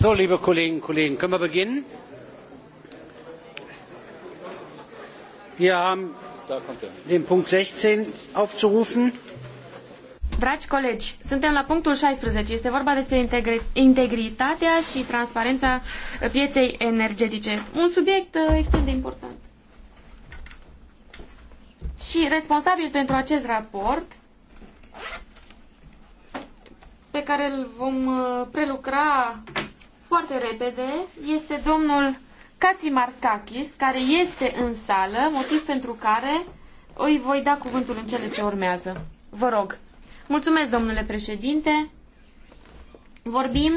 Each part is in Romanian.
So, liebe Kolleginnen und Kollegen, können wir beginnen? Wir haben da er. den Punkt 16 aufzurufen. Dragi colegi, suntem la punctul 16. Este vorba despre integri integritatea și transparența pieței energetice. Un subiect uh, extrem de important. Și responsabil pentru acest raport pe care îl vom uh, prelucra foarte repede este domnul Markakis care este în sală, motiv pentru care îi voi da cuvântul în cele ce urmează. Vă rog. Mulțumesc, domnule președinte. Vorbim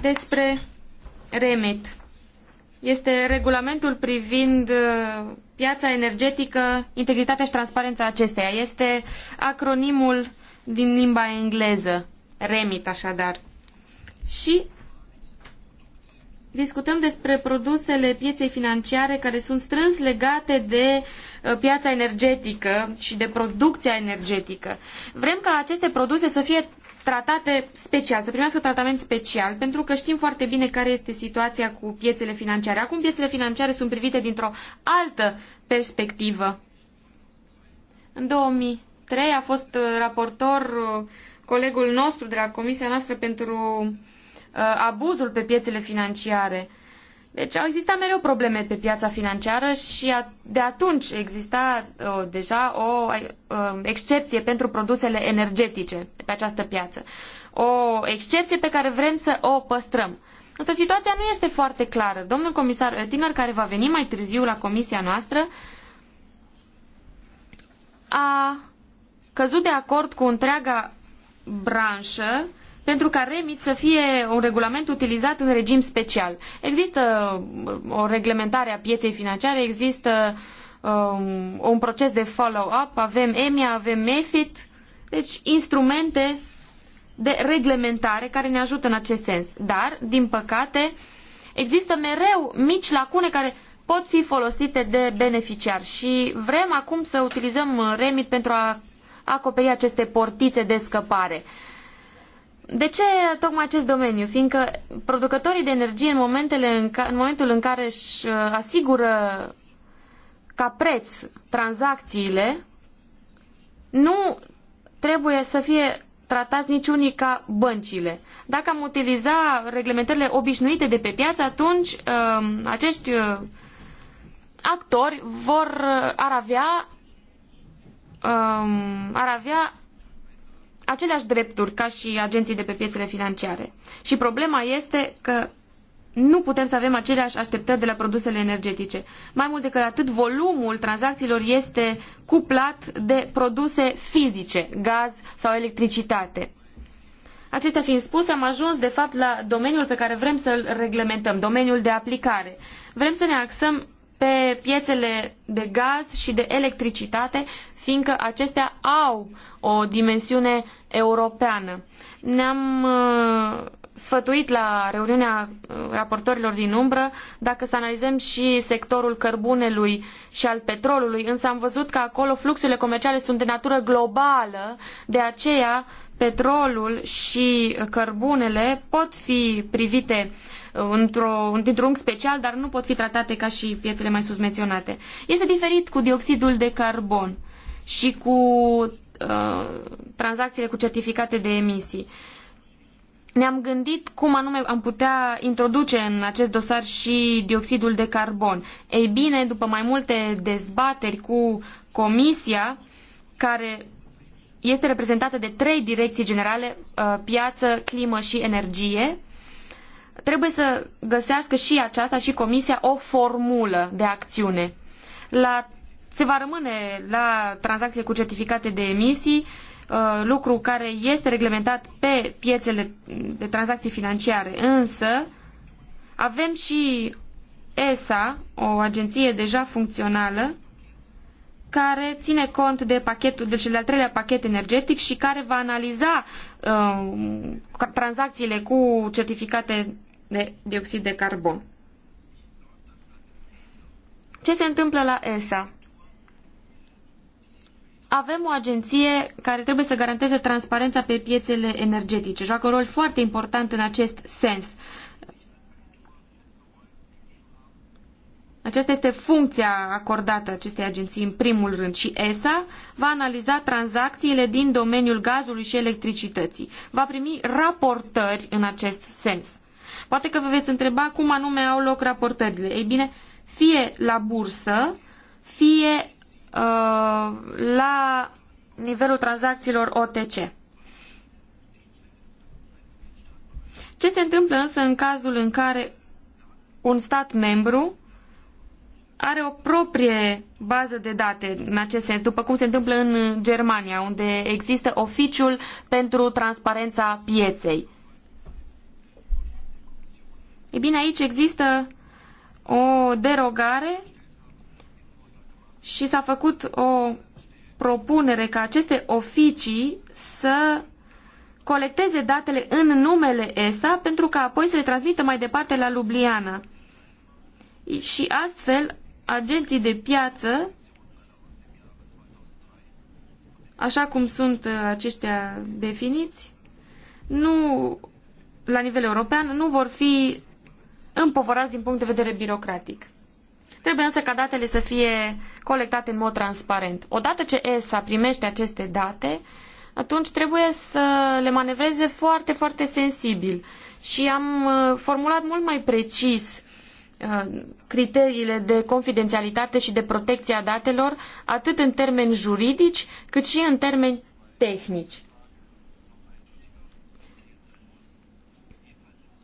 despre REMIT. Este regulamentul privind uh, piața energetică, integritatea și transparența acesteia. Este acronimul din limba engleză, REMIT așadar. Și Discutăm despre produsele pieței financiare care sunt strâns legate de uh, piața energetică și de producția energetică. Vrem ca aceste produse să fie tratate special, să primească tratament special, pentru că știm foarte bine care este situația cu piețele financiare. Acum piețele financiare sunt privite dintr-o altă perspectivă. În 2003 a fost uh, raportor uh, colegul nostru de la Comisia noastră pentru uh, Uh, abuzul pe piețele financiare. Deci au existat mereu probleme pe piața financiară și de atunci exista uh, deja o uh, excepție pentru produsele energetice pe această piață. O excepție pe care vrem să o păstrăm. Însă situația nu este foarte clară. Domnul comisar Oettinger, care va veni mai târziu la comisia noastră, a căzut de acord cu întreaga branșă pentru ca REMIT să fie un regulament utilizat în regim special. Există uh, o reglementare a pieței financiare, există um, un proces de follow-up, avem EMIA, avem MEFIT, deci instrumente de reglementare care ne ajută în acest sens. Dar, din păcate, există mereu mici lacune care pot fi folosite de beneficiari și vrem acum să utilizăm uh, REMIT pentru a acoperi aceste portițe de scăpare. Uh, de ce tocmai acest domeniu? Fiindcă producătorii de energie în, momentele în, ca, în momentul în care își uh, asigură ca preț tranzacțiile, nu trebuie să fie tratați niciunii ca băncile. Dacă am utiliza reglementările obișnuite de pe piață, atunci um, acești uh, actori vor uh, ar avea, um, ar avea aceleași drepturi ca și agenții de pe piețele financiare. Și problema este că nu putem să avem aceleași așteptări de la produsele energetice. Mai mult decât atât, volumul tranzacțiilor este cuplat de produse fizice, gaz sau electricitate. Acestea fiind spuse, am ajuns de fapt la domeniul pe care vrem să-l reglementăm, domeniul de aplicare. Vrem să ne axăm pe piețele de gaz și de electricitate fiindcă acestea au o dimensiune europeană. Ne-am uh, sfătuit la reuniunea uh, raportorilor din umbră dacă să analizăm și sectorul cărbunelui și al petrolului, însă am văzut că acolo fluxurile comerciale sunt de natură globală, de aceea petrolul și cărbunele pot fi privite uh, într-un într unghi special, dar nu pot fi tratate ca și piețele mai sus menționate. Este diferit cu dioxidul de carbon și cu uh, tranzacțiile cu certificate de emisii. Ne-am gândit cum anume am putea introduce în acest dosar și dioxidul de carbon. Ei bine, după mai multe dezbateri cu Comisia, care este reprezentată de trei direcții generale, uh, piață, climă și energie, trebuie să găsească și aceasta și Comisia o formulă de acțiune. La se va rămâne la tranzacțiile cu certificate de emisii, uh, lucru care este reglementat pe piețele de tranzacții financiare. Însă, avem și ESA, o agenție deja funcțională, care ține cont de pachetul, de cel de-al treilea pachet energetic și care va analiza uh, tranzacțiile cu certificate de dioxid de carbon. Ce se întâmplă la ESA? avem o agenție care trebuie să garanteze transparența pe piețele energetice. Joacă un rol foarte important în acest sens. Aceasta este funcția acordată acestei agenții în primul rând și ESA va analiza tranzacțiile din domeniul gazului și electricității. Va primi raportări în acest sens. Poate că vă veți întreba cum anume au loc raportările. Ei bine, fie la bursă, fie Uh, la nivelul tranzacțiilor OTC. Ce se întâmplă însă în cazul în care un stat membru are o proprie bază de date în acest sens, după cum se întâmplă în Germania, unde există oficiul pentru transparența pieței. E bine, aici există o derogare și s-a făcut o propunere ca aceste oficii să colecteze datele în numele ESA pentru ca apoi să le transmită mai departe la Ljubljana. Și astfel, agenții de piață, așa cum sunt uh, aceștia definiți, nu, la nivel european, nu vor fi împovorați din punct de vedere birocratic. Trebuie însă ca datele să fie colectate în mod transparent. Odată ce ESA primește aceste date, atunci trebuie să le manevreze foarte, foarte sensibil. Și am uh, formulat mult mai precis uh, criteriile de confidențialitate și de protecție a datelor, atât în termeni juridici, cât și în termeni tehnici.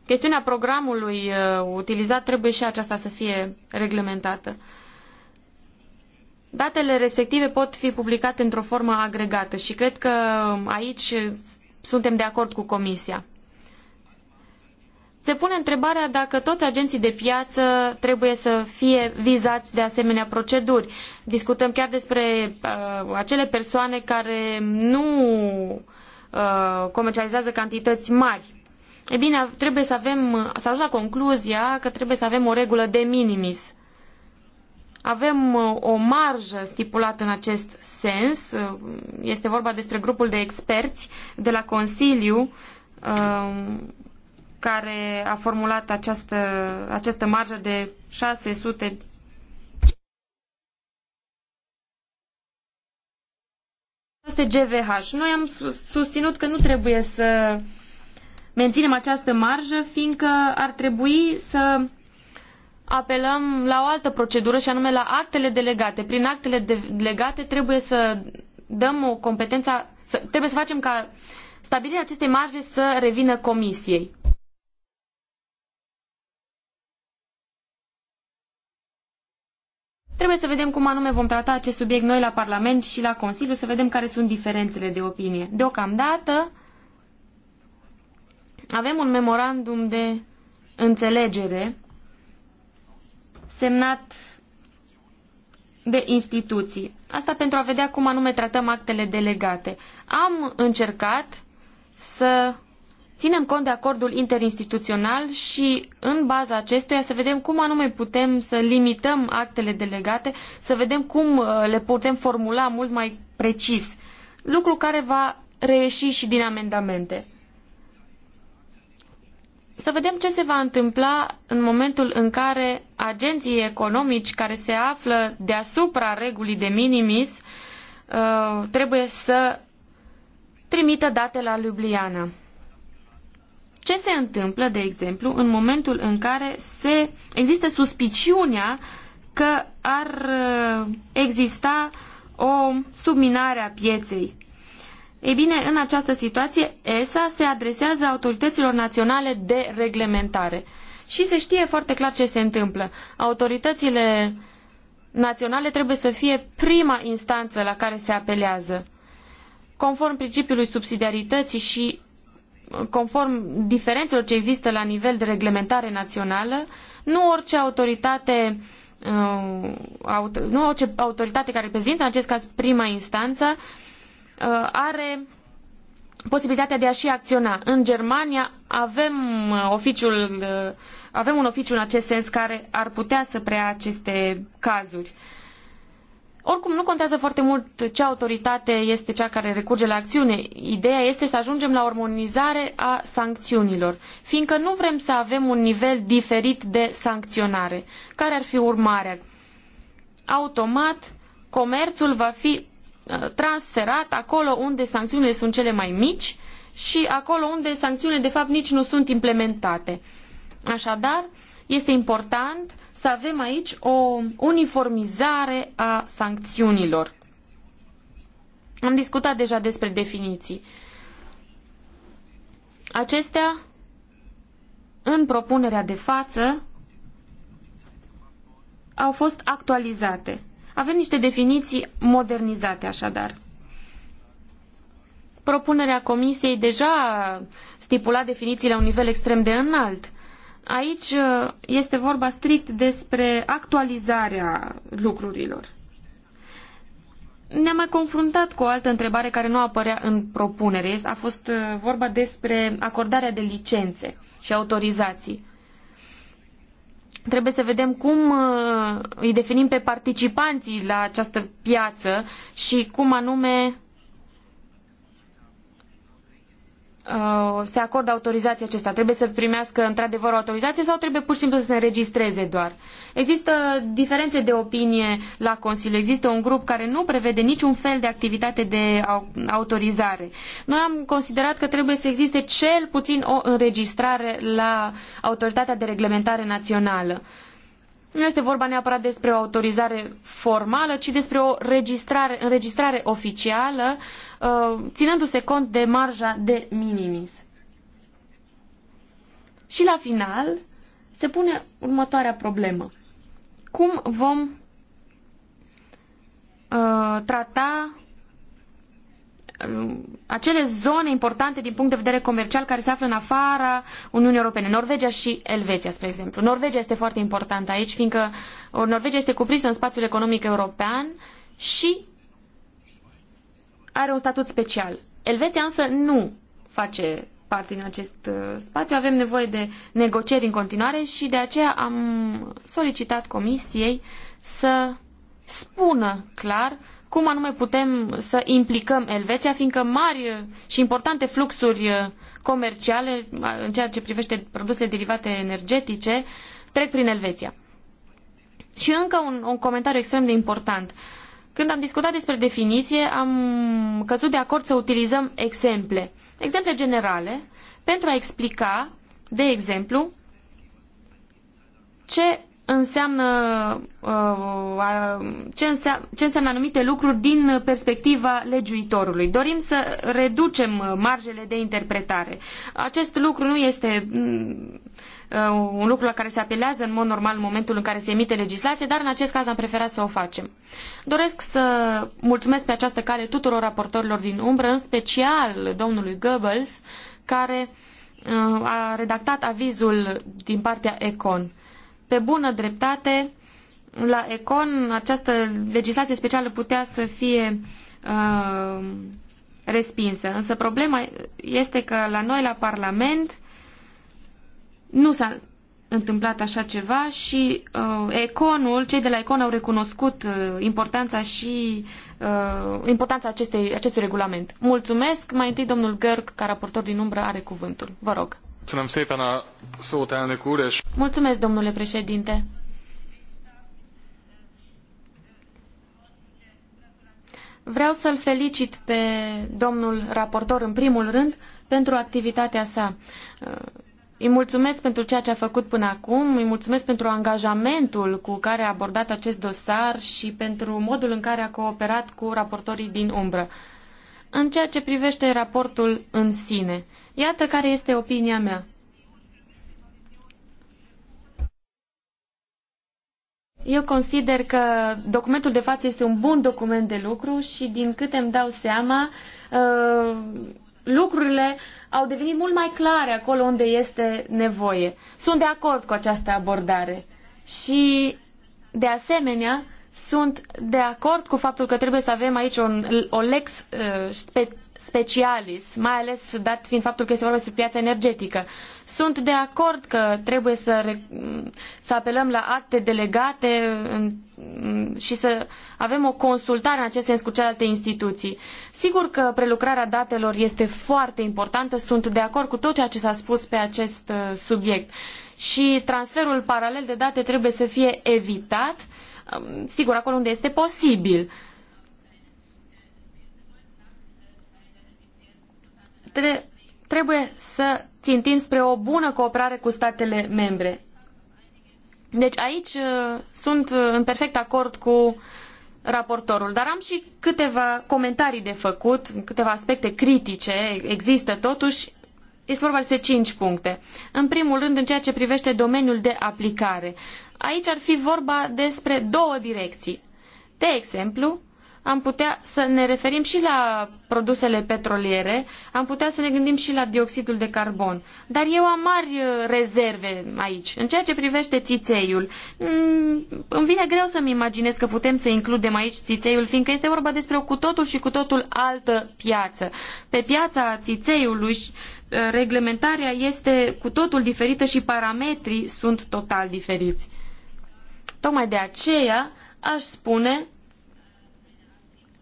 chestiunea programului uh, utilizat trebuie și aceasta să fie reglementată. Datele respective pot fi publicate într-o formă agregată și cred că aici suntem de acord cu Comisia. Se pune întrebarea dacă toți agenții de piață trebuie să fie vizați de asemenea proceduri. Discutăm chiar despre uh, acele persoane care nu uh, comercializează cantități mari E bine, trebuie să avem, să ajung la concluzia că trebuie să avem o regulă de minimis. Avem uh, o marjă stipulată în acest sens. Uh, este vorba despre grupul de experți de la Consiliu uh, care a formulat această, această marjă de 600 este GVH. Noi am susținut că nu trebuie să menținem această marjă, fiindcă ar trebui să apelăm la o altă procedură și anume la actele delegate. Prin actele delegate trebuie să dăm o competență, să, trebuie să facem ca stabilirea acestei marje să revină comisiei. Trebuie să vedem cum anume vom trata acest subiect noi la Parlament și la Consiliu, să vedem care sunt diferențele de opinie. Deocamdată, avem un memorandum de înțelegere semnat de instituții. Asta pentru a vedea cum anume tratăm actele delegate. Am încercat să ținem cont de acordul interinstituțional și în baza acestuia să vedem cum anume putem să limităm actele delegate, să vedem cum uh, le putem formula mult mai precis, lucru care va reieși și din amendamente să vedem ce se va întâmpla în momentul în care agenții economici care se află deasupra regulii de minimis uh, trebuie să trimită date la Ljubljana. Ce se întâmplă, de exemplu, în momentul în care se există suspiciunea că ar uh, exista o subminare a pieței? Ei bine, în această situație, ESA se adresează autorităților naționale de reglementare. Și se știe foarte clar ce se întâmplă. Autoritățile naționale trebuie să fie prima instanță la care se apelează. Conform principiului subsidiarității și uh, conform diferențelor ce există la nivel de reglementare națională, nu orice autoritate uh, nu orice autoritate care reprezintă, în acest caz prima instanță, Uh, are posibilitatea de a și acționa. În Germania avem, uh, oficiul, uh, avem un oficiu în acest sens care ar putea să preia aceste cazuri. Oricum, nu contează foarte mult ce autoritate este cea care recurge la acțiune. Ideea este să ajungem la armonizare a sancțiunilor, fiindcă nu vrem să avem un nivel diferit de sancționare. Care ar fi urmarea? Automat, comerțul va fi Uh, transferat acolo unde sancțiunile sunt cele mai mici și acolo unde sancțiunile de fapt nici nu sunt implementate. Așadar, este important să avem aici o uniformizare a sancțiunilor. Am discutat deja despre definiții. Acestea, în propunerea de față, au fost actualizate. Avem niște definiții modernizate așadar. Propunerea comisiei deja stipula definițiile la un nivel extrem de înalt. Aici uh, este vorba strict despre actualizarea lucrurilor. Ne-am mai confruntat cu o altă întrebare care nu apărea în propunere. A fost uh, vorba despre acordarea de licențe și autorizații. Trebuie să vedem cum uh, îi definim pe participanții la această piață și cum anume uh, se acordă autorizația acesta. Trebuie să primească într-adevăr o autorizație sau trebuie pur și simplu să se înregistreze doar? Există diferențe de opinie la Consiliu. Există un grup care nu prevede niciun fel de activitate de autorizare. Noi am considerat că trebuie să existe cel puțin o înregistrare la Autoritatea de Reglementare Națională. Nu este vorba neapărat despre o autorizare formală, ci despre o înregistrare oficială uh, Uh, ținându-se cont de marja de minimis. Și la final se pune următoarea problemă. Cum vom uh, trata uh, acele zone importante din punct de vedere comercial care se află în afara Uniunii Europene, Norvegia și Elveția, spre exemplu. Norvegia este foarte importantă aici, fiindcă uh, Norvegia este cuprinsă în spațiul economic european și are un statut special. Elveția însă nu face parte din acest uh, spațiu. Avem nevoie de negocieri în continuare și de aceea am solicitat comisiei să spună clar cum anume putem să implicăm Elveția, fiindcă mari și importante fluxuri uh, comerciale uh, în ceea ce privește produsele derivate energetice trec prin Elveția. Și încă un, un comentariu extrem de important. Uh, când am discutat despre definiție, am căzut de acord să utilizăm exemple, exemple generale, pentru a explica, de exemplu, ce înseamnă, uh, ce, înseamnă, ce înseamnă anumite lucruri din perspectiva legiuitorului. Dorim să reducem marjele de interpretare. Acest lucru nu este Uh, un lucru la care se apelează în mod normal în momentul în care se emite legislație, dar în acest caz am preferat să o facem. Doresc să mulțumesc pe această cale tuturor raportorilor din umbră, în special domnului Goebbels, care uh, a redactat avizul din partea Econ. Pe bună dreptate, la Econ această legislație specială putea să fie uh, respinsă. Însă problema este că la noi, la Parlament, nu s-a întâmplat așa ceva și uh, Econul, cei de la Econ au recunoscut uh, importanța și uh, importanța acestei, acestui regulament. Mulțumesc. Mai întâi domnul Gărg, ca raportor din umbră, are cuvântul. Vă rog. Mulțumesc, domnule președinte. Vreau să-l felicit pe domnul raportor în primul rând pentru activitatea sa. Uh, îi mulțumesc pentru ceea ce a făcut până acum, îi mulțumesc pentru angajamentul cu care a abordat acest dosar și pentru modul în care a cooperat cu raportorii din umbră. În ceea ce privește raportul în sine, iată care este opinia mea. Eu consider că documentul de față este un bun document de lucru și din câte îmi dau seama, ă, lucrurile au devenit mult mai clare acolo unde este nevoie. Sunt de acord cu această abordare și, de asemenea, sunt de acord cu faptul că trebuie să avem aici un, o lex uh, spe, specialis, mai ales dat fiind faptul că este vorba despre piața energetică. Sunt de acord că trebuie să, să apelăm la acte delegate și să avem o consultare în acest sens cu celelalte instituții. Sigur că prelucrarea datelor este foarte importantă, sunt de acord cu tot ceea ce s-a spus pe acest uh, subiect. Și transferul paralel de date trebuie să fie evitat, um, sigur, acolo unde este posibil. tre trebuie să țintim spre o bună cooperare cu statele membre. Deci aici uh, sunt uh, în perfect acord cu raportorul, dar am și câteva comentarii de făcut, câteva aspecte critice, există totuși, este vorba despre cinci puncte. În primul rând, în ceea ce privește domeniul de aplicare. Aici ar fi vorba despre două direcții. De exemplu, am putea să ne referim și la produsele petroliere, am putea să ne gândim și la dioxidul de carbon. Dar eu am mari uh, rezerve aici. În ceea ce privește țițeiul, mm, îmi vine greu să-mi imaginez că putem să includem aici țițeiul, fiindcă este vorba despre o cu totul și cu totul altă piață. Pe piața țițeiului, uh, reglementarea este cu totul diferită și parametrii sunt total diferiți. Tocmai de aceea aș spune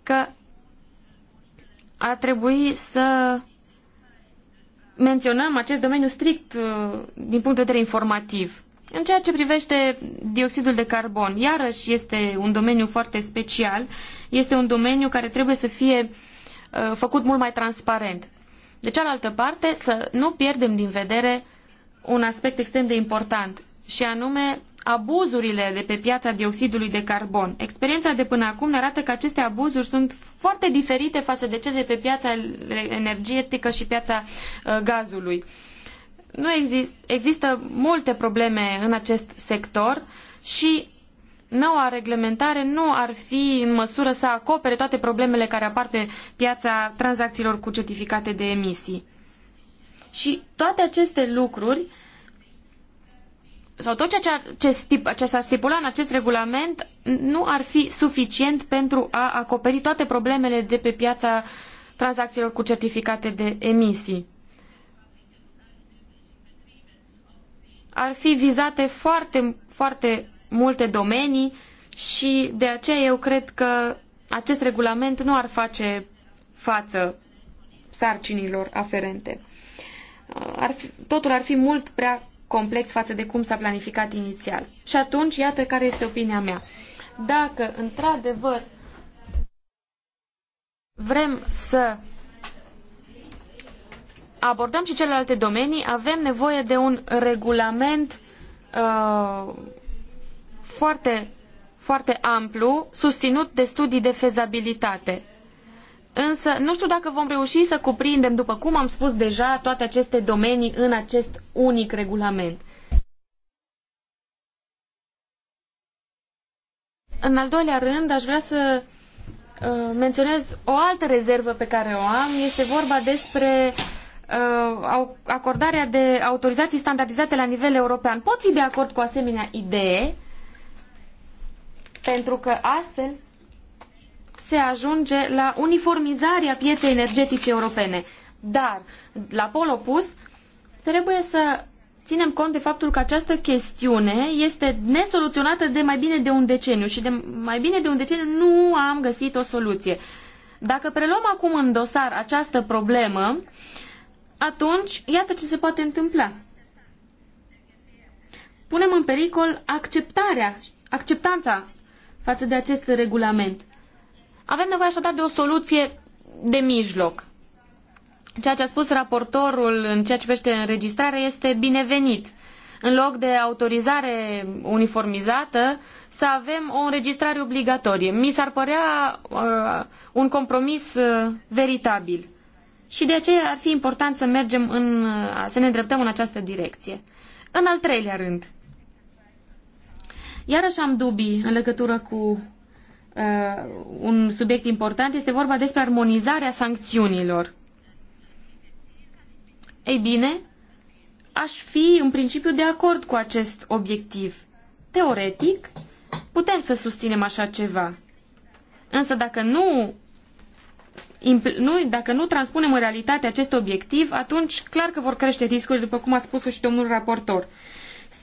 că ar trebui să menționăm acest domeniu strict uh, din punct de vedere informativ. În ceea ce privește dioxidul de carbon, iarăși este un domeniu foarte special, este un domeniu care trebuie să fie uh, făcut mult mai transparent. De cealaltă parte, să nu pierdem din vedere un aspect extrem de important, și anume abuzurile de pe piața dioxidului de carbon. Experiența de până acum ne arată că aceste abuzuri sunt foarte diferite față de cele de pe piața energetică și piața uh, gazului. Nu exist, există multe probleme în acest sector și noua reglementare nu ar fi în măsură să acopere toate problemele care apar pe piața tranzacțiilor cu certificate de emisii. Și toate aceste lucruri sau tot ceea ce, stip, ce s-ar stipula în acest regulament nu ar fi suficient pentru a acoperi toate problemele de pe piața tranzacțiilor cu certificate de emisii. Ar fi vizate foarte, foarte multe domenii și de aceea eu cred că acest regulament nu ar face față sarcinilor aferente. Ar fi, totul ar fi mult prea complex față de cum s-a planificat inițial. Și atunci, iată care este opinia mea. Dacă, într-adevăr, vrem să abordăm și celelalte domenii, avem nevoie de un regulament uh, foarte, foarte amplu, susținut de studii de fezabilitate. Însă nu știu dacă vom reuși să cuprindem, după cum am spus deja, toate aceste domenii în acest unic regulament. În al doilea rând, aș vrea să uh, menționez o altă rezervă pe care o am. Este vorba despre uh, acordarea de autorizații standardizate la nivel european. Pot fi de acord cu asemenea idee, pentru că astfel se ajunge la uniformizarea pieței energetice europene. Dar, la pol opus, trebuie să ținem cont de faptul că această chestiune este nesoluționată de mai bine de un deceniu și de mai bine de un deceniu nu am găsit o soluție. Dacă preluăm acum în dosar această problemă, atunci iată ce se poate întâmpla. Punem în pericol acceptarea, acceptanța față de acest regulament. Avem nevoie așadar de o soluție de mijloc. Ceea ce a spus raportorul în ceea ce privește înregistrarea este binevenit. În loc de autorizare uniformizată, să avem o înregistrare obligatorie. Mi s-ar părea uh, un compromis uh, veritabil. Și de aceea ar fi important să mergem în, uh, să ne îndreptăm în această direcție. În al treilea rând, iarăși am dubii în legătură cu uh, un subiect important. Este vorba despre armonizarea sancțiunilor. Ei bine, aș fi în principiu de acord cu acest obiectiv. Teoretic, putem să susținem așa ceva. Însă dacă nu, nu, dacă nu transpunem în realitate acest obiectiv, atunci clar că vor crește riscurile, după cum a spus și domnul raportor.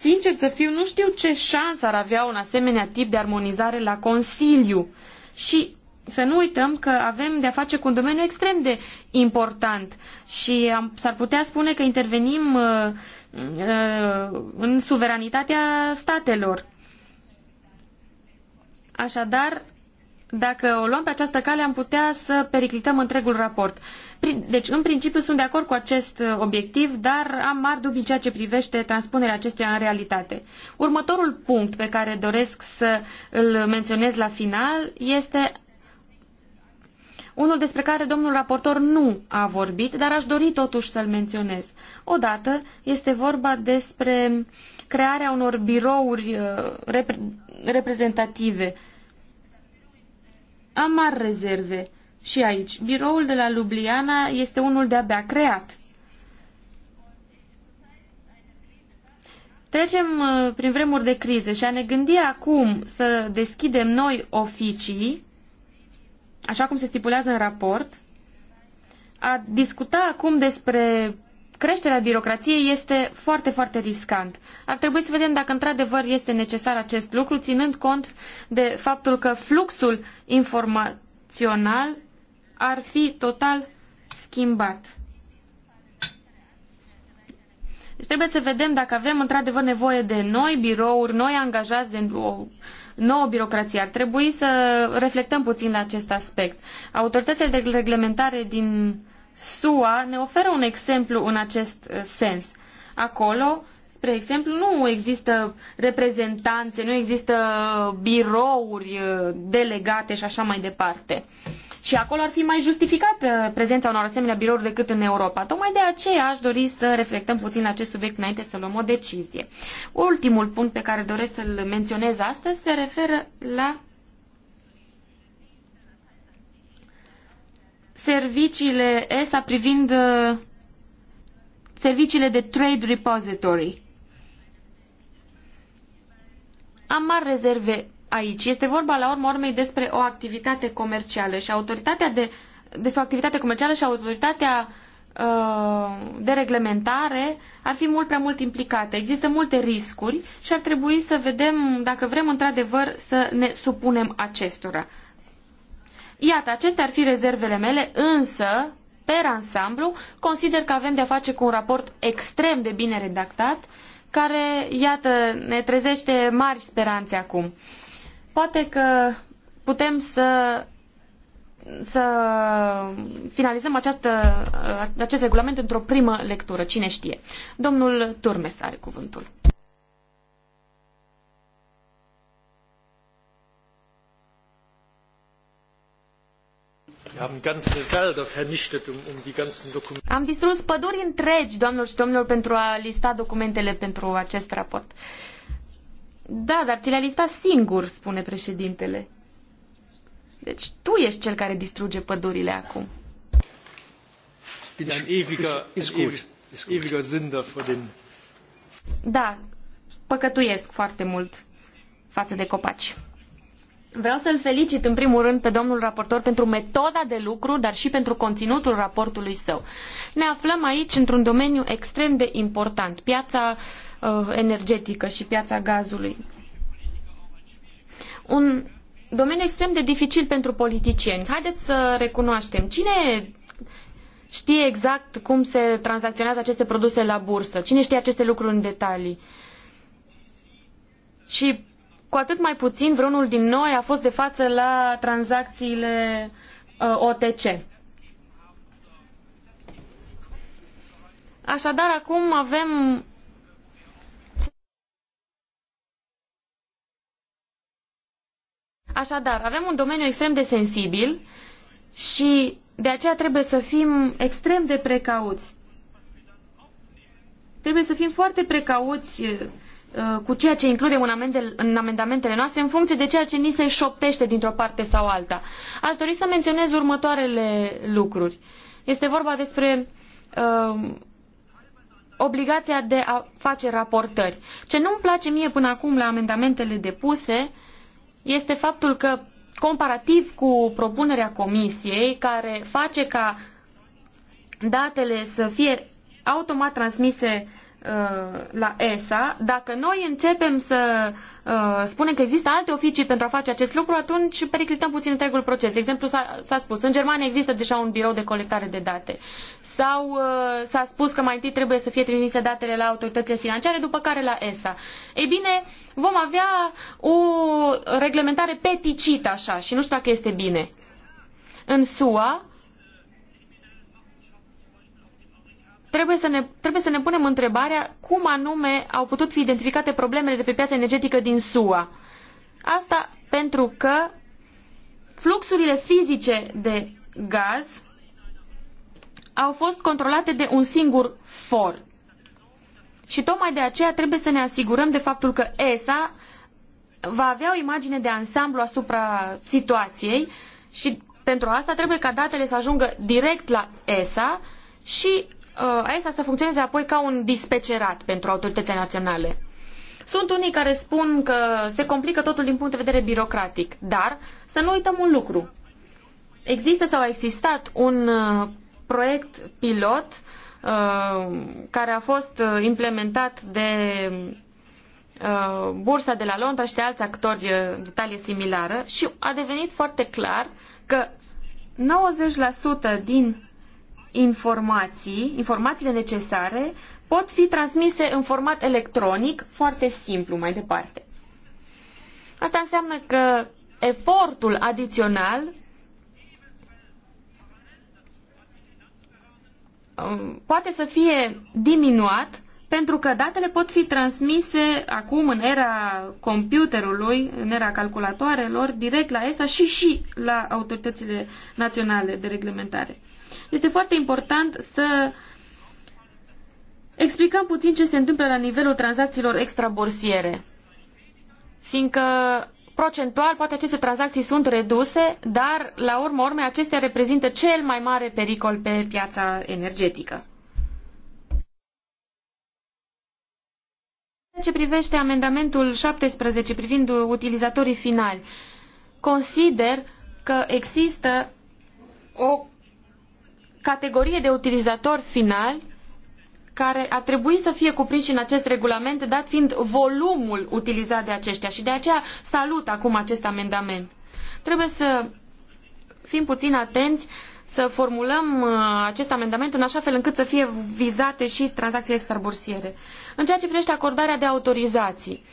Sincer să fiu, nu știu ce șansă ar avea un asemenea tip de armonizare la Consiliu. Și să nu uităm că avem de-a face cu un domeniu extrem de important și am, s-ar putea spune că intervenim uh, uh, în suveranitatea statelor. Așadar, dacă o luăm pe această cale, am putea să periclităm întregul raport. Deci, în principiu, sunt de acord cu acest uh, obiectiv, dar am mari dubii ceea ce privește transpunerea acestuia în realitate. Următorul punct pe care doresc să îl menționez la final este unul despre care domnul raportor nu a vorbit, dar aș dori totuși să-l menționez. Odată este vorba despre crearea unor birouri uh, repre- reprezentative. Am mari rezerve și aici. Biroul de la Ljubljana este unul de-abia creat. Trecem uh, prin vremuri de criză și a ne gândi acum să deschidem noi oficii, așa cum se stipulează în raport, a discuta acum despre creșterea birocrației este foarte, foarte riscant. Ar trebui să vedem dacă într-adevăr este necesar acest lucru, ținând cont de faptul că fluxul informațional ar fi total schimbat. Deci trebuie să vedem dacă avem într-adevăr nevoie de noi birouri, noi angajați, de o nouă birocrație. Ar trebui să reflectăm puțin la acest aspect. Autoritățile de reglementare din SUA ne oferă un exemplu în acest uh, sens. Acolo, spre exemplu, nu există reprezentanțe, nu există birouri uh, delegate și așa mai departe. Uh, și acolo ar fi mai justificat uh, prezența unor asemenea birouri decât în Europa. Tocmai de aceea aș dori să reflectăm puțin la acest subiect înainte să luăm o decizie. Ultimul punct pe care doresc să-l menționez astăzi se referă la serviciile ESA privind uh, serviciile de trade repository. Am mari rezerve aici. Este vorba la urma urmei despre o activitate comercială și autoritatea de despre o activitate comercială și autoritatea uh, de reglementare ar fi mult prea mult implicată. Există multe riscuri și ar trebui să vedem dacă vrem într-adevăr să ne supunem acestora. Iată, acestea ar fi rezervele mele, însă, per ansamblu, consider că avem de-a face cu un raport extrem de bine redactat, care, iată, ne trezește mari speranțe acum. Poate că putem să să finalizăm această, acest regulament într-o primă lectură, cine știe. Domnul Turmes are cuvântul. Um, um Am distrus păduri întregi, doamnelor și domnilor, pentru a lista documentele pentru acest raport. Uh, da, dar ți le-a listat singur, spune președintele. Deci tu ești cel care distruge pădurile acum. Da, păcătuiesc foarte mult față de copaci. Vreau să-l felicit în primul rând pe domnul raportor pentru metoda de lucru, dar și pentru conținutul raportului său. Ne aflăm aici într-un domeniu extrem de important, piața uh, energetică și piața gazului. Un domeniu extrem de dificil pentru politicieni. Haideți să recunoaștem. Cine știe exact cum se tranzacționează aceste produse la bursă? Cine știe aceste lucruri în detalii? Și cu atât mai puțin vreunul din noi a fost de față la tranzacțiile uh, OTC. Așadar, acum avem Așadar, avem un domeniu extrem de sensibil și de aceea trebuie să fim extrem de precauți. Trebuie să fim foarte precauți Uh, cu ceea ce includem în, amendamentele noastre în funcție de ceea ce ni se șoptește dintr-o parte sau alta. Aș dori să menționez următoarele lucruri. Este vorba despre uh, obligația de a face raportări. Ce nu-mi place mie până acum la amendamentele depuse este faptul că, comparativ cu propunerea comisiei, care face ca datele să fie automat transmise Uh, la ESA, dacă noi începem să uh, spunem că există alte oficii pentru a face acest lucru, atunci periclităm puțin întregul proces. De exemplu, s-a spus, în Germania există deja un birou de colectare de date. Sau uh, s-a spus că mai întâi trebuie să fie trimise datele la autoritățile financiare, după care la ESA. Ei bine, vom avea o reglementare peticită așa și nu știu dacă este bine. În SUA, trebuie să, ne, trebuie să ne punem întrebarea cum anume au putut fi identificate problemele de pe piața energetică din SUA. Asta pentru că fluxurile fizice de gaz au fost controlate de un singur for. Și tocmai de aceea trebuie să ne asigurăm de faptul că ESA va avea o imagine de ansamblu asupra situației și pentru asta trebuie ca datele să ajungă direct la ESA și Uh, AESA să funcționeze apoi ca un dispecerat pentru autoritățile naționale. Sunt unii care spun că se complică totul din punct de vedere birocratic, dar să nu uităm un lucru. Există sau a existat un uh, proiect pilot uh, care a fost uh, implementat de uh, Bursa de la Londra și de alți actori de talie similară și a devenit foarte clar că 90% din informații, informațiile necesare, pot fi transmise în format electronic, foarte simplu mai departe. Asta înseamnă că efortul adițional um, poate să fie diminuat pentru că datele pot fi transmise acum în era computerului, în era calculatoarelor, direct la ESA și și la autoritățile naționale de reglementare. Este foarte important să explicăm puțin ce se întâmplă la nivelul tranzacțiilor extrabursiere. Fiindcă procentual poate aceste tranzacții sunt reduse, dar la urmă urmei acestea reprezintă cel mai mare pericol pe piața energetică. În ce privește amendamentul 17 privind utilizatorii finali, consider că există o categorie de utilizatori finali care ar trebui să fie cuprins în acest regulament, dat fiind volumul utilizat de aceștia. Și de aceea salut acum acest amendament. Trebuie să fim puțin atenți să formulăm uh, acest amendament în așa fel încât să fie vizate și tranzacțiile extrabursiere. În ceea ce privește acordarea de autorizații,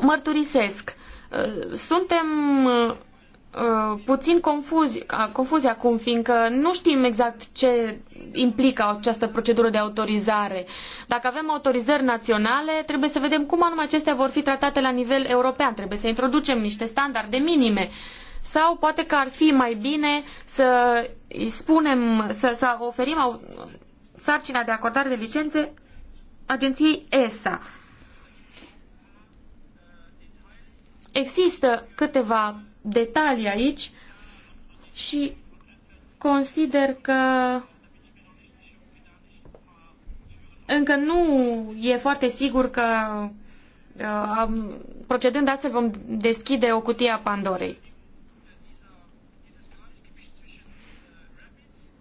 mărturisesc, uh, suntem uh, Uh, puțin confuzi, confuzi acum, fiindcă nu știm exact ce implică această procedură de autorizare. Dacă avem autorizări naționale, trebuie să vedem cum anume acestea vor fi tratate la nivel european. Trebuie să introducem niște standarde minime. Sau poate că ar fi mai bine să spunem, să, să oferim au, sarcina de acordare de licențe agenției ESA. Există câteva detalii aici și consider că încă nu e foarte sigur că uh, procedând astfel vom deschide o cutie a Pandorei.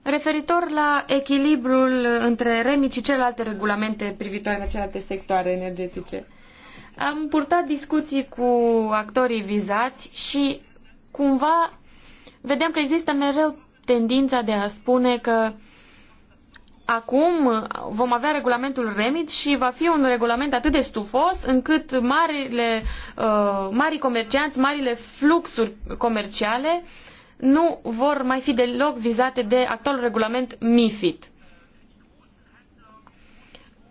Referitor la echilibrul între remici și celelalte regulamente privitoare la celelalte sectoare energetice, am purtat discuții cu actorii vizați și cumva vedem că există mereu tendința de a spune că acum vom avea regulamentul REMIT și va fi un regulament atât de stufos încât marile, uh, mari comercianți, marile fluxuri comerciale nu vor mai fi deloc vizate de actualul regulament MIFID.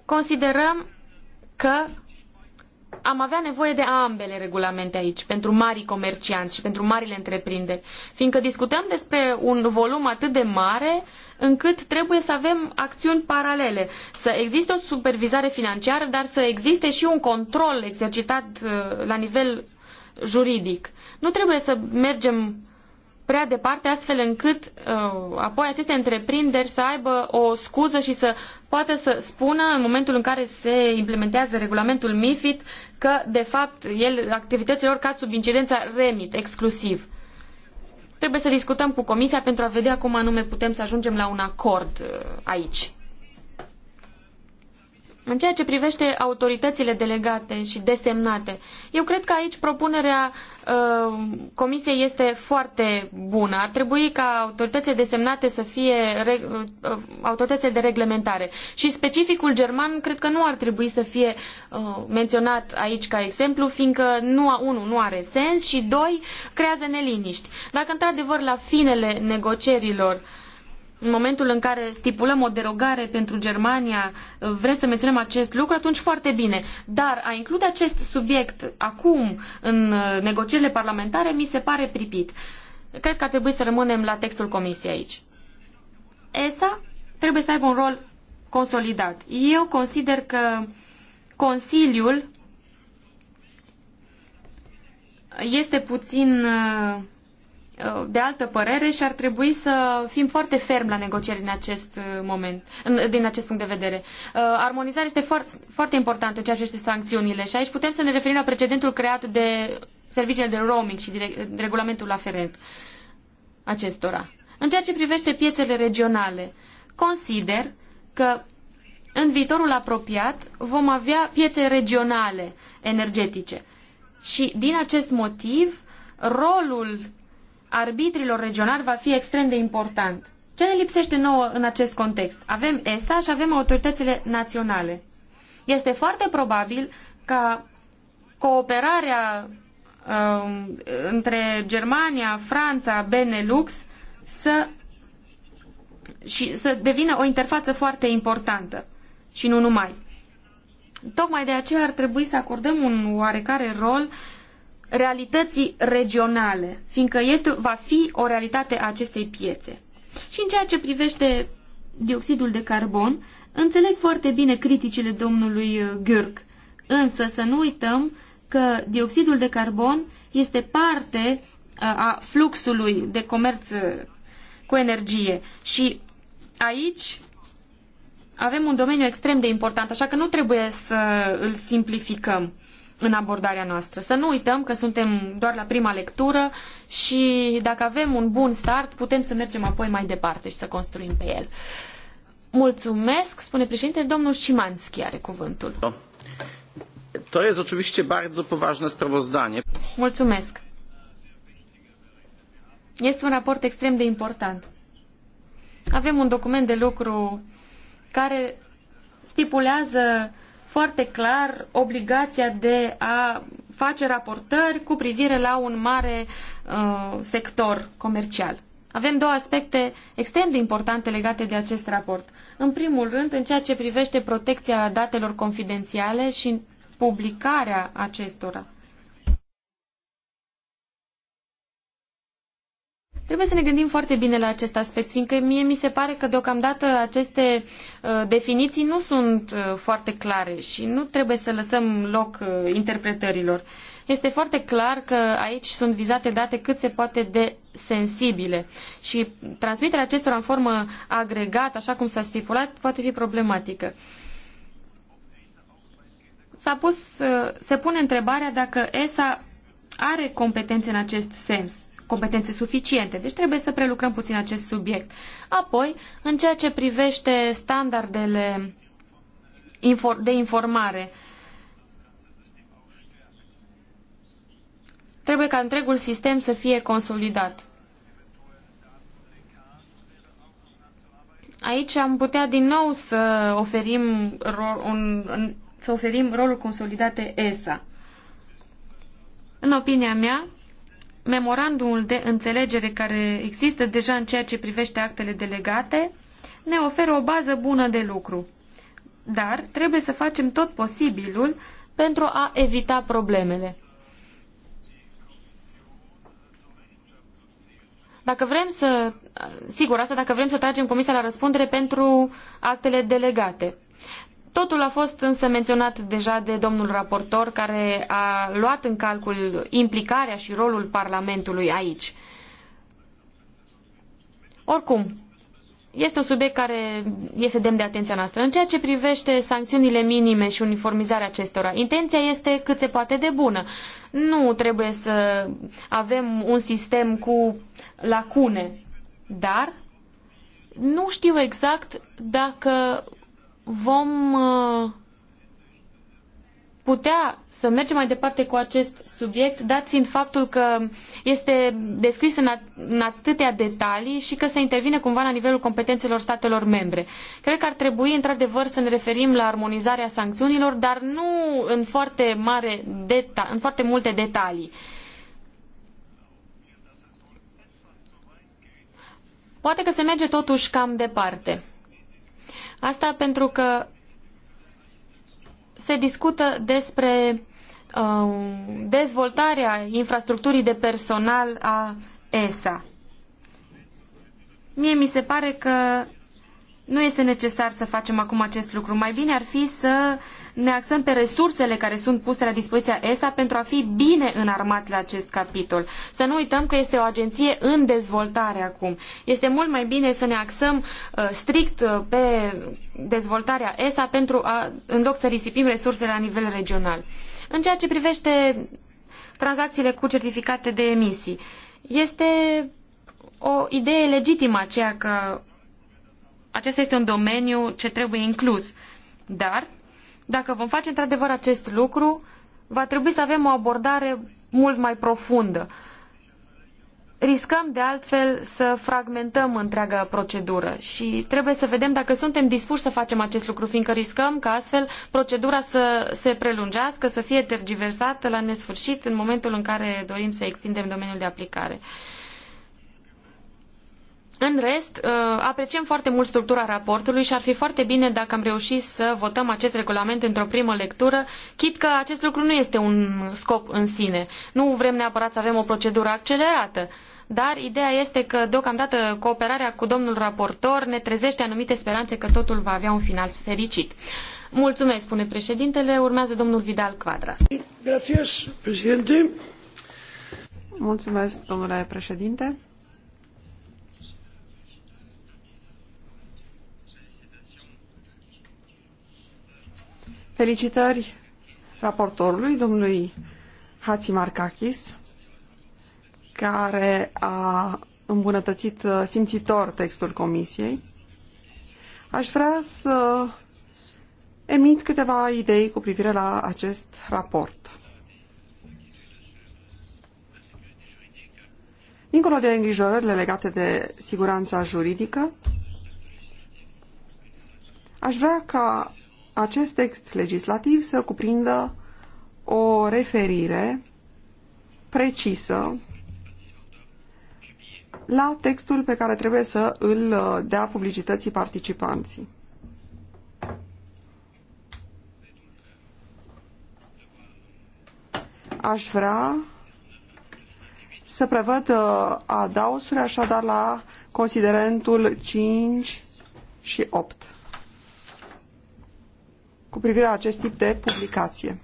Considerăm că am avea nevoie de ambele regulamente aici, pentru marii comercianți și pentru marile întreprinderi, fiindcă discutăm despre un volum atât de mare încât trebuie să avem acțiuni paralele, să existe o supervizare financiară, dar să existe și un control exercitat uh, la nivel juridic. Nu trebuie să mergem prea departe astfel încât uh, apoi aceste întreprinderi să aibă o scuză și să poate să spună în momentul în care se implementează regulamentul MIFID că, de fapt, el, activitățile lor cad sub incidența REMIT exclusiv. Trebuie să discutăm cu Comisia pentru a vedea cum anume putem să ajungem la un acord uh, aici. În ceea ce privește autoritățile delegate și desemnate, eu cred că aici propunerea uh, Comisiei este foarte bună. Ar trebui ca autoritățile desemnate să fie re, uh, uh autoritățile de reglementare. Și specificul german cred că nu ar trebui să fie uh, menționat aici ca exemplu, fiindcă nu, unu, nu are sens și, doi, creează neliniști. Dacă într-adevăr la finele negocierilor uh, în momentul în care stipulăm o derogare pentru Germania, vrem să menționăm acest lucru, atunci foarte bine. Dar a include acest subiect acum în uh, negocierile parlamentare mi se pare pripit. Cred că ar trebui să rămânem la textul comisiei aici. ESA trebuie să aibă un rol consolidat. Eu consider că Consiliul este puțin uh, de altă părere și ar trebui să fim foarte ferm la negocieri în acest uh, moment, din acest punct de vedere. Uh, armonizarea este foarte, foarte importantă în ceea ce este sancțiunile și aici putem să ne referim la precedentul creat de serviciile de roaming și de regulamentul aferent acestora. În ceea ce privește piețele regionale, consider că în viitorul apropiat vom avea piețe regionale energetice și din acest motiv rolul arbitrilor regionali va fi extrem de important. Ce ne lipsește nouă în acest context? Avem ESA și avem autoritățile naționale. Este foarte probabil ca cooperarea uh, între Germania, Franța, Benelux să, și, să devină o interfață foarte importantă și nu numai. Tocmai de aceea ar trebui să acordăm un oarecare rol realității regionale, fiindcă este, va fi o realitate a acestei piețe. Și în ceea ce privește dioxidul de carbon, înțeleg foarte bine criticile domnului uh, Gürk, însă să nu uităm că dioxidul de carbon este parte uh, a fluxului de comerț uh, cu energie și aici avem un domeniu extrem de important, așa că nu trebuie să îl simplificăm în abordarea noastră. Să nu uităm că suntem doar la prima lectură și dacă avem un bun start, putem să mergem apoi mai departe și să construim pe el. Mulțumesc, spune președinte, domnul Szymanski are cuvântul. To jest oczywiście bardzo poważne sprawozdanie. Mulțumesc. Este un raport extrem de important. Avem un document de lucru care stipulează uh, foarte clar obligația de a face raportări cu privire la un mare uh, sector comercial. Avem două aspecte extrem de importante legate de acest raport. În primul rând, în ceea ce privește protecția datelor confidențiale și publicarea acestora. Trebuie să ne gândim foarte bine la acest aspect, fiindcă mie mi se pare că deocamdată aceste uh, definiții nu sunt uh, foarte clare și nu trebuie să lăsăm loc uh, interpretărilor. Este foarte clar că aici sunt vizate date cât se poate de sensibile și transmiterea acestora în formă agregată, așa cum s-a stipulat, poate fi problematică. S-a pus, se pune întrebarea dacă ESA are competențe în acest sens competențe suficiente. Deci trebuie să prelucrăm puțin acest subiect. Apoi, în ceea ce privește standardele de informare, trebuie ca întregul sistem să fie consolidat. Aici am putea din nou să oferim, rol, un, să oferim rolul consolidate ESA. În opinia mea, memorandumul de înțelegere care există deja în ceea ce privește actele delegate ne oferă o bază bună de lucru. Dar trebuie să facem tot posibilul pentru a evita problemele. Dacă vrem să, sigur, asta dacă vrem să tragem Comisia la răspundere pentru actele delegate. Totul a fost însă menționat deja de domnul raportor care a luat în calcul implicarea și rolul Parlamentului aici. Oricum, este un subiect care este demn de atenția noastră. În ceea ce privește sancțiunile minime și uniformizarea acestora, intenția este cât se poate de bună. Nu trebuie să avem un sistem cu lacune, dar nu știu exact dacă vom uh, putea să mergem mai departe cu acest subiect, dat fiind faptul că este descris în, în atâtea detalii și că se intervine cumva la nivelul competențelor statelor membre. Cred că ar trebui, într-adevăr, să ne referim la armonizarea sancțiunilor, dar nu în foarte, mare deta- în foarte multe detalii. Poate că se merge totuși cam departe. Asta pentru că se discută despre uh, dezvoltarea infrastructurii de personal a ESA. Mie mi se pare că nu este necesar să facem acum acest lucru. Mai bine ar fi să uh, ne axăm pe resursele care sunt puse la dispoziția ESA pentru a fi bine înarmați la acest capitol. Să nu uităm că este o agenție în dezvoltare acum. Este mult mai bine să ne axăm uh, strict uh, pe dezvoltarea ESA pentru a, în loc să risipim resursele la nivel regional. În ceea ce privește tranzacțiile cu certificate de emisii, este o idee legitimă aceea că acesta este un domeniu ce trebuie inclus. Dar dacă vom face într-adevăr acest lucru, va trebui să avem o abordare mult mai profundă. Riscăm de altfel să fragmentăm întreaga procedură și trebuie să vedem dacă suntem dispuși să facem acest lucru, fiindcă riscăm ca astfel procedura să se prelungească, să fie tergiversată la nesfârșit în momentul în care dorim să extindem domeniul de aplicare. Uh, în rest, uh, apreciem foarte mult structura raportului și ar fi foarte bine dacă am reușit să votăm acest regulament într-o primă lectură, chit că acest lucru nu este un scop în sine. Nu vrem neapărat să avem o procedură accelerată, dar ideea este că deocamdată cooperarea cu domnul raportor ne trezește anumite speranțe că totul va avea un final fericit. Mulțumesc, spune președintele. Urmează domnul Vidal Quadras. Gracias, președinte. Mulțumesc, domnule președinte. Felicitări raportorului, domnului Markakis, care a îmbunătățit uh, simțitor textul comisiei. Aș vrea să emit câteva idei cu privire la acest raport. Dincolo de îngrijorările legate de siguranța juridică, aș vrea ca acest text legislativ să cuprindă o referire precisă la textul pe care trebuie să îl uh, dea publicității participanții. Aș vrea să prevăd uh, adausuri așadar la considerentul 5 și 8 cu privire la acest tip de publicație.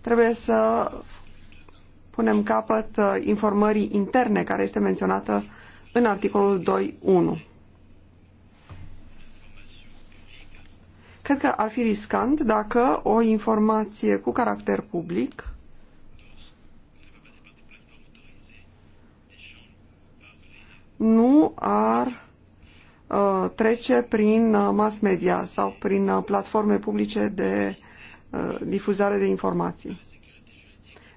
Trebuie să punem capăt uh, informării interne care este menționată în articolul 2.1. Cred că ar fi riscant dacă o informație cu caracter public nu ar uh, trece prin uh, mass media sau prin uh, platforme publice de uh, difuzare de informații.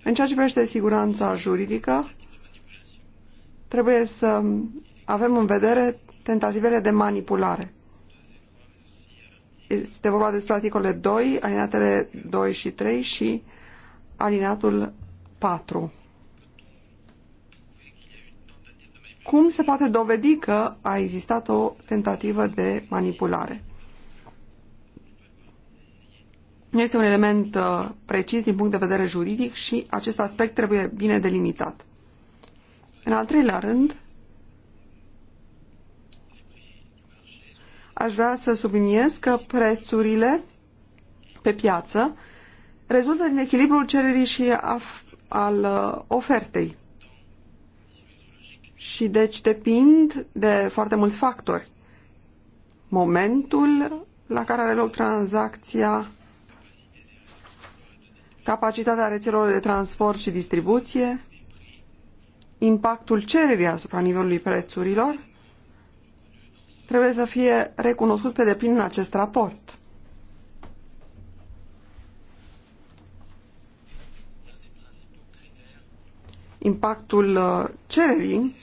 În ceea ce privește siguranța juridică, trebuie să avem în vedere tentativele de manipulare. Este vorba despre articolele 2, alineatele 2 și 3 și alineatul 4. cum se poate dovedi că a existat o tentativă de manipulare. Este un element uh, precis din punct de vedere juridic și acest aspect trebuie bine delimitat. În al treilea rând, aș vrea să subliniez că prețurile pe piață rezultă din echilibrul cererii și al uh, ofertei și deci depind de foarte mulți factori. Momentul la care are loc tranzacția, capacitatea rețelor de transport și distribuție, impactul cererii asupra nivelului prețurilor, trebuie să fie recunoscut pe deplin în acest raport. Impactul uh, cererii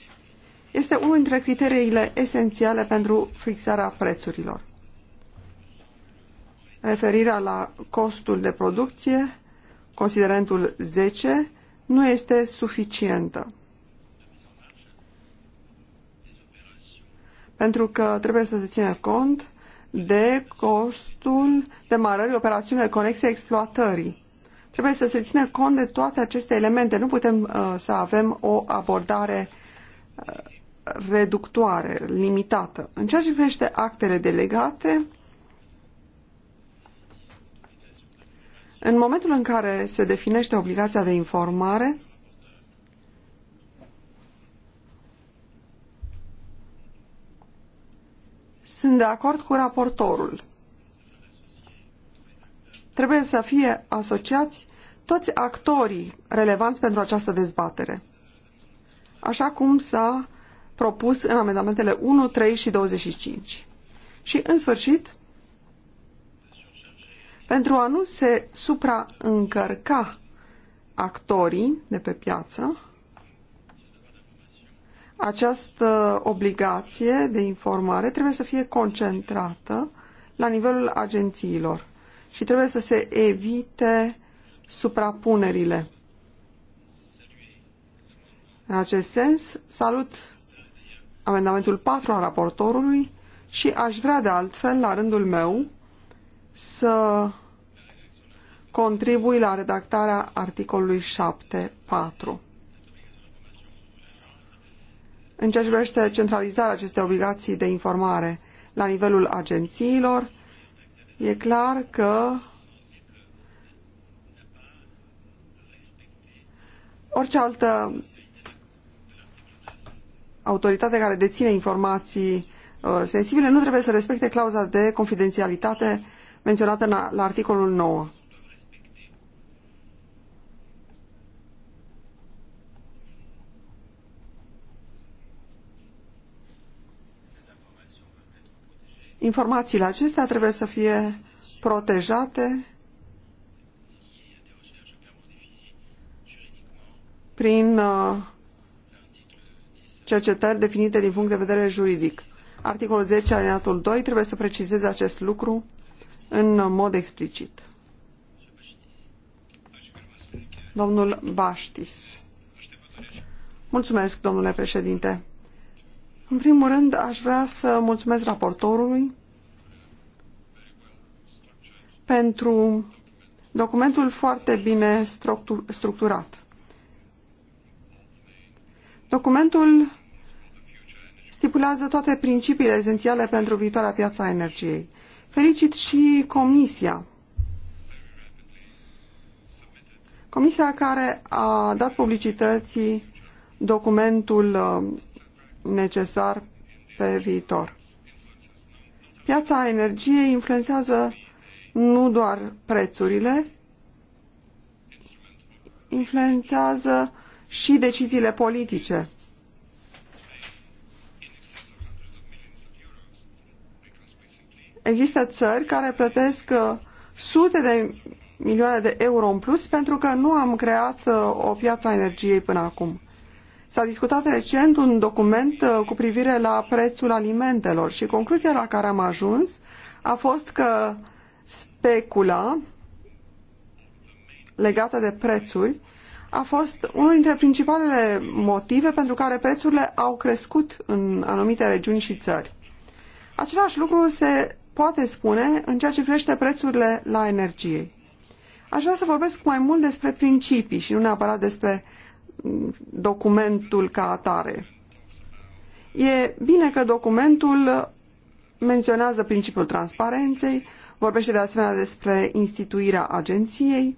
este unul dintre criteriile esențiale pentru fixarea prețurilor. Referirea la costul de producție, considerentul 10, nu este suficientă. Pentru că trebuie să se țină cont de costul demarării operațiunii de conexie exploatării. Trebuie să se țină cont de toate aceste elemente. Nu putem uh, să avem o abordare uh, reductoare, limitată. În ceea ce privește actele delegate, în momentul în care se definește obligația de informare, sunt de acord cu raportorul. Trebuie să fie asociați toți actorii relevanți pentru această dezbatere. Așa cum s-a propus în amendamentele 1, 3 și 25. Și, în sfârșit, pentru a nu se supraîncărca actorii de pe piață, această obligație de informare trebuie să fie concentrată la nivelul agențiilor și trebuie să se evite suprapunerile. În acest sens, salut amendamentul 4 al raportorului și aș vrea de altfel, la rândul meu, să contribui la redactarea articolului 7.4. În ceea ce privește centralizarea acestei obligații de informare la nivelul agențiilor, e clar că orice altă autoritatea care deține informații uh, sensibile nu trebuie să respecte clauza de confidențialitate menționată la articolul 9. Informațiile acestea trebuie să fie protejate prin uh, cercetări definite din punct de vedere juridic. Articolul 10, alineatul 2, trebuie să precizeze acest lucru în mod explicit. Domnul Baștis. Mulțumesc, domnule președinte. În primul rând, aș vrea să mulțumesc raportorului pentru documentul foarte bine structurat. Documentul stipulează toate principiile esențiale pentru viitoarea piața energiei. Felicit și Comisia. Comisia care a dat publicității documentul uh, necesar pe viitor. Piața energiei influențează nu doar prețurile, influențează și deciziile politice. există țări care plătesc uh, sute de milioane de euro în plus pentru că nu am creat uh, o piață a energiei până acum. S-a discutat recent un document uh, cu privire la prețul alimentelor și concluzia la care am ajuns a fost că specula legată de prețuri a fost unul dintre principalele motive pentru care prețurile au crescut în anumite regiuni și țări. Același lucru se poate spune în ceea ce crește prețurile la energie. Aș vrea să vorbesc mai mult despre principii și nu neapărat despre mm, documentul ca atare. E bine că documentul menționează principiul transparenței, vorbește de asemenea despre instituirea agenției,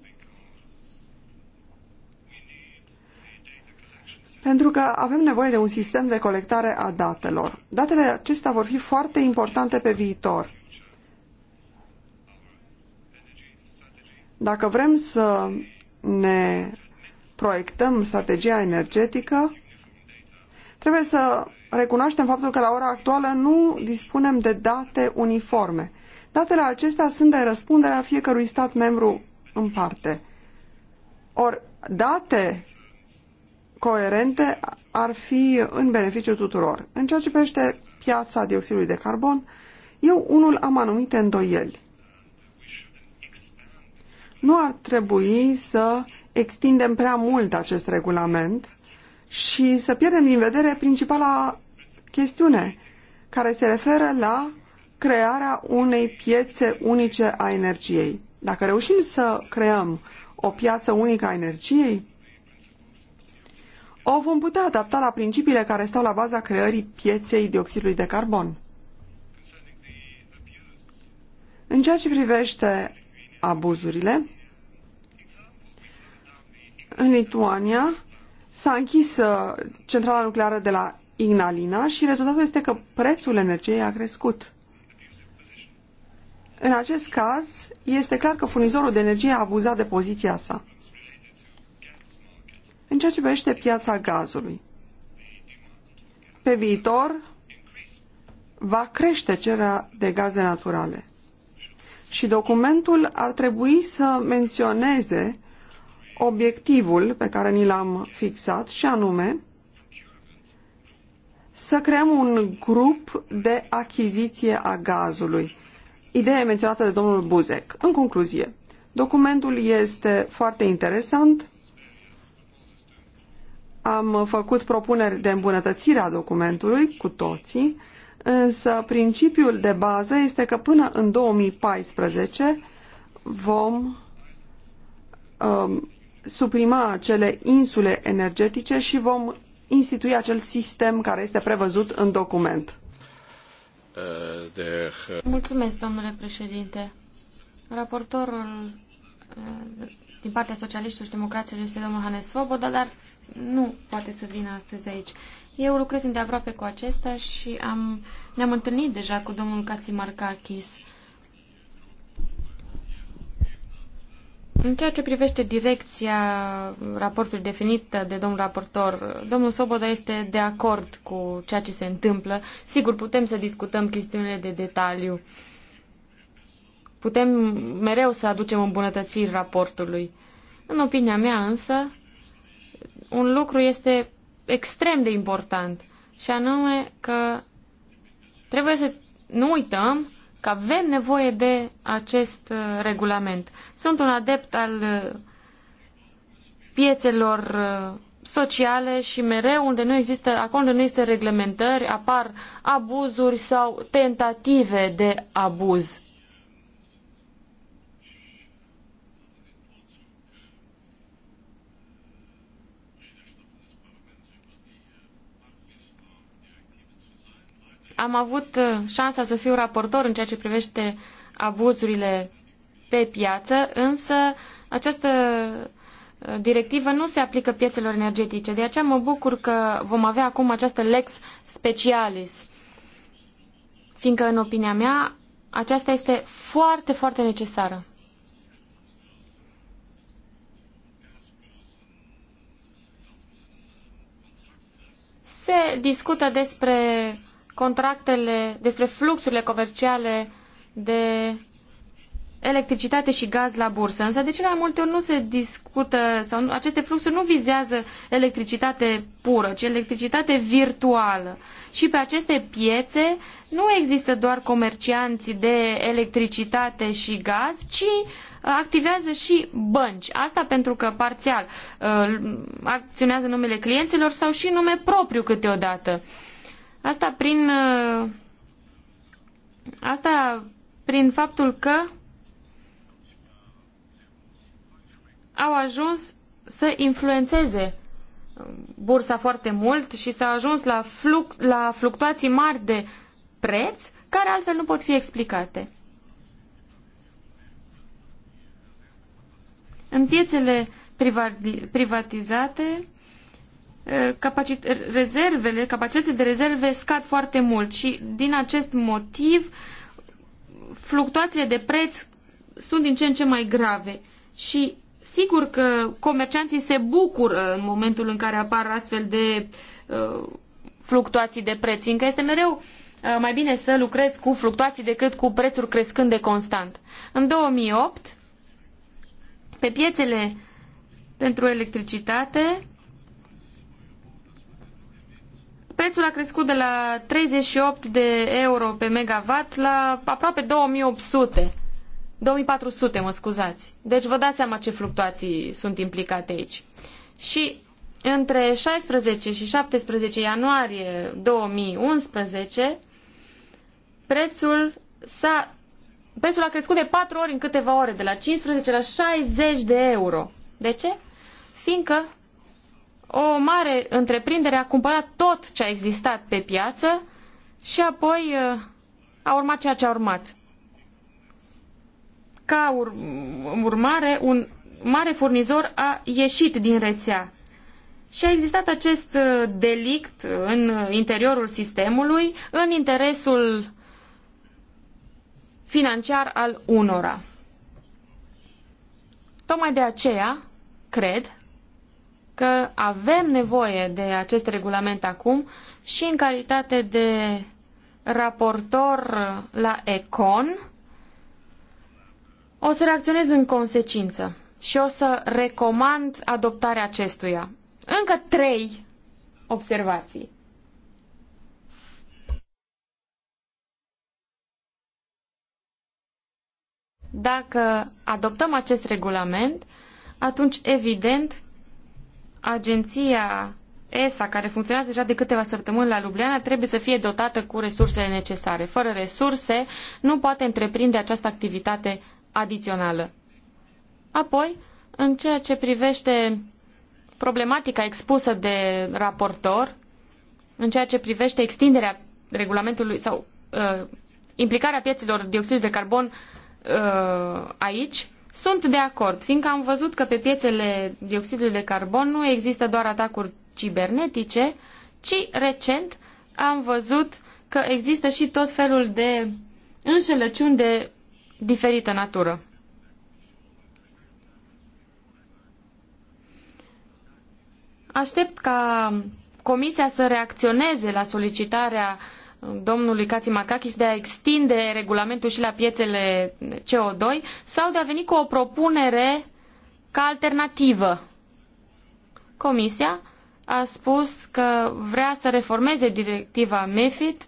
pentru că avem nevoie de un sistem de colectare a datelor. Datele acestea vor fi foarte importante pe viitor. Dacă vrem să ne proiectăm strategia energetică, trebuie să recunoaștem faptul că la ora actuală nu dispunem de date uniforme. Datele acestea sunt de răspunderea fiecărui stat membru în parte. Ori date coerente ar fi în beneficiu tuturor. În ceea ce privește piața dioxidului de carbon, eu unul am anumite îndoieli nu ar trebui să extindem prea mult acest regulament și să pierdem din vedere principala chestiune care se referă la crearea unei piețe unice a energiei. Dacă reușim să creăm o piață unică a energiei, o vom putea adapta la principiile care stau la baza creării pieței dioxidului de carbon. În ceea ce privește abuzurile, în Lituania s-a închis uh, centrala nucleară de la Ignalina și rezultatul este că prețul energiei a crescut. În acest caz, este clar că furnizorul de energie a abuzat de poziția sa. În ceea ce privește piața gazului, pe viitor va crește cererea de gaze naturale. Și documentul ar trebui să menționeze obiectivul pe care ni l-am fixat și anume să creăm un grup de achiziție a gazului. Ideea menționată de domnul Buzek. În concluzie, documentul este foarte interesant. Am făcut propuneri de îmbunătățire a documentului cu toții, însă principiul de bază este că până în 2014 vom um, suprima acele insule energetice și vom institui acel sistem care este prevăzut în document. Mulțumesc, domnule președinte. Raportorul eh, din partea socialiștilor și democraților este domnul Hannes Svoboda, dar nu poate să vină astăzi aici. Eu lucrez îndeaproape cu acesta și am, ne-am întâlnit deja cu domnul Katsimarkakis. În ceea ce privește direcția raportului definită de domnul raportor, domnul Soboda este de acord cu ceea ce se întâmplă. Sigur, putem să discutăm chestiunile de detaliu. Putem mereu să aducem îmbunătățiri raportului. În opinia mea însă, un lucru este extrem de important și anume că trebuie să nu uităm că avem nevoie de acest uh, regulament. Sunt un adept al uh, piețelor uh, sociale și mereu unde nu există, acolo unde nu există reglementări, apar abuzuri sau tentative de abuz. Am avut uh, șansa să fiu raportor în ceea ce privește abuzurile pe piață, însă această uh, directivă nu se aplică piețelor energetice. De aceea mă bucur că vom avea acum această lex specialis, fiindcă, în opinia mea, aceasta este foarte, foarte necesară. Se discută despre contractele, despre fluxurile comerciale de electricitate și gaz la bursă. Însă de cele mai multe ori nu se discută sau aceste fluxuri nu vizează electricitate pură, ci electricitate virtuală. Și pe aceste piețe nu există doar comercianți de electricitate și gaz, ci uh, activează și bănci. Asta pentru că parțial uh, acționează numele clienților sau și nume propriu câteodată. Asta prin, uh, asta prin faptul că au ajuns să influențeze bursa foarte mult și s au ajuns la, fluc, la fluctuații mari de preț care altfel nu pot fi explicate. În piețele privatizate capacit- rezervele, capacitățile de rezerve scad foarte mult și din acest motiv fluctuațiile de preț sunt din ce în ce mai grave și sigur că comercianții se bucură în momentul în care apar astfel de uh, fluctuații de preț, fiindcă este mereu uh, mai bine să lucrezi cu fluctuații decât cu prețuri crescând de constant. În 2008, pe piețele pentru electricitate, Prețul a crescut de la 38 de euro pe megawatt la aproape 2800. 2400, mă scuzați. Deci vă dați seama ce fluctuații sunt implicate aici. Și între 16 și 17 ianuarie 2011, prețul s-a Prețul a crescut de 4 ori în câteva ore, de la 15 la 60 de euro. De ce? Fiindcă o mare întreprindere a cumpărat tot ce a existat pe piață și apoi uh, a urmat ceea ce a urmat. Ca urmare, un mare furnizor a ieșit din rețea. Și a existat acest uh, delict în interiorul sistemului, în interesul financiar al unora. Tocmai de aceea, cred că avem nevoie de acest regulament acum și în calitate de raportor la Econ, o să reacționez în consecință și o să recomand adoptarea acestuia. Încă trei observații. Dacă adoptăm acest regulament, atunci, evident, agenția ESA, care funcționează deja de câteva săptămâni la Ljubljana, trebuie să fie dotată cu resursele necesare. Fără resurse, nu poate întreprinde această activitate adițională. Apoi, în ceea ce privește problematica expusă de raportor, în ceea ce privește extinderea regulamentului sau uh, implicarea piețelor dioxidului de carbon uh, aici, sunt de acord, fiindcă am văzut că pe piețele dioxidului de carbon nu există doar atacuri cibernetice, ci recent am văzut că există și tot felul de înșelăciuni de diferită natură. Aștept ca Comisia să reacționeze la solicitarea uh, domnului Katsimakakis de a extinde regulamentul și la piețele CO2 sau de a veni cu o propunere ca alternativă. Comisia a spus că vrea să reformeze directiva MEFIT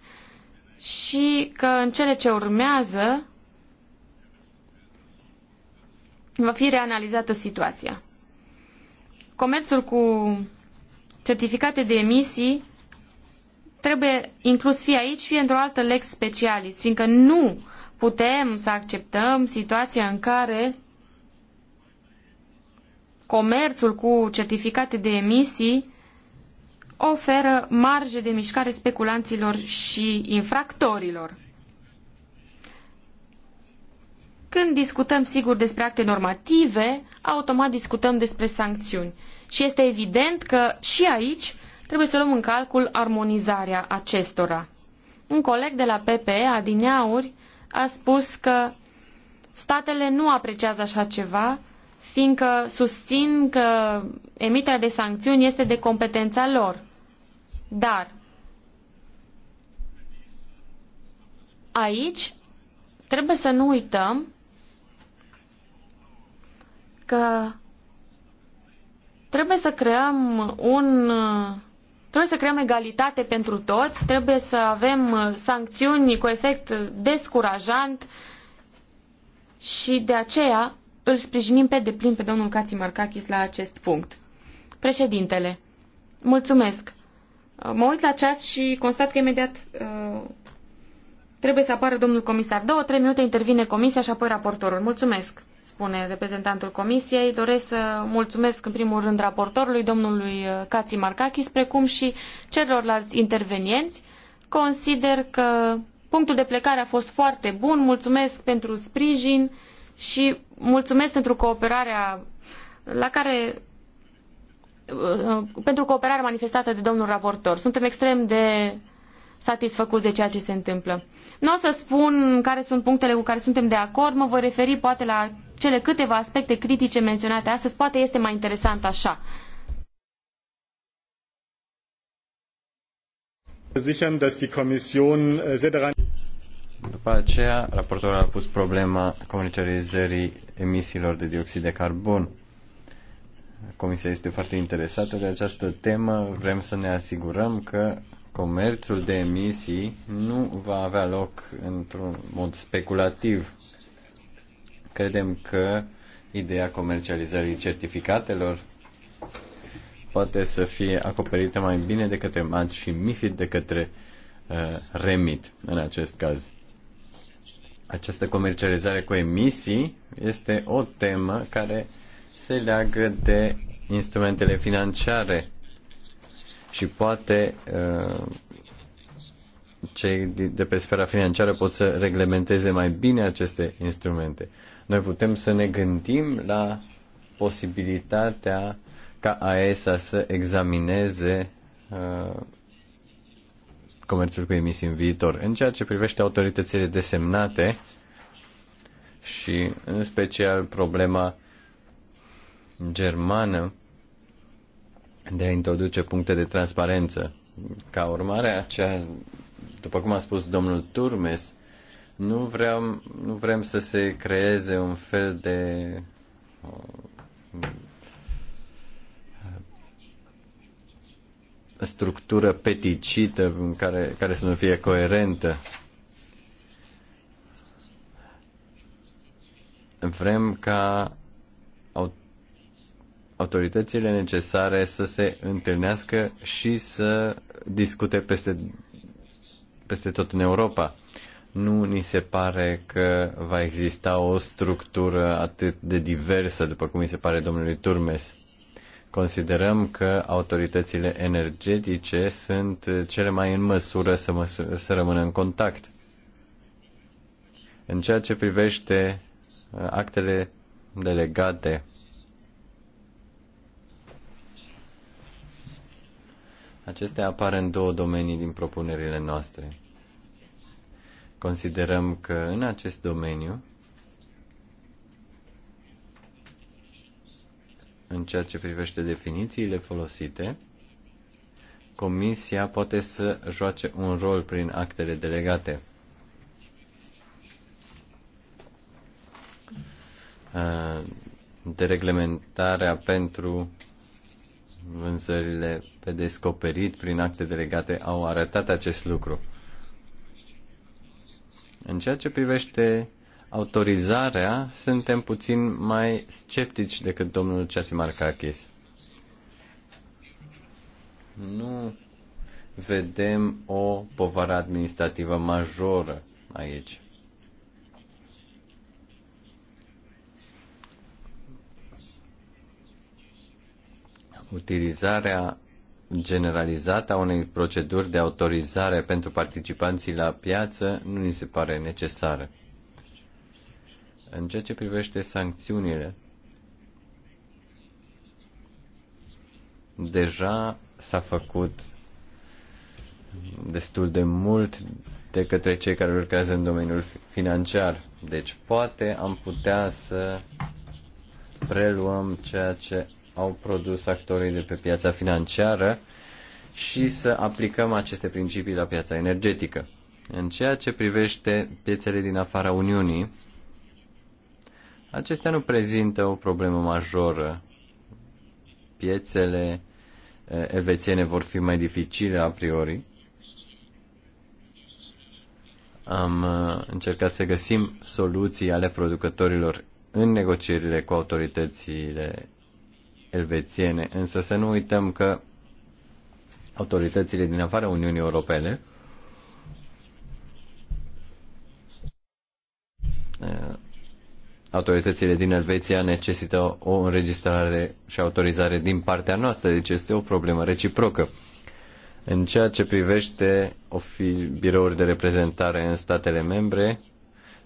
și că în cele ce urmează va fi reanalizată situația. Comerțul cu certificate de emisii trebuie inclus fie aici, fie într-o altă lex specialis, fiindcă nu putem să acceptăm situația în care comerțul cu certificate de emisii oferă marje de mișcare speculanților și infractorilor. Când discutăm, sigur, despre acte normative, automat discutăm despre sancțiuni. Și este evident că și aici trebuie să luăm în calcul armonizarea acestora. Un coleg de la PPE, Adineauri, a spus că statele nu apreciază așa ceva, fiindcă susțin că emiterea de sancțiuni este de competența lor. Dar aici trebuie să nu uităm că trebuie să creăm un Trebuie să creăm egalitate pentru toți, trebuie să avem uh, sancțiuni cu efect descurajant și de aceea îl sprijinim pe deplin pe domnul Kacimarkakis la acest punct. Președintele, mulțumesc. Uh, mă uit la ceas și constat că imediat uh, trebuie să apară domnul comisar. Două, trei minute intervine comisia și apoi raportorul. Mulțumesc spune reprezentantul Comisiei. Doresc să mulțumesc în primul rând raportorului, domnului uh, Cații Marcachis, precum și celorlalți intervenienți. Consider că punctul de plecare a fost foarte bun, mulțumesc pentru sprijin și mulțumesc pentru cooperarea la care uh, pentru cooperarea manifestată de domnul raportor. Suntem extrem de satisfăcuți de ceea ce se întâmplă. Nu o să spun care sunt punctele cu care suntem de acord, mă voi referi poate la cele câteva aspecte critice menționate astăzi, poate este mai interesant așa. Äh, După aceea, raportorul a pus problema comercializării emisiilor de dioxid de carbon. Comisia este foarte interesată de această temă. Vrem să ne asigurăm că comerțul de emisii nu va avea loc într-un mod speculativ. Credem că ideea comercializării certificatelor poate să fie acoperită mai bine de către MAD și MIFID de către uh, REMIT în acest caz. Această comercializare cu emisii este o temă care se leagă de instrumentele financiare și poate uh, cei de pe sfera financiară pot să reglementeze mai bine aceste instrumente. Noi putem să ne gândim la posibilitatea ca AESA să examineze uh, comerțul cu emisii în viitor. În ceea ce privește autoritățile desemnate și în special problema germană de a introduce puncte de transparență. Ca urmare acea, după cum a spus domnul Turmes, nu vrem, nu vrem să se creeze un fel de structură peticită în care, care să nu fie coerentă. Vrem ca autoritățile necesare să se întâlnească și să discute peste, peste tot în Europa nu ni se pare că va exista o structură atât de diversă, după cum mi se pare domnului Turmes. Considerăm că autoritățile energetice sunt cele mai în măsură să, măs- să rămână în contact. În ceea ce privește uh, actele delegate, acestea apar în două domenii din propunerile noastre. Considerăm că în acest domeniu, în ceea ce privește definițiile folosite, Comisia poate să joace un rol prin actele delegate. de reglementarea pentru vânzările pe descoperit prin acte delegate au arătat acest lucru. În ceea ce privește autorizarea, suntem puțin mai sceptici decât domnul Ceasimar Kakis. Nu vedem o povară administrativă majoră aici. Utilizarea generalizată a unei proceduri de autorizare pentru participanții la piață nu ni se pare necesară. În ceea ce privește sancțiunile, deja s-a făcut destul de mult de către cei care lucrează în domeniul financiar. Deci poate am putea să preluăm ceea ce au produs actorii de pe piața financiară și să aplicăm aceste principii la piața energetică. În ceea ce privește piețele din afara Uniunii, acestea nu prezintă o problemă majoră. Piețele eh, elvețiene vor fi mai dificile a priori. Am eh, încercat să găsim soluții ale producătorilor în negocierile cu autoritățile elvețiene, însă să nu uităm că autoritățile din afara Uniunii Europene eh, autoritățile din Elveția necesită o înregistrare și autorizare din partea noastră, deci este o problemă reciprocă. În ceea ce privește birouri de reprezentare în statele membre,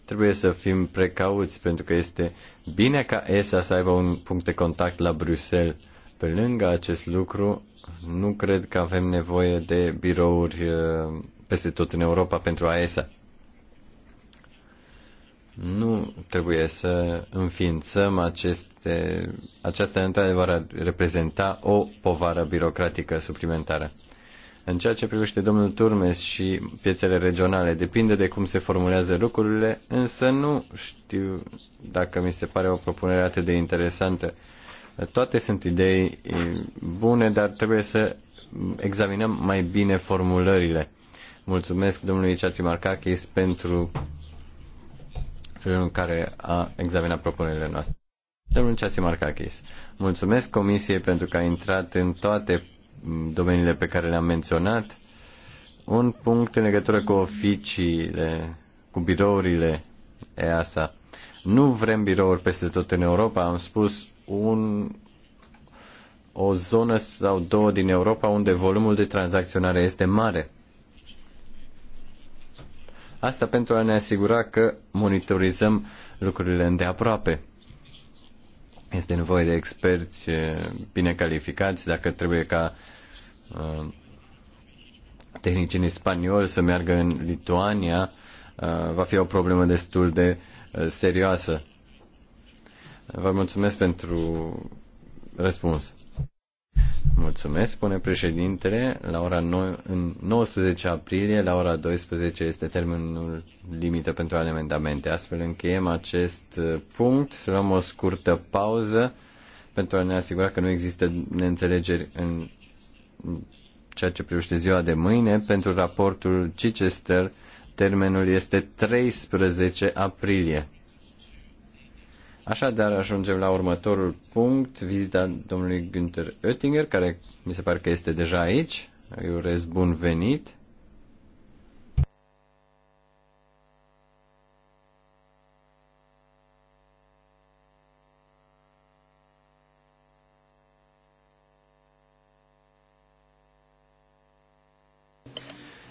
Trebuie să fim precauți pentru că este bine ca ESA să aibă un punct de contact la Bruxelles. Pe lângă acest lucru, nu cred că avem nevoie de birouri uh, peste tot în Europa pentru AESA. Nu trebuie să înființăm aceste, aceasta într-adevăr reprezenta o povară birocratică suplimentară. În ceea ce privește domnul Turmes și piețele regionale, depinde de cum se formulează lucrurile, însă nu știu dacă mi se pare o propunere atât de interesantă. Toate sunt idei bune, dar trebuie să examinăm mai bine formulările. Mulțumesc domnului Ceați Marcachis pentru felul în care a examinat propunerile noastre. Domnul Ceați Marcachis, mulțumesc Comisiei pentru că a intrat în toate domeniile pe care le-am menționat. Un punct în legătură cu oficiile, cu birourile EASA. Nu vrem birouri peste tot în Europa. Am spus un, o zonă sau două din Europa unde volumul de tranzacționare este mare. Asta pentru a ne asigura că monitorizăm lucrurile îndeaproape. Este nevoie de experți eh, bine calificați, dacă trebuie ca eh, tehnicienii spanioli să meargă în Lituania, eh, va fi o problemă destul de serioasă. Vă mulțumesc pentru răspuns. Mulțumesc, spune președintele. La ora 9, în 19 aprilie, la ora 12 este termenul limită pentru amendamente. Astfel încheiem acest uh, punct. Să luăm o scurtă pauză pentru a ne asigura că nu există neînțelegeri în ceea ce privește ziua de mâine. Pentru raportul Chichester, termenul este 13 aprilie. Așadar, ajungem la următorul punct, vizita domnului Günther Oettinger, care mi se pare că este deja aici. Îi urez bun venit.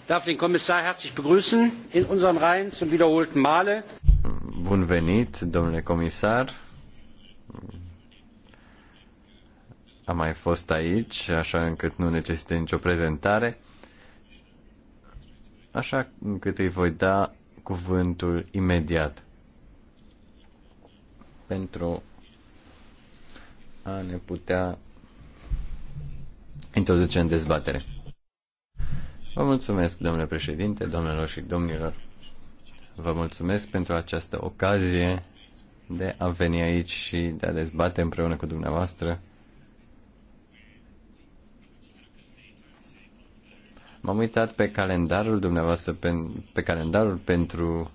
darf den kommissar herzlich begrüßen in unseren reihen zum wiederholten male. Mm. Bun venit, domnule comisar. Am mai fost aici, așa încât nu necesită nicio prezentare. Așa încât îi voi da cuvântul imediat pentru a ne putea introduce în dezbatere. Vă mulțumesc, domnule președinte, domnilor și domnilor. Vă mulțumesc pentru această ocazie de a veni aici și de a dezbate împreună cu dumneavoastră. M-am uitat pe calendarul dumneavoastră, pe, pe calendarul pentru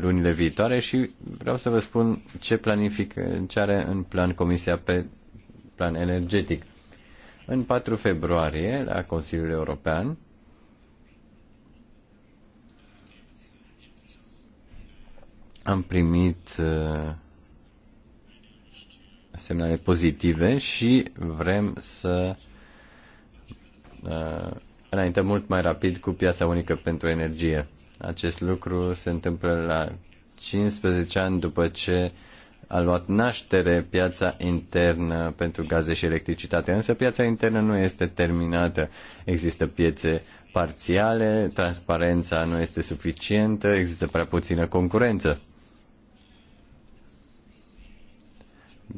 lunile viitoare și vreau să vă spun ce planific, ce are în plan Comisia pe plan energetic. În 4 februarie, la Consiliul European, Am primit uh, semnale pozitive și vrem să uh, înaintăm mult mai rapid cu piața unică pentru energie. Acest lucru se întâmplă la 15 ani după ce a luat naștere piața internă pentru gaze și electricitate, însă piața internă nu este terminată. Există piețe parțiale, transparența nu este suficientă, există prea puțină concurență.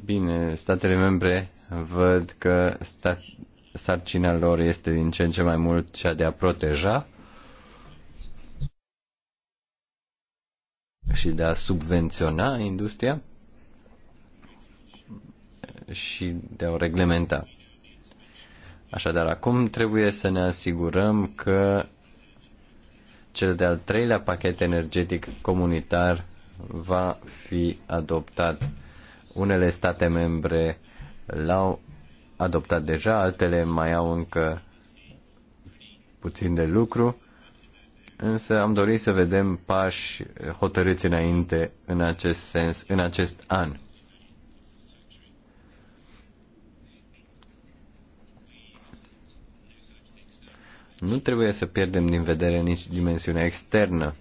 Bine, statele membre văd că stat, sarcina lor este din ce în ce mai mult cea de a proteja și de a subvenționa industria și de a o reglementa. Așadar, acum trebuie să ne asigurăm că cel de-al treilea pachet energetic comunitar va fi adoptat unele state membre l-au adoptat deja, altele mai au încă puțin de lucru, însă am dorit să vedem pași hotărâți înainte în acest sens, în acest an. Nu trebuie să pierdem din vedere nici dimensiunea externă.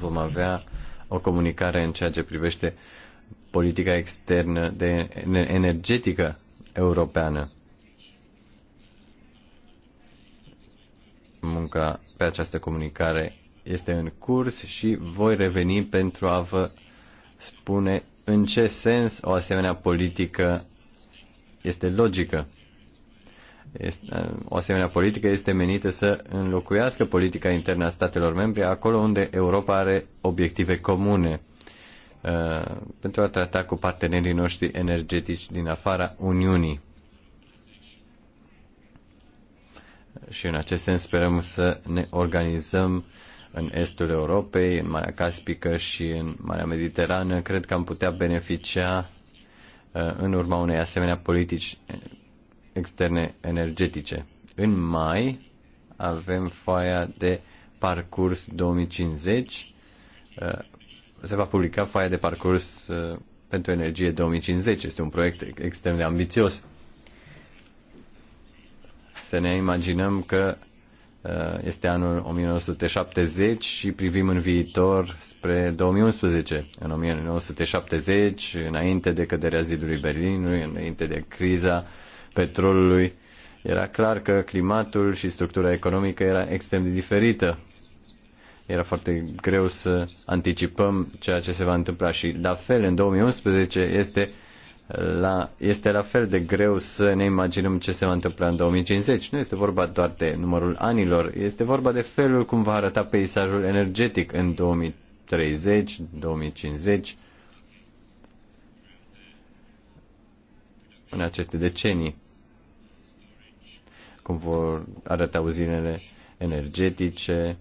Vom avea o comunicare în ceea ce privește politica externă de energetică europeană. Munca pe această comunicare este în curs și voi reveni pentru a vă spune în ce sens o asemenea politică este logică este, o asemenea politică este menită să înlocuiască politica internă a statelor membre acolo unde Europa are obiective comune uh, pentru a trata cu partenerii noștri energetici din afara Uniunii. Și în acest sens sperăm să ne organizăm în estul Europei, în Marea Caspică și în Marea Mediterană. Cred că am putea beneficia uh, în urma unei asemenea politici externe energetice. În mai avem foaia de parcurs 2050. Uh, se va publica foaia de parcurs uh, pentru energie 2050. Este un proiect extrem de ambițios. Să ne imaginăm că uh, este anul 1970 și privim în viitor spre 2011. În 1970, înainte de căderea zidului Berlinului, înainte de criza uh, petrolului, era clar că climatul și structura economică era extrem de diferită. Era foarte greu să anticipăm ceea ce se va întâmpla și la fel în 2011 este la, este la fel de greu să ne imaginăm ce se va întâmpla în 2050. Nu este vorba doar de numărul anilor, este vorba de felul cum va arăta peisajul energetic în 2030, 2050, în aceste decenii cum vor arăta uzinele energetice,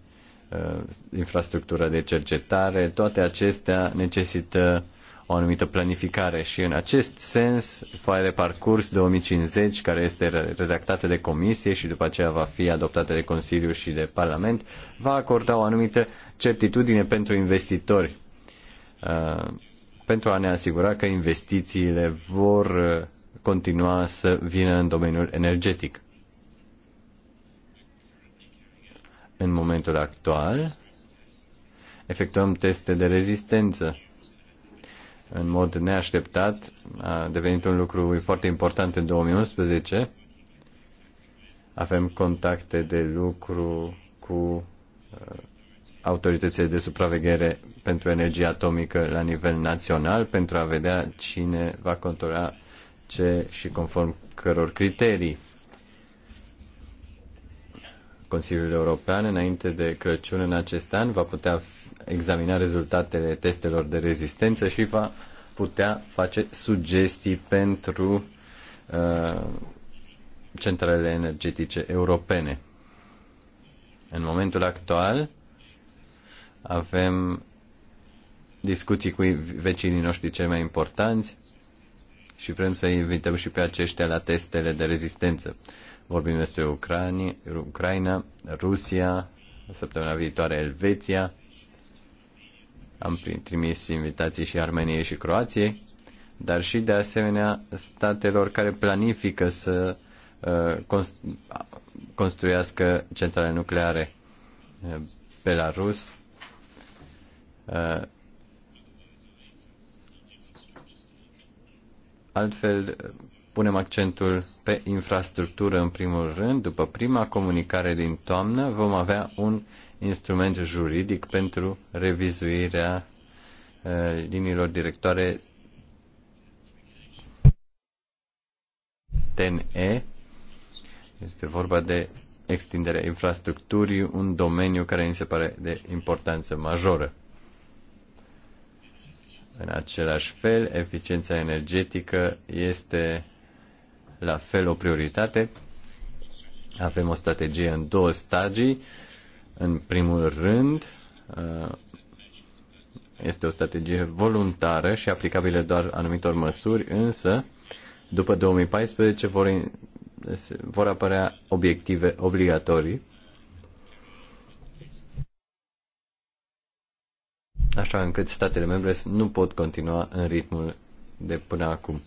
uh, infrastructura de cercetare, toate acestea necesită o anumită planificare și în acest sens, foaia de parcurs 2050, care este redactată de comisie și după aceea va fi adoptată de Consiliu și de Parlament, va acorda o anumită certitudine pentru investitori, uh, pentru a ne asigura că investițiile vor uh, continua să vină în domeniul energetic. În momentul actual, efectuăm teste de rezistență. În mod neașteptat, a devenit un lucru foarte important în 2011. Avem contacte de lucru cu uh, autoritățile de supraveghere pentru energie atomică la nivel național pentru a vedea cine va controla ce și conform căror criterii. Consiliul European înainte de Crăciun în acest an va putea examina rezultatele testelor de rezistență și va putea face sugestii pentru uh, centralele energetice europene. În momentul actual avem discuții cu vecinii noștri cei mai importanți și vrem să invităm și pe aceștia la testele de rezistență. Vorbim despre Ucrania, Ucraina, Rusia, săptămâna viitoare Elveția. Am trimis invitații și Armeniei și Croației, dar și de asemenea statelor care planifică să uh, construiască centrale nucleare. Uh, Belarus, uh, altfel punem accentul pe infrastructură în primul rând. După prima comunicare din toamnă vom avea un instrument juridic pentru revizuirea uh, liniilor directoare TNE. Este vorba de extinderea infrastructurii, un domeniu care mi se pare de importanță majoră. În același fel, eficiența energetică este la fel o prioritate. Avem o strategie în două stagii. În primul rând, uh, este o strategie voluntară și aplicabilă doar anumitor măsuri, însă după 2014 vor, vor apărea obiective obligatorii. așa încât statele membre nu pot continua în ritmul de până acum.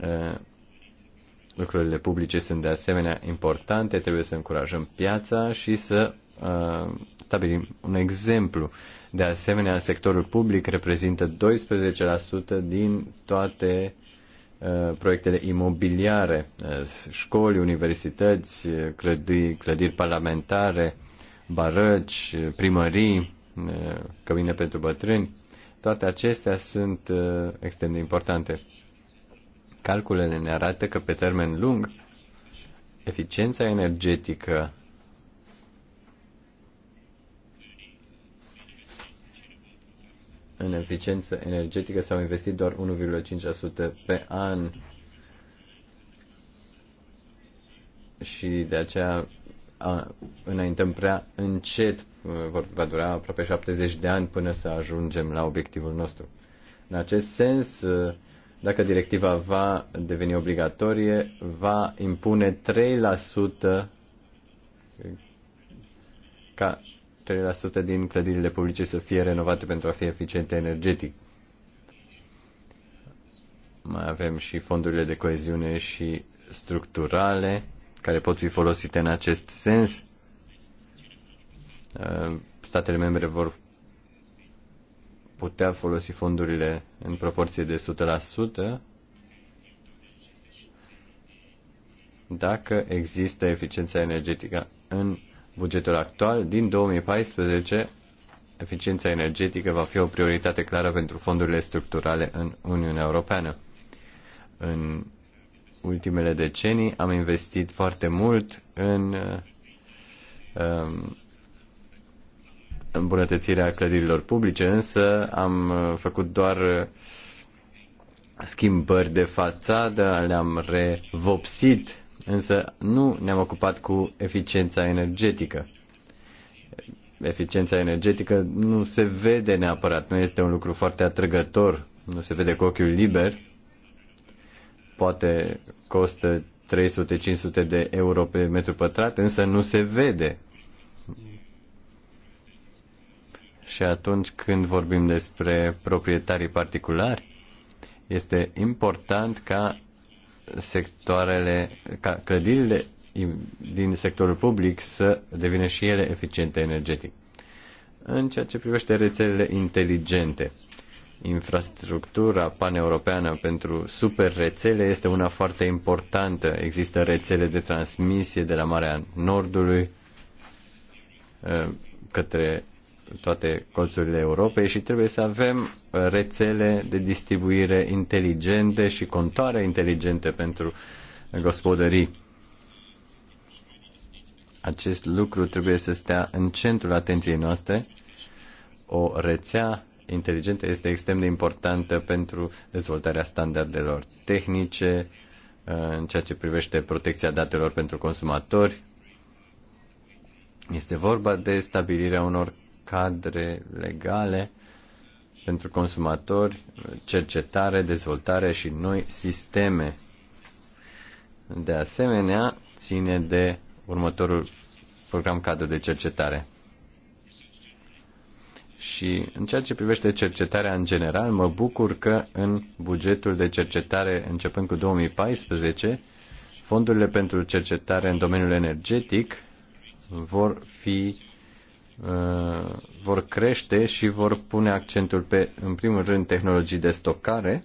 Uh, Lucrurile publice sunt de asemenea importante, trebuie să încurajăm piața și să uh, stabilim un exemplu. De asemenea, sectorul public reprezintă 12% din toate uh, proiectele imobiliare, uh, școli, universități, clădiri, clădiri parlamentare, barăci, primării, uh, cămine pentru bătrâni. Toate acestea sunt uh, extrem de importante. Calculele ne arată că pe termen lung eficiența energetică în eficiență energetică s-au investit doar 1,5% pe an și de aceea a, înaintăm prea încet, vor, va dura aproape 70 de ani până să ajungem la obiectivul nostru. În acest sens, dacă directiva va deveni obligatorie, va impune 3% ca 3% din clădirile publice să fie renovate pentru a fi eficiente energetic. Mai avem și fondurile de coeziune și structurale care pot fi folosite în acest sens. Statele membre vor putea folosi fondurile în proporție de 100% dacă există eficiența energetică în bugetul actual. Din 2014, eficiența energetică va fi o prioritate clară pentru fondurile structurale în Uniunea Europeană. În ultimele decenii am investit foarte mult în um, îmbunătățirea clădirilor publice, însă am uh, făcut doar uh, schimbări de fațadă, le-am revopsit, însă nu ne-am ocupat cu eficiența energetică. Eficiența energetică nu se vede neapărat, nu este un lucru foarte atrăgător, nu se vede cu ochiul liber. Poate costă 300-500 de euro pe metru pătrat, însă nu se vede Și atunci când vorbim despre proprietarii particulari, este important ca sectoarele, ca clădirile din sectorul public să devină și ele eficiente energetic. În ceea ce privește rețelele inteligente, infrastructura paneuropeană pentru super rețele este una foarte importantă. Există rețele de transmisie de la Marea Nordului ă, către toate colțurile Europei și trebuie să avem rețele de distribuire inteligente și contoare inteligente pentru gospodării. Acest lucru trebuie să stea în centrul atenției noastre. O rețea inteligentă este extrem de importantă pentru dezvoltarea standardelor tehnice, uh, în ceea ce privește protecția datelor pentru consumatori. Este vorba de stabilirea unor cadre legale pentru consumatori, cercetare, dezvoltare și noi sisteme. De asemenea, ține de următorul program cadru de cercetare. Și în ceea ce privește cercetarea în general, mă bucur că în bugetul de cercetare începând cu 2014, fondurile pentru cercetare în domeniul energetic vor fi vor crește și vor pune accentul pe, în primul rând, tehnologii de stocare,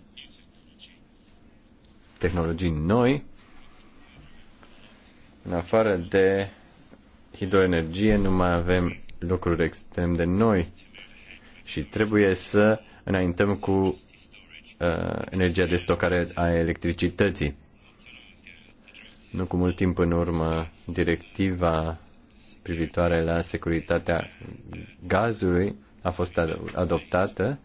tehnologii noi, în afară de hidroenergie nu mai avem lucruri extrem de noi și trebuie să înaintăm cu uh, energia de stocare a electricității. Nu cu mult timp în urmă, directiva privitoare la securitatea gazului a fost adoptată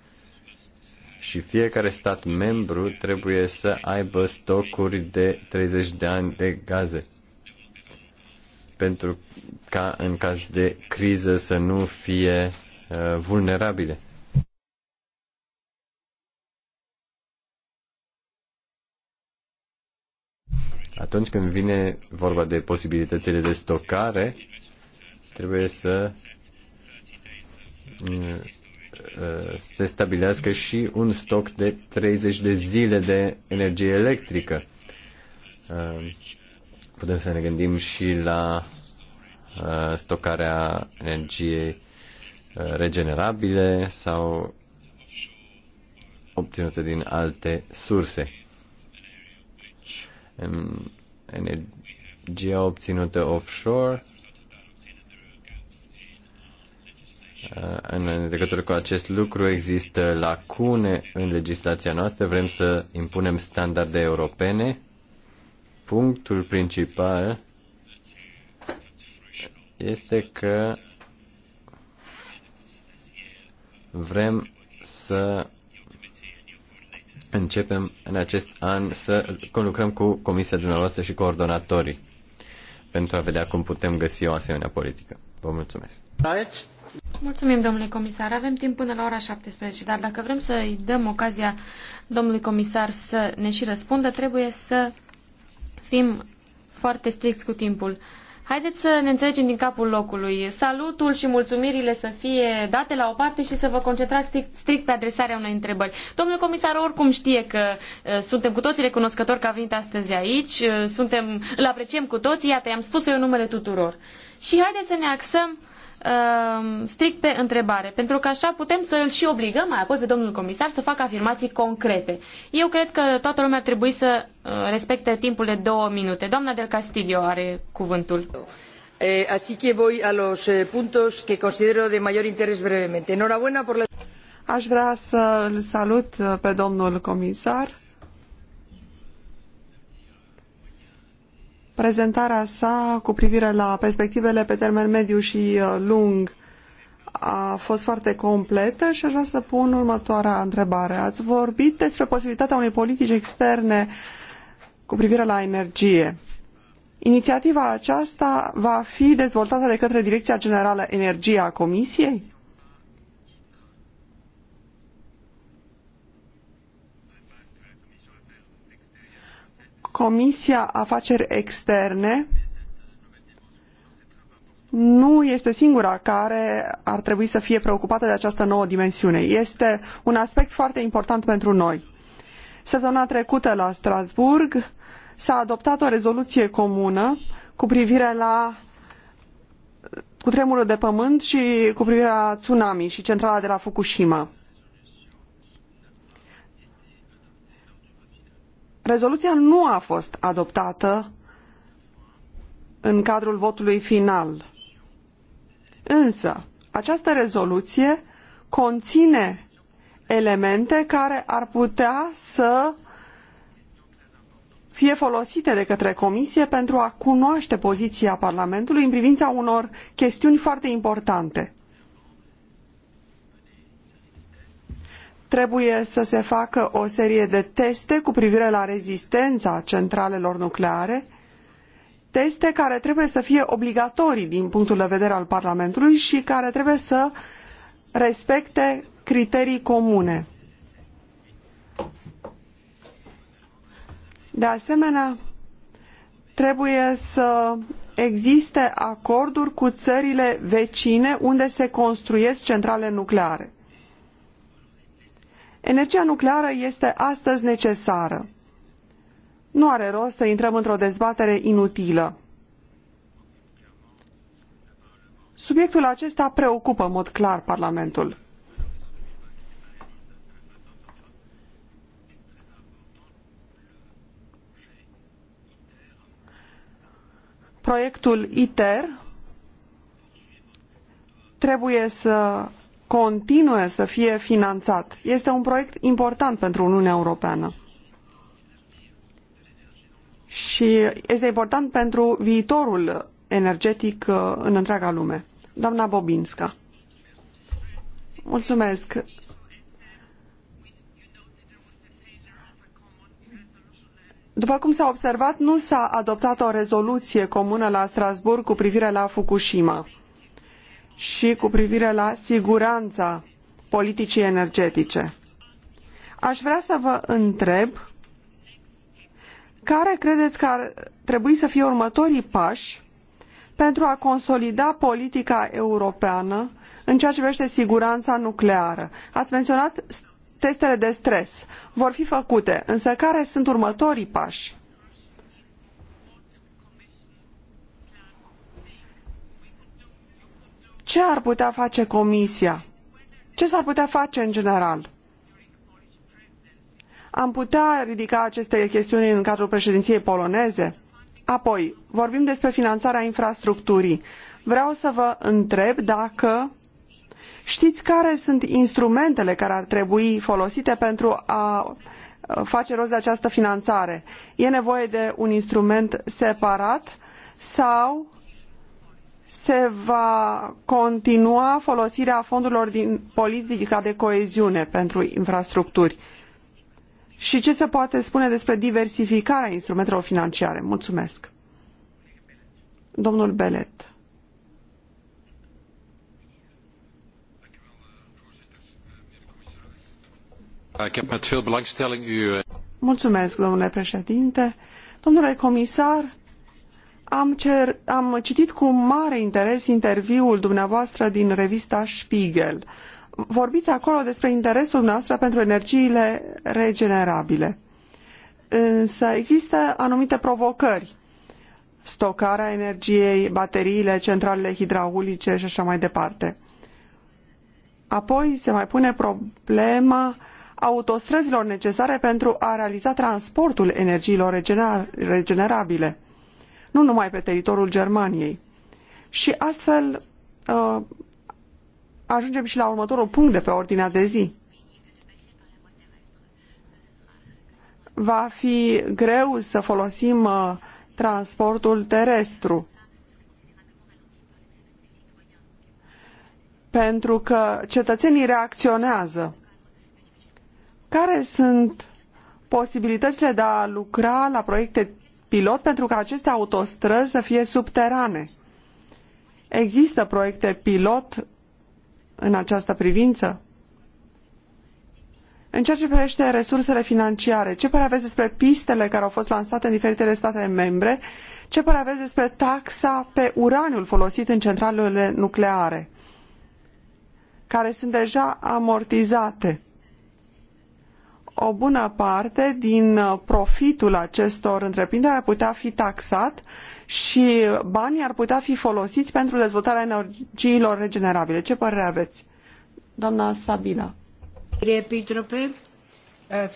și fiecare stat membru trebuie să aibă stocuri de 30 de ani de gaze pentru ca în caz de criză să nu fie uh, vulnerabile. Atunci când vine vorba de posibilitățile de stocare, trebuie să uh, uh, se stabilească și un stoc de 30 de zile de energie electrică. Uh, putem să ne gândim și la stocarea energiei regenerabile sau obținute din alte surse. Energia obținută offshore Uh, în legătură cu acest lucru există lacune în legislația noastră, vrem să impunem standarde europene. Punctul principal este că vrem să începem în acest an să conlucrăm cu comisia dumneavoastră și coordonatorii pentru a vedea cum putem găsi o asemenea politică. Vă mulțumesc! Mulțumim, domnule comisar. Avem timp până la ora 17, dar dacă vrem să-i dăm ocazia domnului comisar să ne și răspundă, trebuie să fim foarte stricți cu timpul. Haideți să ne înțelegem din capul locului. Salutul și mulțumirile să fie date la o parte și să vă concentrați strict, strict pe adresarea unei întrebări. Domnul comisar oricum știe că uh, suntem cu toții recunoscători că a venit astăzi aici, uh, suntem, îl apreciem cu toții, iată, i-am spus eu numele tuturor. Și haideți să ne axăm Um, strict pe întrebare, pentru că așa putem să îl și obligăm mai apoi pe domnul comisar să facă afirmații concrete. Eu cred că toată lumea ar trebui să uh, respecte timpul de două minute. Doamna del Castillo are cuvântul. Eh, así que voy a los eh, puntos que considero de mayor interés brevemente. Enhorabuena por la... Aș vrea să îl salut eh, pe domnul comisar prezentarea sa cu privire la perspectivele pe termen mediu și uh, lung a fost foarte completă și aș vrea să pun următoarea întrebare. Ați vorbit despre posibilitatea unei politici externe cu privire la energie. Inițiativa aceasta va fi dezvoltată de către Direcția Generală Energie a Comisiei? Comisia Afaceri Externe nu este singura care ar trebui să fie preocupată de această nouă dimensiune. Este un aspect foarte important pentru noi. Săptămâna trecută la Strasbourg s-a adoptat o rezoluție comună cu privire la cutremurul de pământ și cu privire la tsunami și centrala de la Fukushima. Rezoluția nu a fost adoptată în cadrul votului final. Însă, această rezoluție conține elemente care ar putea să fie folosite de către Comisie pentru a cunoaște poziția Parlamentului în privința unor chestiuni foarte importante. trebuie să se facă o serie de teste cu privire la rezistența centralelor nucleare, teste care trebuie să fie obligatorii din punctul de vedere al Parlamentului și care trebuie să respecte criterii comune. De asemenea, trebuie să existe acorduri cu țările vecine unde se construiesc centrale nucleare. Energia nucleară este astăzi necesară. Nu are rost să intrăm într-o dezbatere inutilă. Subiectul acesta preocupă în mod clar Parlamentul. Proiectul ITER trebuie să continue să fie finanțat. Este un proiect important pentru Uniunea Europeană. Și este important pentru viitorul energetic uh, în întreaga lume. Doamna Bobinska. Mulțumesc. După cum s-a observat, nu s-a adoptat o rezoluție comună la Strasbourg cu privire la Fukushima și cu privire la siguranța politicii energetice. Aș vrea să vă întreb care credeți că ar trebui să fie următorii pași pentru a consolida politica europeană în ceea ce privește siguranța nucleară. Ați menționat testele de stres. Vor fi făcute, însă care sunt următorii pași? Ce ar putea face Comisia? Ce s-ar putea face în general? Am putea ridica aceste chestiuni în cadrul președinției poloneze? Apoi, vorbim despre finanțarea infrastructurii. Vreau să vă întreb dacă știți care sunt instrumentele care ar trebui folosite pentru a face rost de această finanțare. E nevoie de un instrument separat sau se va continua folosirea fondurilor din politica de coeziune pentru infrastructuri? Și ce se poate spune despre diversificarea instrumentelor financiare? Mulțumesc. Domnul Belet. Eh, Mulțumesc, domnule președinte. Domnule comisar, am, cer, am citit cu mare interes interviul dumneavoastră din revista Spiegel. Vorbiți acolo despre interesul dumneavoastră pentru energiile regenerabile. Însă există anumite provocări. Stocarea energiei, bateriile, centralele hidraulice și așa mai departe. Apoi se mai pune problema autostrăzilor necesare pentru a realiza transportul energiilor regenerabile nu numai pe teritoriul Germaniei. Și astfel uh, ajungem și la următorul punct de pe ordinea de zi. Va fi greu să folosim uh, transportul terestru. Pentru că cetățenii reacționează. Care sunt posibilitățile de a lucra la proiecte pilot pentru ca aceste autostrăzi să fie subterane. Există proiecte pilot în această privință? În ceea ce privește resursele financiare, ce părere aveți despre pistele care au fost lansate în diferitele state membre? Ce părere aveți despre taxa pe uraniul folosit în centralele nucleare, care sunt deja amortizate? o bună parte din uh, profitul acestor întreprinderi ar putea fi taxat și banii ar putea fi folosiți pentru dezvoltarea energiilor regenerabile. Ce părere aveți? Doamna Sabina. Επίτροπε,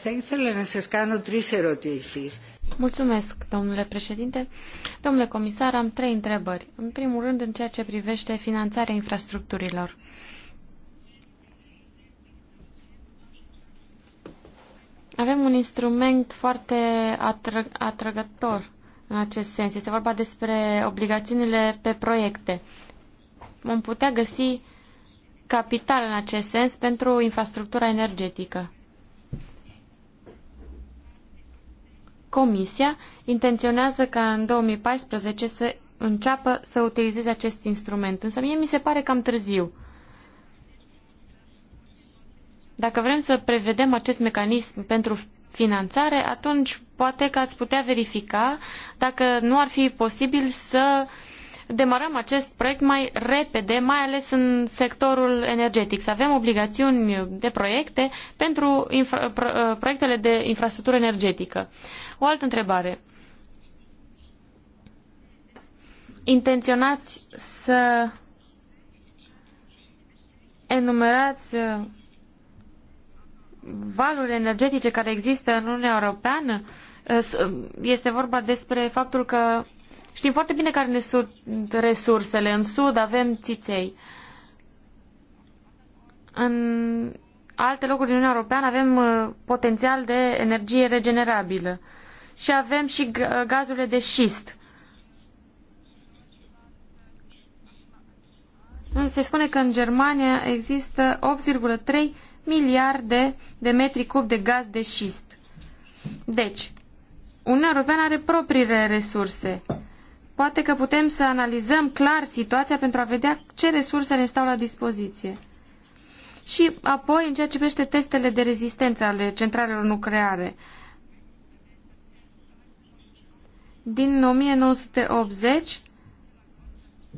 θα ήθελα να σας κάνω τρεις ερωτήσεις. Mulțumesc, domnule președinte. Domnule comisar, am trei întrebări. În primul rând, în ceea ce privește finanțarea infrastructurilor. Avem un instrument foarte atră, atrăgător în acest sens. Este vorba despre obligațiunile pe proiecte. Vom putea găsi capital în acest sens pentru infrastructura energetică. Comisia intenționează ca în 2014 să înceapă să utilizeze acest instrument, însă mie mi se pare cam târziu. Dacă vrem să prevedem acest mecanism pentru finanțare, atunci poate că ați putea verifica dacă nu ar fi posibil să demarăm acest proiect mai repede, mai ales în sectorul energetic. Să avem obligațiuni de proiecte pentru infra, uh, proiectele de infrastructură energetică. O altă întrebare. Intenționați să enumerați uh, valuri energetice care există în Uniunea Europeană, eh, eh, este vorba despre faptul că știm foarte bine care ne sunt resursele. În sud avem țiței. În alte locuri din Uniunea Europeană avem eh, potențial de energie regenerabilă. Și avem și gazurile de șist. Se spune că în Germania există 8,3 miliarde de metri cub de gaz de șist. Deci, Uniunea Europeană are propriile resurse. Poate că putem să analizăm clar situația pentru a vedea ce resurse ne stau la dispoziție. Și apoi, în ceea ce privește testele de rezistență ale centralelor nucleare, din 1980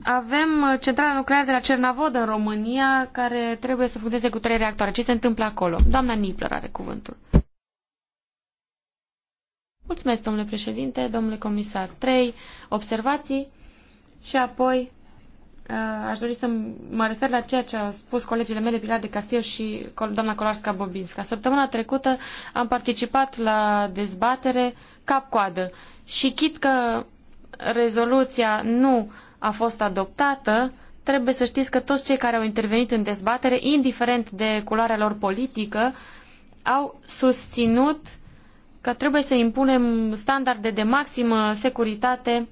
avem uh, centrala nucleară de la Cernavod în România, care trebuie să funcționeze cu trei reactoare. Ce se întâmplă acolo? Doamna Nipler are cuvântul. Mulțumesc, domnule președinte, domnule comisar. Trei observații și apoi uh, aș dori să mă refer la ceea ce au spus colegile mele Pilar de Castil și doamna Colarska Bobinska. Săptămâna trecută am participat la dezbatere cap-coadă și chit că rezoluția nu a fost adoptată, trebuie să știți că toți cei care au intervenit în dezbatere, indiferent de culoarea lor politică, au susținut că trebuie să impunem standarde de maximă securitate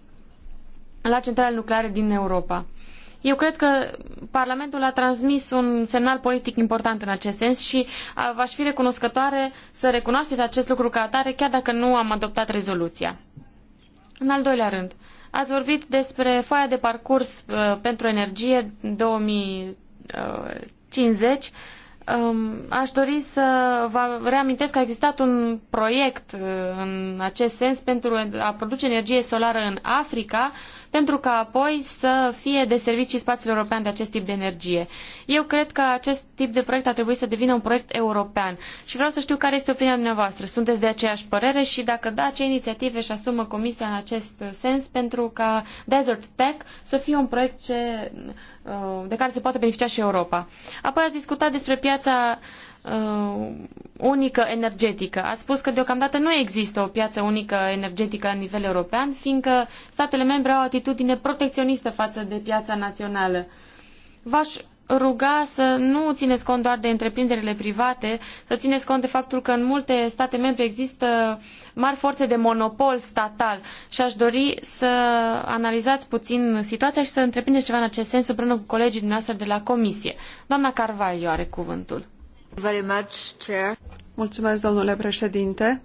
la centrale nucleare din Europa. Eu cred că Parlamentul a transmis un semnal politic important în acest sens și v-aș fi recunoscătoare să recunoașteți acest lucru ca atare, chiar dacă nu am adoptat rezoluția. În al doilea rând, uh, Ați vorbit despre foaia de parcurs uh, pentru energie 2050. Uh, um, aș dori să vă reamintesc că a existat un proiect uh, în acest sens pentru a produce energie solară în Africa pentru ca apoi să fie de servicii spațiul european de acest tip de energie. Eu cred că acest tip de proiect ar trebui să devină un proiect european și vreau să știu care este opinia dumneavoastră. Sunteți de aceeași părere și dacă da, ce inițiative își asumă Comisia în acest sens pentru ca Desert Tech să fie un proiect ce, uh, de care se poate beneficia și Europa. Apoi ați discutat despre piața uh, unică energetică. A spus că deocamdată nu există o piață unică energetică la nivel european, fiindcă statele membre au o atitudine protecționistă față de piața națională. V-aș ruga să nu țineți cont doar de întreprinderile private, să țineți cont de faptul că în multe state membre există mari forțe de monopol statal și aș dori să analizați puțin situația și să întreprindeți ceva în acest sens împreună cu colegii dumneavoastră de la Comisie. Doamna Carvalho are cuvântul. Mulțumesc, domnule președinte.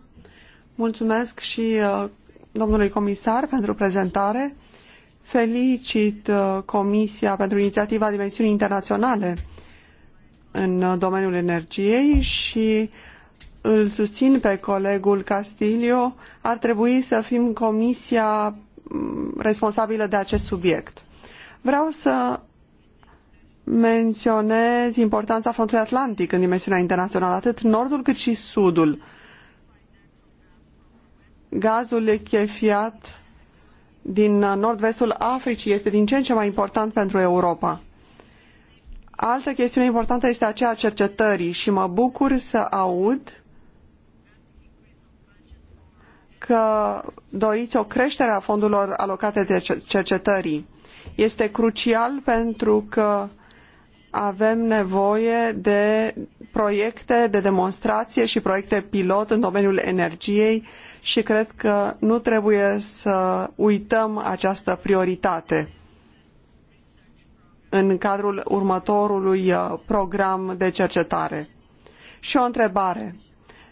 Mulțumesc și uh, domnului comisar pentru prezentare. Felicit uh, Comisia pentru inițiativa dimensiunii internaționale în uh, domeniul energiei și îl susțin pe colegul Castilio. Ar trebui să fim comisia mm, responsabilă de acest subiect. Vreau să menționez importanța frontului atlantic în dimensiunea internațională, atât nordul cât și sudul. Gazul lichefiat din nord-vestul Africii este din ce în ce mai important pentru Europa. Altă chestiune importantă este aceea cercetării și mă bucur să aud că doriți o creștere a fondurilor alocate de cercetării. Este crucial pentru că avem nevoie de proiecte de demonstrație și proiecte pilot în domeniul energiei și cred că nu trebuie să uităm această prioritate în cadrul următorului uh, program de cercetare. Și o întrebare.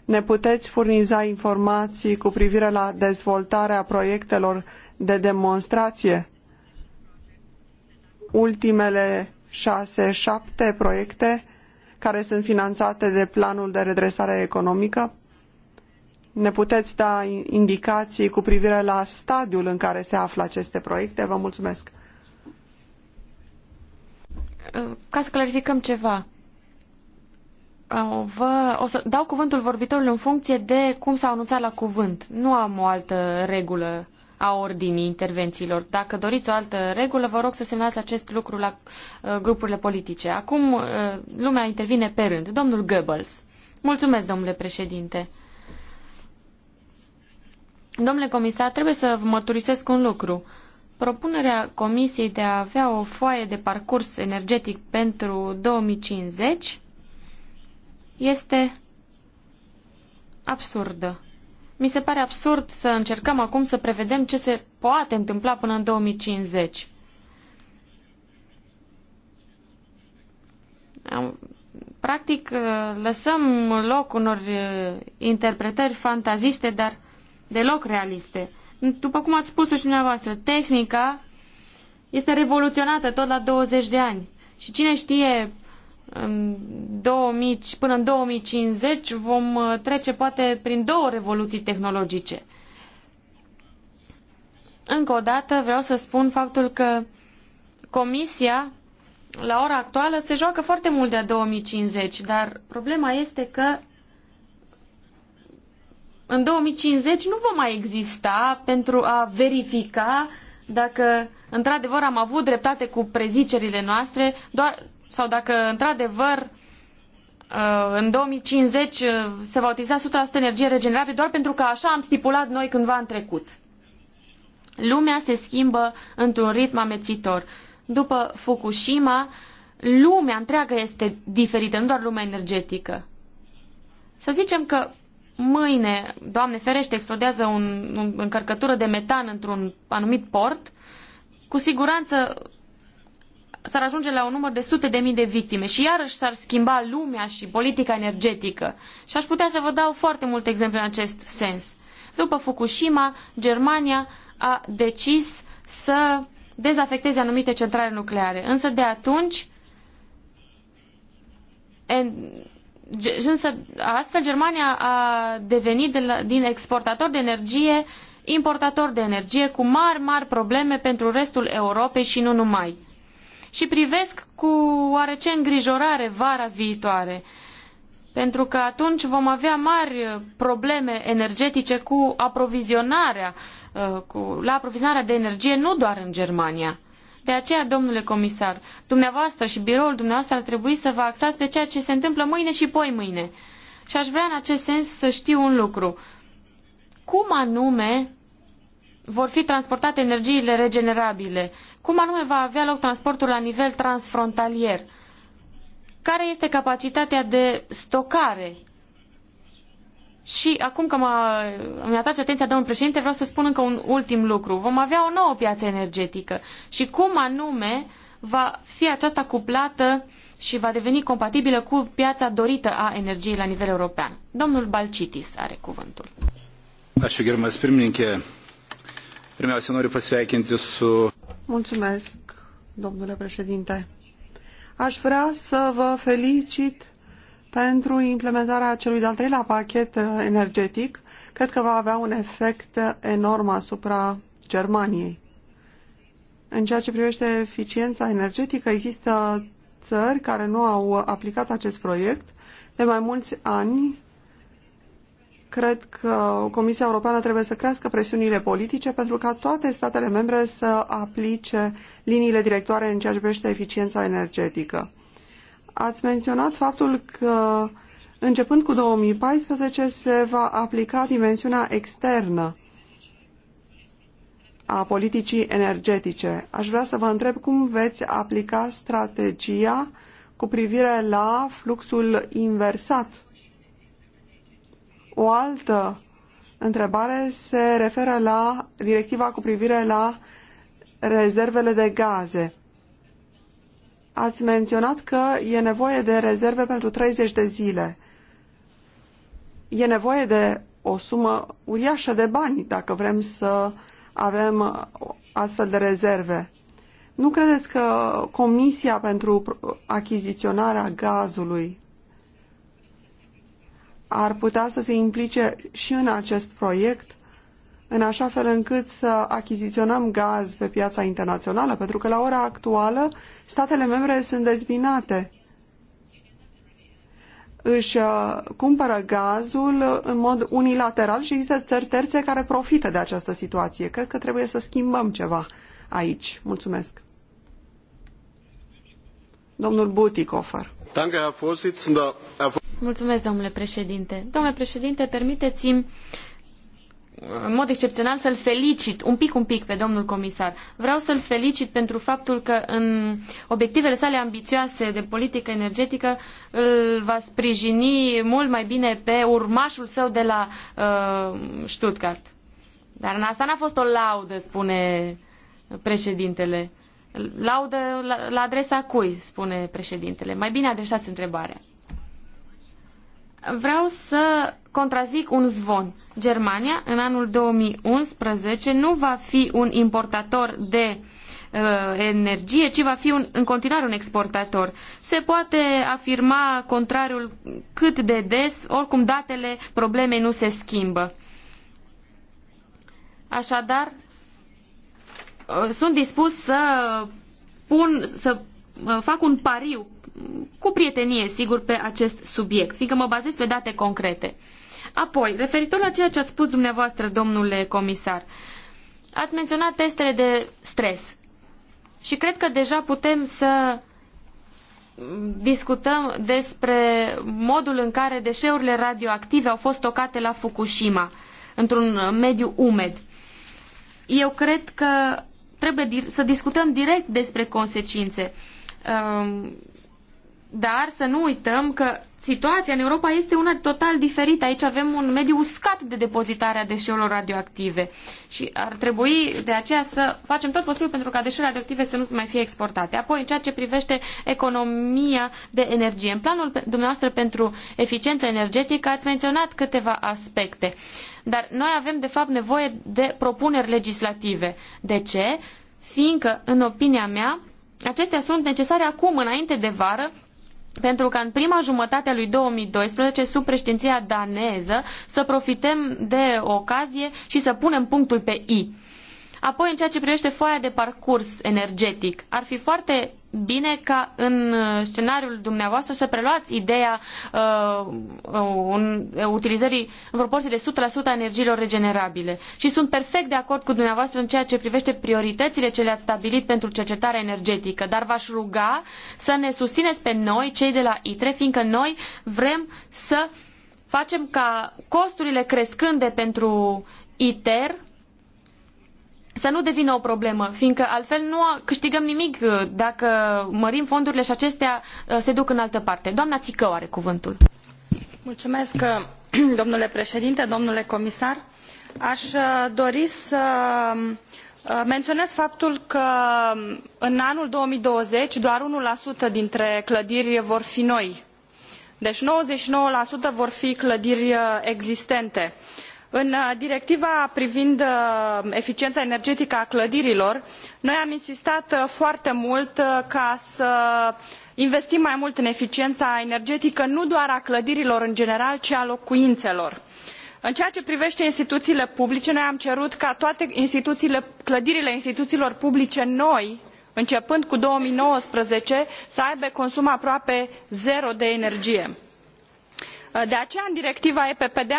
Ne puteți furniza informații cu privire la dezvoltarea proiectelor de demonstrație? Ultimele 6, 7 proiecte care sunt finanțate de planul de redresare economică? Ne puteți da indicații cu privire la stadiul în care se află aceste proiecte? Vă mulțumesc. Ca să clarificăm ceva, Vă, o să dau cuvântul vorbitorului în funcție de cum s-a anunțat la cuvânt. Nu am o altă regulă a ordinii intervențiilor. Dacă doriți o altă regulă, vă rog să semnați acest lucru la uh, grupurile politice. Acum uh, lumea intervine pe rând. Domnul Goebbels. Mulțumesc, domnule președinte. Domnule comisar, trebuie să vă mărturisesc un lucru. Propunerea Comisiei de a avea o foaie de parcurs energetic pentru 2050 este absurdă. Mi se pare absurd să încercăm acum să prevedem ce se poate întâmpla până în 2050. Practic, uh, lăsăm loc unor uh, interpretări fantaziste, dar deloc realiste. După cum ați spus-o și dumneavoastră, tehnica este revoluționată tot la 20 de ani. Și cine știe în 2000, până în 2050 vom uh, trece poate prin două revoluții tehnologice. Încă o dată vreau să spun faptul că Comisia la ora actuală se joacă foarte mult de-a 2050, dar problema este că în 2050 nu vom mai exista pentru a verifica dacă într-adevăr am avut dreptate cu prezicerile noastre, doar sau dacă într-adevăr uh, în 2050 uh, se va utiliza 100% energie regenerabilă doar pentru că așa am stipulat noi cândva în trecut. Lumea se schimbă într-un ritm amețitor. După Fukushima, lumea întreagă este diferită, nu doar lumea energetică. Să zicem că mâine, Doamne ferește, explodează un, o încărcătură de metan într-un anumit port, cu siguranță s-ar ajunge la un număr de sute de mii de victime și iarăși s-ar schimba lumea și politica energetică. Și aș putea să vă dau foarte multe exemple în acest sens. După Fukushima, Germania a decis să dezafecteze anumite centrale nucleare. Însă de atunci, însă astfel Germania a devenit de la, din exportator de energie importator de energie cu mari, mari probleme pentru restul Europei și nu numai și privesc cu oarece îngrijorare vara viitoare, pentru că atunci vom avea mari probleme energetice cu aprovizionarea, uh, cu, la aprovizionarea de energie, nu doar în Germania. De aceea, domnule comisar, dumneavoastră și biroul dumneavoastră ar trebui să vă axați pe ceea ce se întâmplă mâine și poi mâine. Și aș vrea în acest sens să știu un lucru. Cum anume vor fi transportate energiile regenerabile? Cum anume va avea loc transportul la nivel transfrontalier? Care este capacitatea de stocare? Și acum că m-a, atrage atenția domnul președinte, vreau să spun încă un ultim lucru. Vom avea o nouă piață energetică și cum anume va fi aceasta cuplată și va deveni compatibilă cu piața dorită a energiei la nivel european. Domnul Balcitis are cuvântul. Ačiū, Pirmiausia, noriu pasveikinti su... Mulțumesc, domnule președinte. Aș vrea să vă felicit pentru implementarea celui de-al treilea pachet uh, energetic. Cred că va avea un efect enorm asupra Germaniei. În ceea ce privește eficiența energetică, există țări care nu au aplicat acest proiect de mai mulți ani Cred că Comisia Europeană trebuie să crească presiunile politice pentru ca toate statele membre să aplice liniile directoare în ceea ce privește eficiența energetică. Ați menționat faptul că începând cu 2014 se va aplica dimensiunea externă a politicii energetice. Aș vrea să vă întreb cum veți aplica strategia cu privire la fluxul inversat o altă întrebare se referă la directiva cu privire la rezervele de gaze. Ați menționat că e nevoie de rezerve pentru 30 de zile. E nevoie de o sumă uriașă de bani dacă vrem să avem astfel de rezerve. Nu credeți că Comisia pentru achiziționarea gazului ar putea să se implice și în acest proiect, în așa fel încât să achiziționăm gaz pe piața internațională, pentru că la ora actuală statele membre sunt dezbinate. Își uh, cumpără gazul în mod unilateral și există țări terțe care profită de această situație. Cred că trebuie să schimbăm ceva aici. Mulțumesc. Domnul Butikofer. Danke, Herr Vorsitzender. Herr Mulțumesc, domnule președinte. Domnule președinte, permiteți-mi în mod excepțional să-l felicit un pic, un pic pe domnul comisar. Vreau să-l felicit pentru faptul că în obiectivele sale ambițioase de politică energetică îl va sprijini mult mai bine pe urmașul său de la uh, Stuttgart. Dar în asta n-a fost o laudă, spune președintele. Laudă la, la adresa cui, spune președintele. Mai bine adresați întrebarea vreau să contrazic un zvon. Germania, în anul 2011, nu va fi un importator de uh, energie, ci va fi un, în continuare un exportator. Se poate afirma contrariul cât de des, oricum datele problemei nu se schimbă. Așadar, uh, sunt dispus să pun, să uh, fac un pariu cu prietenie, sigur, pe acest subiect, fiindcă mă bazez pe date concrete. Apoi, referitor la ceea ce ați spus dumneavoastră, domnule comisar, ați menționat testele de stres. Și cred că deja putem să discutăm despre modul în care deșeurile radioactive au fost stocate la Fukushima, într-un mediu umed. Eu cred că trebuie să discutăm direct despre consecințe. Dar să nu uităm că situația în Europa este una total diferită. Aici avem un mediu uscat de depozitare a deșeurilor radioactive și ar trebui de aceea să facem tot posibil pentru ca deșeurile radioactive să nu mai fie exportate. Apoi, în ceea ce privește economia de energie, în planul dumneavoastră pentru eficiență energetică ați menționat câteva aspecte. Dar noi avem, de fapt, nevoie de propuneri legislative. De ce? Fiindcă, în opinia mea, acestea sunt necesare acum, înainte de vară, pentru ca în prima jumătate a lui 2012, sub președinția daneză, să profităm de ocazie și să punem punctul pe I. Apoi, în ceea ce privește foaia de parcurs energetic, ar fi foarte bine ca în uh, scenariul dumneavoastră să preluați ideea uh, uh un, uh, utilizării în proporție de 100% a energiilor regenerabile. Și sunt perfect de acord cu dumneavoastră în ceea ce privește prioritățile ce le-ați stabilit pentru cercetarea energetică, dar v-aș ruga să ne susțineți pe noi, cei de la ITRE, fiindcă noi vrem să facem ca costurile crescânde pentru ITER să nu devină o problemă, fiindcă altfel nu câștigăm nimic uh, dacă mărim fondurile și acestea uh, se duc în altă parte. Doamna Țicău are cuvântul. Mulțumesc, uh, domnule președinte, domnule comisar. Aș dori să um, menționez faptul că um, în anul 2020 doar 1% dintre clădiri vor fi noi deci 99% vor fi clădiri existente i în uh, directiva privind uh, eficiena energetică a clădirilor noi am insistat uh, foarte mult ca să investim mai mult în eficiena energetică nu doar a clădirilor în general ci a locuinelor. în ceea ce privete instituiile publice noi am cerut ca toate clădirile instituiilor publice noi începând cu două mii nouăsprezece să aibă consum aproape zero de energie de aceea în directiva eppd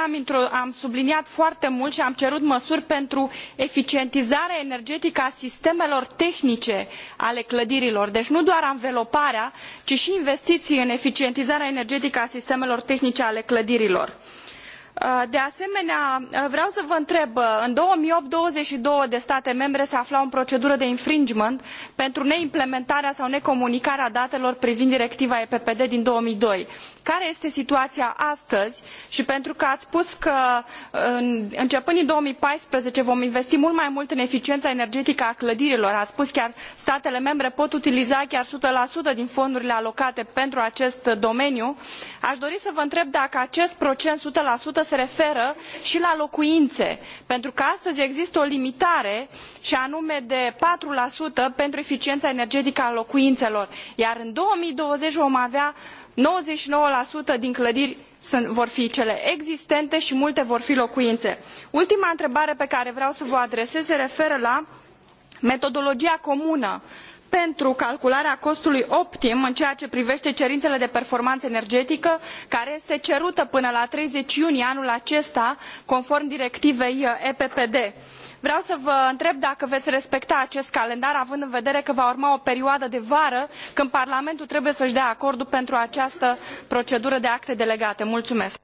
am subliniat foarte mult i am cerut măsuri pentru eficientizarea energetică a sistemelor tehnice ale clădirilor deci nu doar anveloparea ci i investiii în eficientizarea energetică a sistemelor tehnice ale clădirilor. De asemenea, vreau să vă întreb, în și doi de state membre se aflau în procedură de infringement pentru neimplementarea sau necomunicarea datelor privind directiva EPPD din 2002 care este situaia astăzi i pentru că ai spus că începând din două mii paisprezece vom investi mult mai mult în eficiena energetică a clădirilor ai spus chiar statele membre pot utiliza chiar o sută din fondurile alocate pentru acest domeniu a dori să vă întreb dacă acest procent o sută se referă i la locuine pentru că astăzi există o limitare i anume de patru pentru eficiena energetică a locuinelor iar în două mii douăzeci vom avea nouăzeci și nouă din clădiri vor fi cele existente i multe vor fi locuine. ultima întrebare pe care vreau să vă o adresez se referă la metodologia comună pentru calcularea costului optim în ceea ce privete cerinele de performană energetică care este cerută până la treizeci iunie anul acesta conform directivei uh, eppd vreau să vă întreb dacă vei respecta acest calendar având în vedere că va urma o perioadă de vară când parlamentul trebuie să i dea acordul pentru această procedură de acte delegate. Mulțumesc.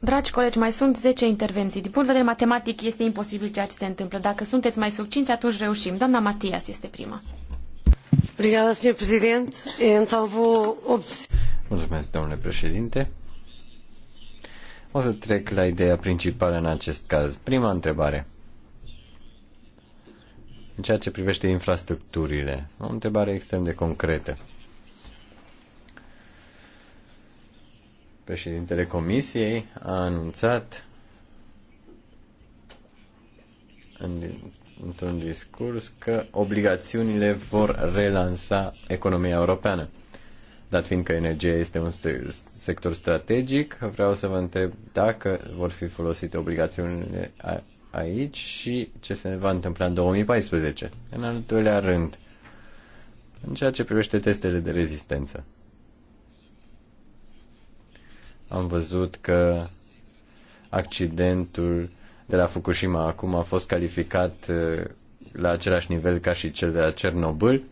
Dragi colegi, mai sunt zece intervenții. Din punct de vedere matematic este imposibil ceea ce se întâmplă. Dacă sunteți mai succinți, atunci reușim. Doamna Matias este prima. Mulțumesc, domnule președinte. O să trec la ideea principală în acest caz. Prima întrebare. În ceea ce privește infrastructurile, o întrebare extrem de concretă. Președintele Comisiei a anunțat în, într-un discurs că obligațiunile vor relansa economia europeană. Dat fiindcă energia este un sector strategic. Vreau să vă întreb dacă vor fi folosite obligațiunile aici și ce se va întâmpla în 2014. În al doilea rând, în ceea ce privește testele de rezistență. Am văzut că accidentul de la Fukushima acum a fost calificat uh, la același nivel ca și cel de la Cernobâl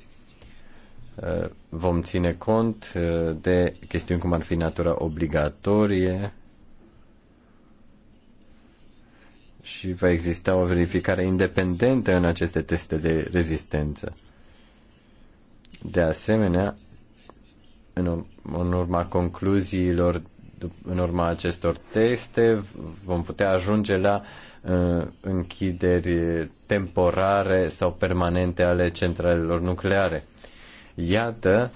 Eh, vom ține cont eh, de chestiuni cum ar fi natura obligatorie și va exista o verificare independentă în aceste teste de rezistență. De asemenea, în, în urma concluziilor, în urma acestor teste, vom putea ajunge la uh, închideri temporare sau permanente ale centralelor nucleare Iată,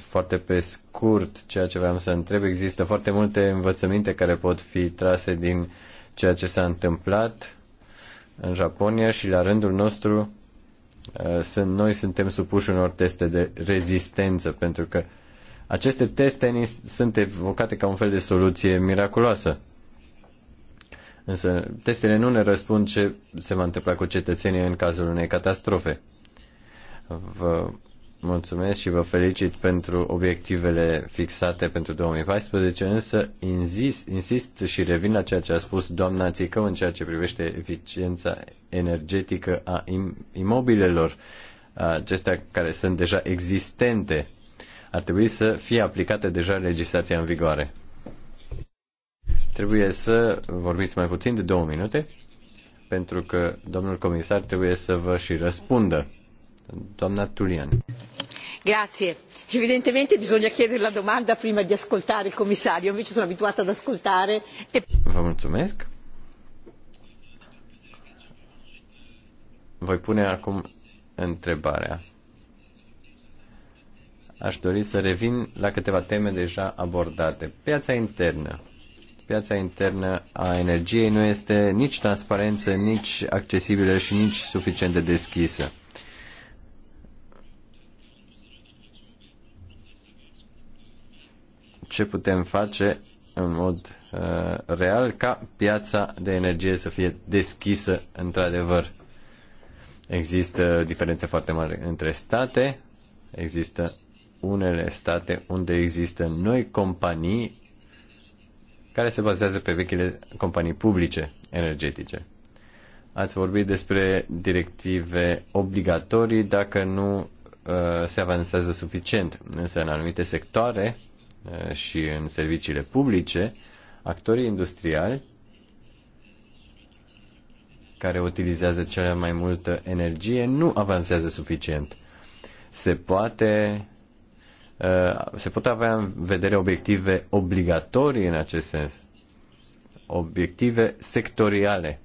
foarte pe scurt, ceea ce vreau să întreb, există foarte multe învățăminte care pot fi trase din ceea ce s-a întâmplat în Japonia și la rândul nostru sunt, noi suntem supuși unor teste de rezistență, pentru că aceste teste sunt evocate ca un fel de soluție miraculoasă. Însă testele nu ne răspund ce se va întâmpla cu cetățenii în cazul unei catastrofe. Vă mulțumesc și vă felicit pentru obiectivele fixate pentru 2014, însă insist, insist și revin la ceea ce a spus doamna Țicău în ceea ce privește eficiența energetică a imobilelor, acestea care sunt deja existente. Ar trebui să fie aplicate deja legislația în vigoare. Trebuie să vorbiți mai puțin de două minute, pentru că domnul comisar trebuie să vă și răspundă. Doamna Tulian. Grazie. Evidentemente bisogna chiedere la domanda prima di ascoltare il commissario, invece sono abituata ad ascoltare. E... Vă mulțumesc. Voi pune acum întrebarea. Aș dori să revin la câteva teme deja abordate. Piața internă. Piața internă a energiei nu este nici transparență, nici accesibilă și nici suficient de deschisă ce putem face în mod uh, real ca piața de energie să fie deschisă într-adevăr. Există diferențe foarte mari între state, există unele state unde există noi companii care se bazează pe vechile companii publice energetice. Ați vorbit despre directive obligatorii dacă nu uh, se avansează suficient, însă în anumite sectoare Eh, și în serviciile publice, actorii industriali care utilizează cea mai multă energie nu avansează suficient. Se poate eh, se pot avea în vedere obiective obligatorii în acest sens, obiective sectoriale.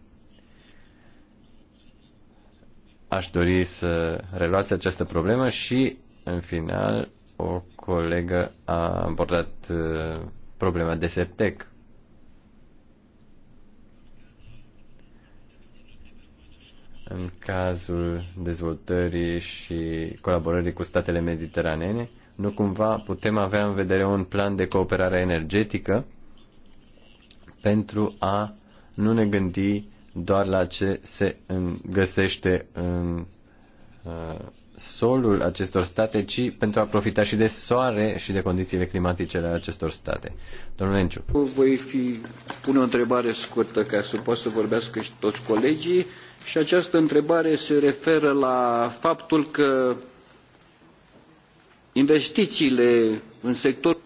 Aș dori să reluați această problemă și, în final, o colegă a abordat uh, problema de septec. În cazul dezvoltării și colaborării cu statele mediteranene, nu cumva putem avea în vedere un plan de cooperare energetică pentru a nu ne gândi doar la ce se găsește în uh, solul acestor state, ci pentru a profita și de soare și de condițiile climatice ale acestor state. Domnul Enciu. Voi fi, pune o întrebare scurtă ca să pot să vorbească și toți colegii și această întrebare se referă la faptul că investițiile în sector,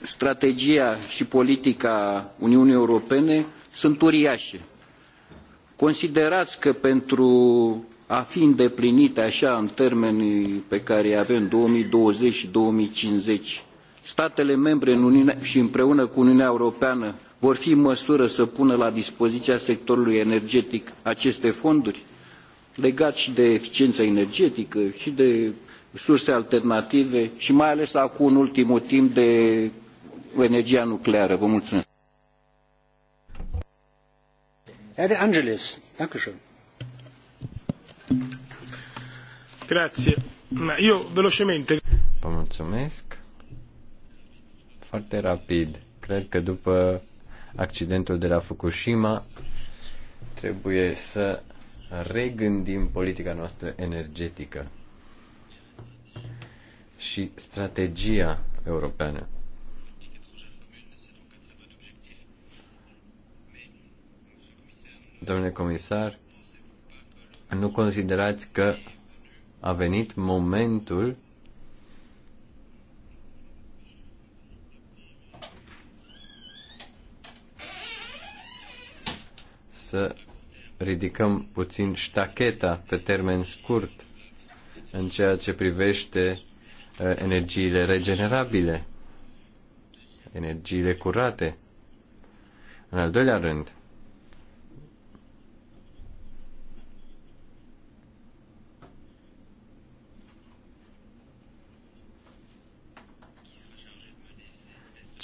strategia și politica Uniunii Europene sunt uriașe Considerați că pentru a fi îndeplinite așa în termenii pe care îi avem 2020 și 2050, statele membre în și împreună cu Uniunea Europeană vor fi în măsură să pună la dispoziția sectorului energetic aceste fonduri legat și de eficiența energetică și de surse alternative și mai ales acum în ultimul timp de energia nucleară. Vă mulțumesc. Herr De Angelis, Dankeschön. Grazie. Ma io velocemente. Vă mulțumesc. Foarte rapid. Cred că după accidentul de la Fukushima trebuie să regândim politica noastră energetică și strategia europeană. domnule comisar, nu considerați că a venit momentul să ridicăm puțin ștacheta pe termen scurt în ceea ce privește uh, energiile regenerabile, energiile curate. În al doilea rând,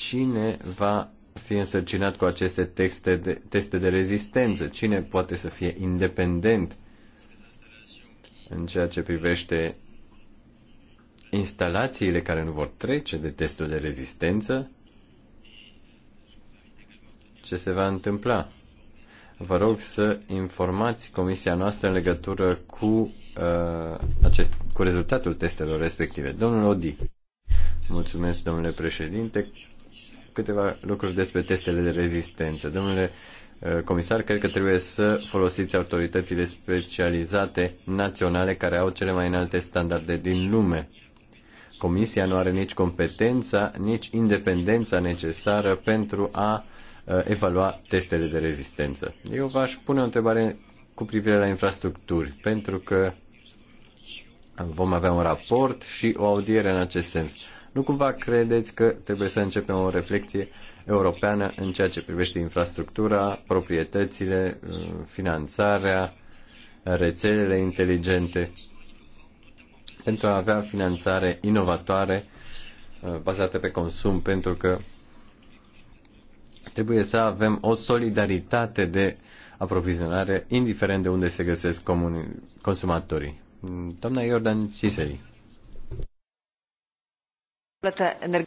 cine va fi însărcinat cu aceste texte de, teste de rezistență, cine poate să fie independent în ceea ce privește instalațiile care nu vor trece de testul de rezistență, ce se va întâmpla. Vă rog să informați comisia noastră în legătură cu, uh, acest, cu rezultatul testelor respective. Domnul Odi. Mulțumesc, domnule președinte câteva lucruri despre testele de rezistență. Domnule uh, comisar, cred că trebuie să folosiți autoritățile specializate naționale care au cele mai înalte standarde din lume. Comisia nu are nici competența, nici independența necesară pentru a uh, evalua testele de rezistență. Eu v-aș pune o întrebare cu privire la infrastructuri, pentru că vom avea un raport și o audiere în acest sens. Nu cumva credeți că trebuie să începem o reflexie europeană în ceea ce privește infrastructura, proprietățile, uh, finanțarea, rețelele inteligente, pentru a avea finanțare inovatoare uh, bazată pe consum, pentru că trebuie să avem o solidaritate de aprovizionare, indiferent de unde se găsesc consumatorii. Doamna Iordan Ciseli.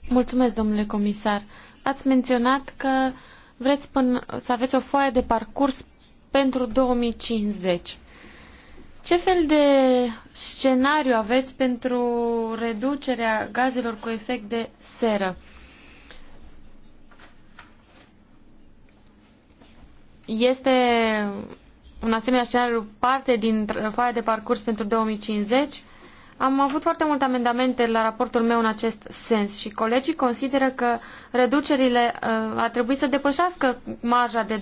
Mulțumesc, domnule comisar. Ați menționat că vreți până, să aveți o foaie de parcurs pentru 2050. Ce fel de scenariu aveți pentru reducerea gazelor cu efect de seră? Este un asemenea scenariu parte din foaia de parcurs pentru 2050? Am avut foarte multe amendamente la raportul meu în acest sens și colegii consideră că reducerile uh, ar trebui să depășească marja de 20%.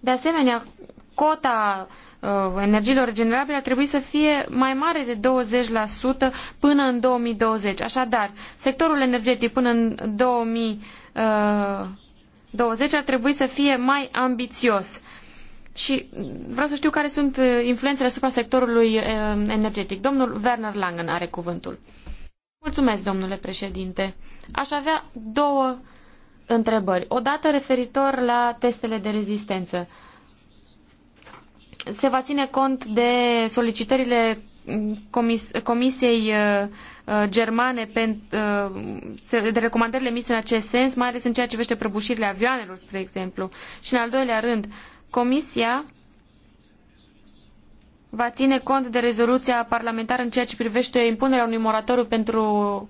De asemenea, cota uh, energiilor regenerabile ar trebui să fie mai mare de 20% până în 2020. Așadar, sectorul energetic până în 2020 uh, ar trebui să fie mai ambițios. Uh, și vreau să știu care sunt uh, influențele asupra sectorului uh, energetic. Domnul Werner Langen are cuvântul. Mulțumesc, domnule președinte. Aș avea două întrebări. O dată referitor la testele de rezistență. Se va ține cont de solicitările comis Comisiei uh, germane de recomandările emise în acest sens, mai ales în ceea ce vește prăbușirile avioanelor, spre exemplu. Și în al doilea rând, uh, Comisia va ține cont de rezoluția parlamentară în ceea ce privește impunerea unui moratoriu pentru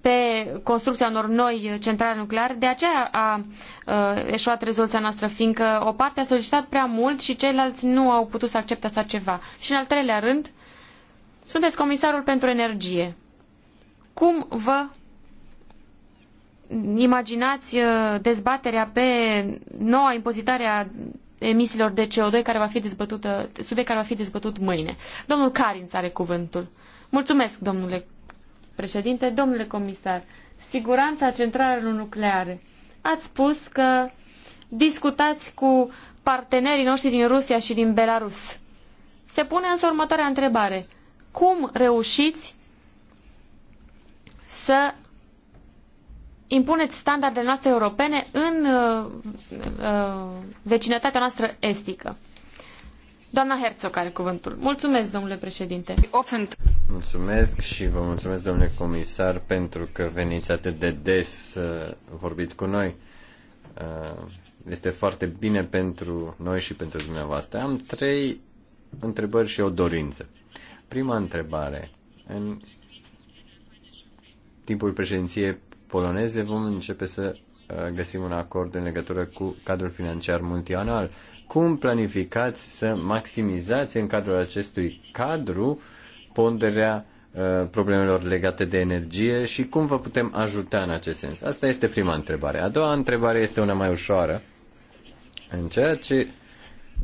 pe construcția unor noi centrale nucleare. De aceea a, a eșuat rezoluția noastră, fiindcă o parte a solicitat prea mult și ceilalți nu au putut să accepte așa ceva. Și în al treilea rând, sunteți comisarul pentru energie. Cum vă imaginați uh, dezbaterea pe noua impozitare a emisiilor de CO2 care va fi dezbătută, subiect care va fi dezbătut mâine. Domnul Carin are cuvântul. Mulțumesc, domnule președinte, domnule comisar. Siguranța centralelor nucleare. Ați spus că discutați cu partenerii noștri din Rusia și din Belarus. Se pune însă următoarea întrebare. Cum reușiți să impuneți standardele noastre europene în uh, uh, vecinătatea noastră estică. Doamna Herzog are cuvântul. Mulțumesc, domnule președinte. Mulțumesc și vă mulțumesc, domnule comisar, pentru că veniți atât de des să vorbiți cu noi. Uh, este foarte bine pentru noi și pentru dumneavoastră. Am trei întrebări și o dorință. Prima întrebare. În timpul președinției poloneze vom începe să uh, găsim un acord în legătură cu cadrul financiar multianual. Cum planificați să maximizați în cadrul acestui cadru ponderea uh, problemelor legate de energie și cum vă putem ajuta în acest sens? Asta este prima întrebare. A doua întrebare este una mai ușoară. În ceea ce,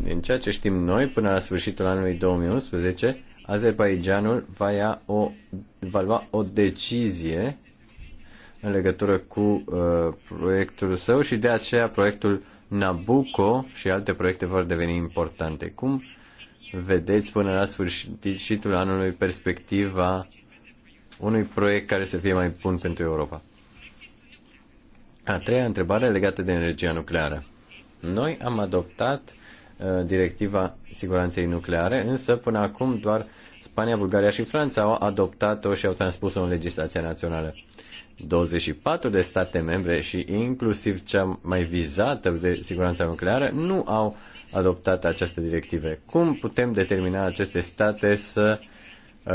în ceea ce știm noi, până la sfârșitul anului 2011, Azerbaijanul va, ia o, va lua o decizie în legătură cu uh, proiectul său și de aceea proiectul Nabucco și alte proiecte vor deveni importante. Cum vedeți până la sfârșitul anului perspectiva unui proiect care să fie mai bun pentru Europa? A treia întrebare legată de energia nucleară. Noi am adoptat uh, directiva siguranței nucleare, însă până acum doar Spania, Bulgaria și Franța au adoptat-o și au transpus-o în legislația națională. 24 de state membre și inclusiv cea mai vizată de siguranța nucleară nu au adoptat aceste directive. Cum putem determina aceste state să uh,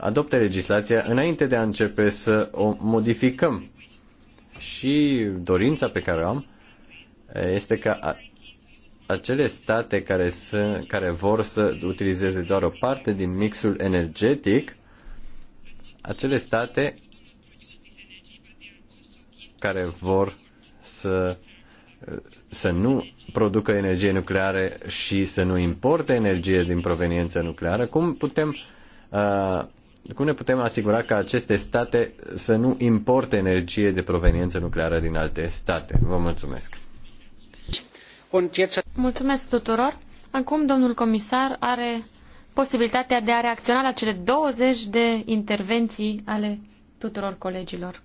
adopte legislația înainte de a începe să o modificăm? Și dorința pe care o am uh, este ca acele state care, să, care vor să utilizeze doar o parte din mixul energetic, acele state care vor să, să nu producă energie nucleară și să nu importe energie din proveniență nucleară, cum putem uh, cum ne putem asigura că aceste state să nu importe energie de proveniență nucleară din alte state? Vă mulțumesc. Mulțumesc tuturor. Acum domnul comisar are posibilitatea de a reacționa la cele 20 de intervenții ale tuturor colegilor.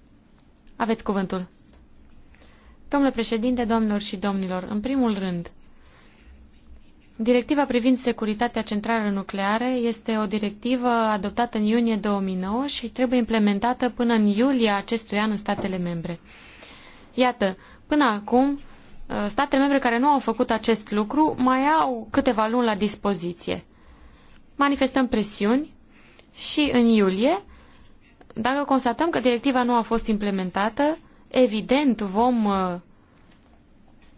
Aveți cuvântul. Domnule președinte, doamnelor și domnilor, în primul rând, directiva privind securitatea centrală nucleară este o directivă adoptată în iunie 2009 și trebuie implementată până în iulie acestui an în statele membre. Iată, până acum, uh, statele membre care nu au făcut acest lucru mai au câteva luni la dispoziție. Manifestăm presiuni și în iulie dacă constatăm că directiva nu a fost implementată, evident vom uh,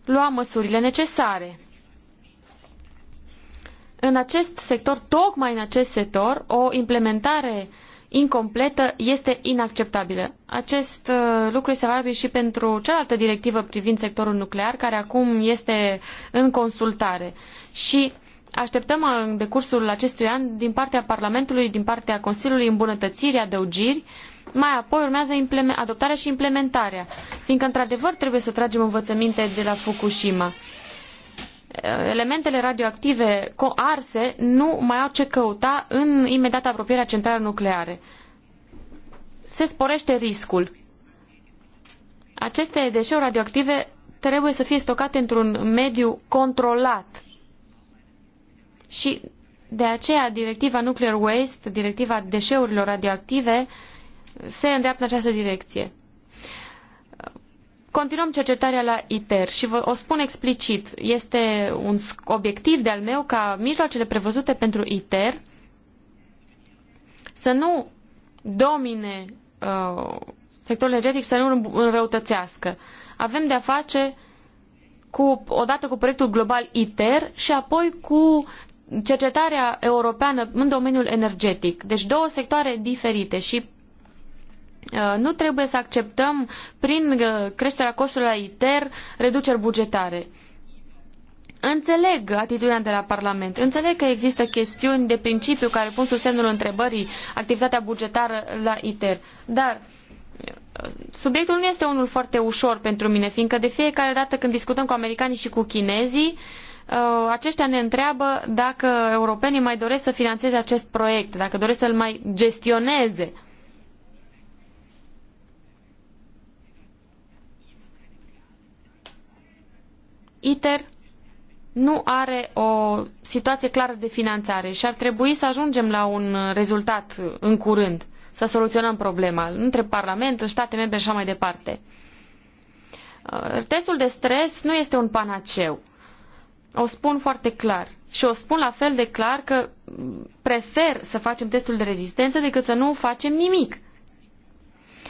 lua măsurile necesare. În acest sector, tocmai în acest sector, o implementare incompletă este inacceptabilă. Acest uh, lucru este valabil și pentru cealaltă directivă privind sectorul nuclear, care acum este în consultare. Și Așteptăm uh, în decursul acestui an din partea Parlamentului, din partea Consiliului îmbunătățiri, adăugiri, mai apoi urmează adoptarea și implementarea, fiindcă într-adevăr trebuie să tragem învățăminte de la Fukushima. Uh, elementele radioactive arse nu mai au ce căuta în imediat apropierea centralei nucleare. Se sporește riscul. Aceste deșeuri radioactive trebuie să fie stocate într-un mediu controlat, și de aceea directiva Nuclear Waste, directiva deșeurilor radioactive, se îndreaptă în această direcție. Continuăm cercetarea la ITER și vă o spun explicit. Este un obiectiv de-al meu ca mijloacele prevăzute pentru ITER să nu domine uh, sectorul energetic, să nu înrăutățească. Avem de-a face cu, odată cu proiectul global ITER și apoi cu cercetarea europeană în domeniul energetic. Deci două sectoare diferite și uh, nu trebuie să acceptăm prin uh, creșterea costurilor la ITER reduceri bugetare. Înțeleg atitudinea de la Parlament, înțeleg că există chestiuni de principiu care pun sub semnul întrebării activitatea bugetară la ITER, dar uh, subiectul nu este unul foarte ușor pentru mine, fiindcă de fiecare dată când discutăm cu americanii și cu chinezii, uh, Uh, aceștia ne întreabă dacă europenii mai doresc să finanțeze acest proiect, dacă doresc să-l mai gestioneze. ITER nu are o situație clară de finanțare și ar trebui să ajungem la un rezultat în curând, să soluționăm problema între Parlament, în state membre și așa mai departe. Uh, testul de stres nu este un panaceu. O spun foarte clar. Și o spun la fel de clar că prefer să facem testul de rezistență decât să nu facem nimic.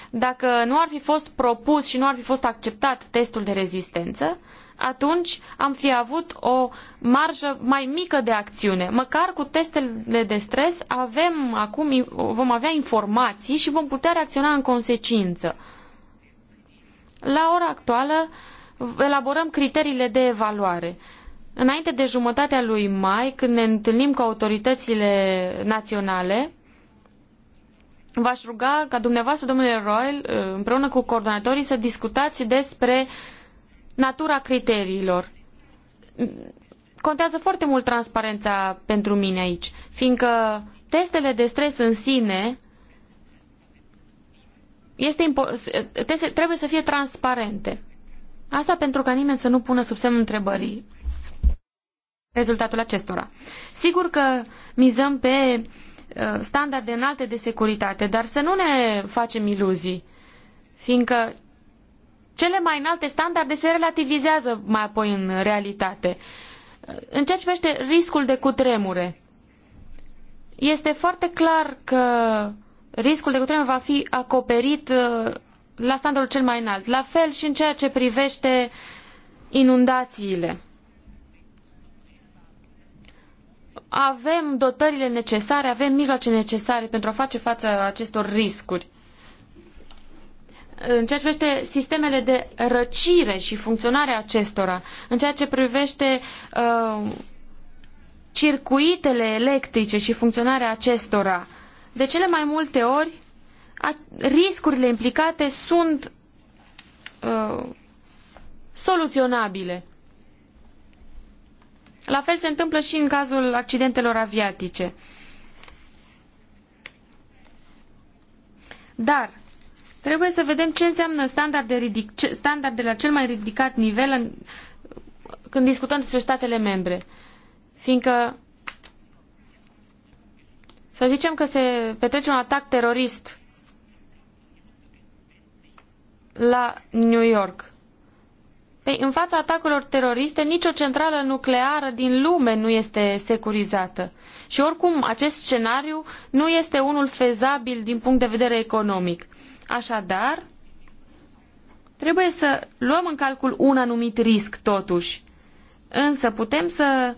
Dacă nu ar fi fost propus și nu ar fi fost acceptat testul de rezistență, atunci am fi avut o marjă mai mică de acțiune. Măcar cu testele de stres avem acum, vom avea informații și vom putea reacționa în consecință. La ora actuală elaborăm criteriile de evaluare. Înainte de jumătatea lui mai, când ne întâlnim cu autoritățile naționale, v-aș ruga ca dumneavoastră, domnule Royal, împreună cu coordonatorii, să discutați despre natura criteriilor. Contează foarte mult transparența pentru mine aici, fiindcă testele de stres în sine este trebuie să fie transparente. Asta pentru ca nimeni să nu pună sub semnul întrebării rezultatul acestora. Sigur că mizăm pe uh, standarde înalte de securitate, dar să nu ne facem iluzii, fiindcă cele mai înalte standarde se relativizează mai apoi în realitate. Uh, în ceea ce privește riscul de cutremure, este foarte clar că riscul de cutremur va fi acoperit uh, la standardul cel mai înalt. La fel și în ceea ce privește inundațiile. avem dotările necesare, avem mijloace necesare pentru a face față acestor riscuri. În ceea ce privește sistemele de răcire și funcționarea acestora, în ceea ce privește uh, circuitele electrice și funcționarea acestora, de cele mai multe ori, a, riscurile implicate sunt uh, soluționabile. La fel se întâmplă și în cazul accidentelor aviatice. Dar trebuie să vedem ce înseamnă standarde ridic, standarde la cel mai ridicat nivel în, când discutăm despre statele membre. Fiindcă să zicem că se petrece un atac terorist la New York. Ei, în fața atacurilor teroriste, nicio centrală nucleară din lume nu este securizată. Și oricum, acest scenariu nu este unul fezabil din punct de vedere economic. Așadar, trebuie să luăm în calcul un anumit risc, totuși. Însă putem să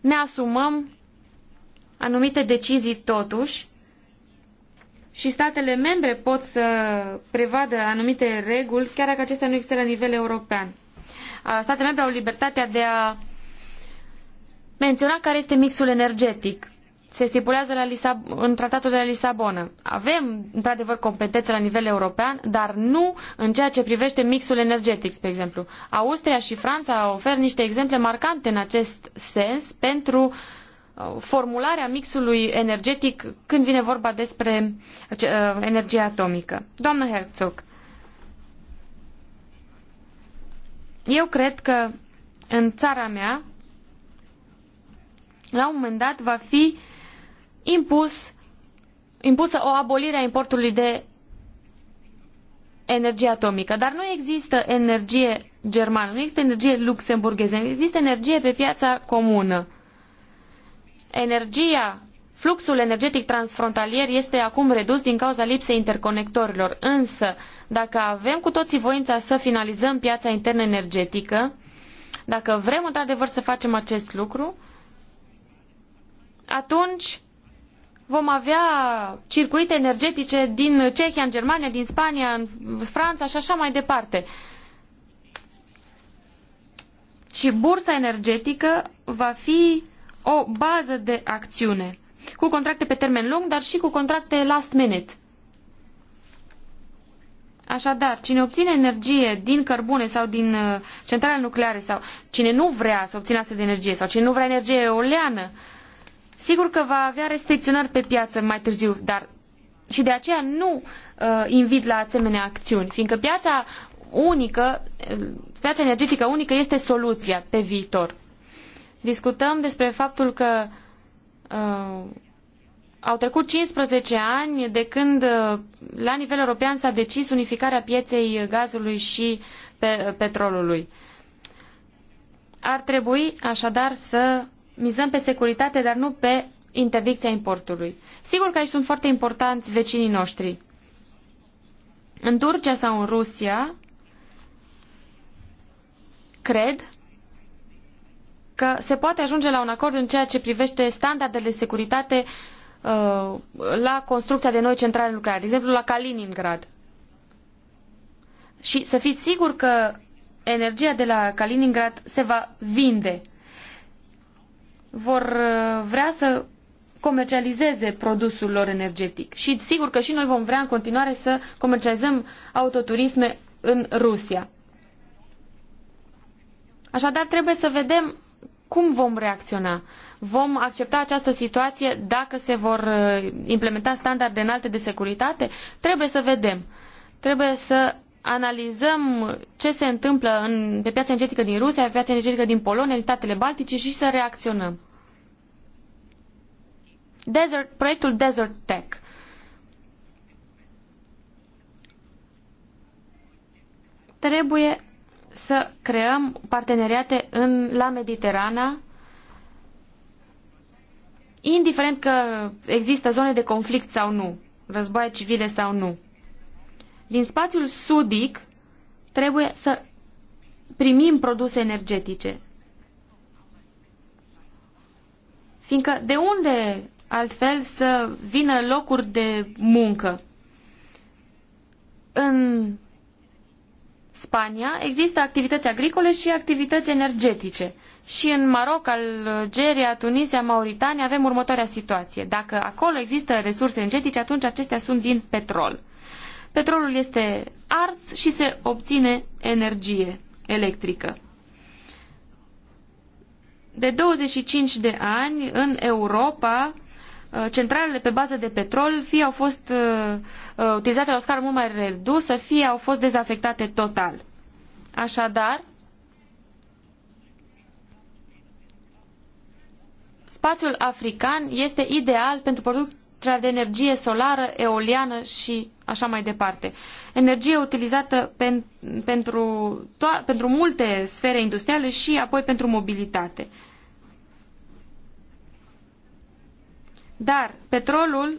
ne asumăm anumite decizii, totuși, și statele membre pot să prevadă anumite reguli, chiar dacă acestea nu există la nivel european. Statele membre au libertatea de a menționa care este mixul energetic. Se stipulează la Lisab- în tratatul de la Lisabona. Avem, într-adevăr, competențe la nivel european, dar nu în ceea ce privește mixul energetic, spre exemplu. Austria și Franța ofer niște exemple marcante în acest sens pentru uh, Uh, formularea mixului energetic când vine vorba despre uh, uh, energia atomică. Doamnă Herzog, eu cred că în țara mea, la un moment dat, va fi impus, impusă o abolire a importului de energie atomică. Dar nu există energie germană, nu există energie luxemburgheză, există energie pe piața comună energia, fluxul energetic transfrontalier este acum redus din cauza lipsei interconectorilor. Însă, dacă avem cu toții voința să finalizăm piața internă energetică, dacă vrem într-adevăr să facem acest lucru, atunci vom avea circuite energetice din Cehia, în Germania, din Spania, în Franța și așa mai departe. Și bursa energetică va fi o bază de acțiune cu contracte pe termen lung, dar și cu contracte last minute. Așadar, cine obține energie din cărbune sau din uh, centrale nucleare sau cine nu vrea să obțină astfel de energie sau cine nu vrea energie eoliană, sigur că va avea restricționări pe piață mai târziu, dar și de aceea nu uh, invit la asemenea acțiuni, fiindcă piața unică, uh, piața energetică unică este soluția pe viitor. Discutăm despre faptul că uh, au trecut 15 ani de când uh, la nivel european s-a decis unificarea pieței gazului și pe, petrolului. Ar trebui așadar să mizăm pe securitate, dar nu pe interdicția importului. Sigur că aici sunt foarte importanți vecinii noștri. În Turcia sau în Rusia, cred că se poate ajunge la un acord în ceea ce privește standardele de securitate uh, la construcția de noi centrale nucleare, de exemplu la Kaliningrad. Și să fiți sigur că energia de la Kaliningrad se va vinde. Vor uh, vrea să comercializeze produsul lor energetic. Și sigur că și noi vom vrea în continuare să comercializăm autoturisme în Rusia. Așadar, trebuie să vedem cum vom reacționa? Vom accepta această situație dacă se vor uh, implementa standarde înalte de securitate? Trebuie să vedem. Trebuie să analizăm ce se întâmplă în, pe piața energetică din Rusia, pe piața energetică din Polonia, în statele Baltice și să reacționăm. Desert, proiectul Desert Tech. Trebuie să creăm parteneriate în, la Mediterana, indiferent că există zone de conflict sau nu, războaie civile sau nu. Din spațiul sudic trebuie să primim produse energetice. Fiindcă de unde altfel să vină locuri de muncă? În Spania există activități agricole și activități energetice. Și în Maroc, Algeria, Tunisia, Mauritania avem următoarea situație. Dacă acolo există resurse energetice, atunci acestea sunt din petrol. Petrolul este ars și se obține energie electrică. De 25 de ani, în Europa, Uh, centralele pe bază de petrol fie au fost uh, uh, utilizate la o scară mult mai redusă, fie au fost dezafectate total. Așadar, spațiul african este ideal pentru producția de energie solară, eoliană și așa mai departe. Energie utilizată pen, pentru, pentru multe sfere industriale și apoi pentru mobilitate. Dar petrolul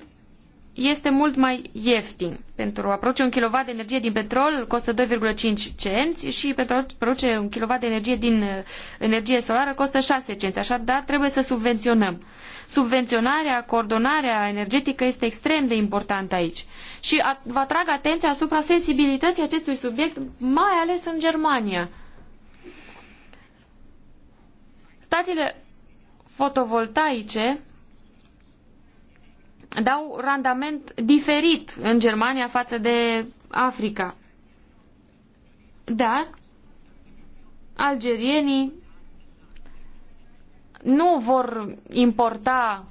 este mult mai ieftin. Pentru a produce un kilowatt de energie din petrol costă 2,5 cenți și pentru a produce un kilowatt de energie din uh, energie solară costă 6 cenți. Așadar, trebuie să subvenționăm. Subvenționarea, coordonarea energetică este extrem de importantă aici. Și a, vă atrag atenția asupra sensibilității acestui subiect, mai ales în Germania. Statele fotovoltaice dau randament diferit în Germania față de Africa. Dar algerienii nu vor importa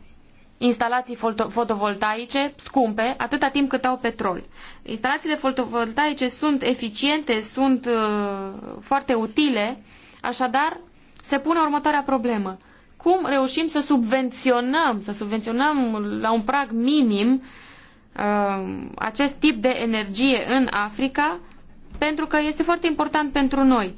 instalații fotovoltaice scumpe atâta timp cât au petrol. Instalațiile fotovoltaice sunt eficiente, sunt uh, foarte utile, așadar se pune următoarea problemă cum reușim să subvenționăm, să subvenționăm la un prag minim uh, acest tip de energie în Africa, pentru că este foarte important pentru noi.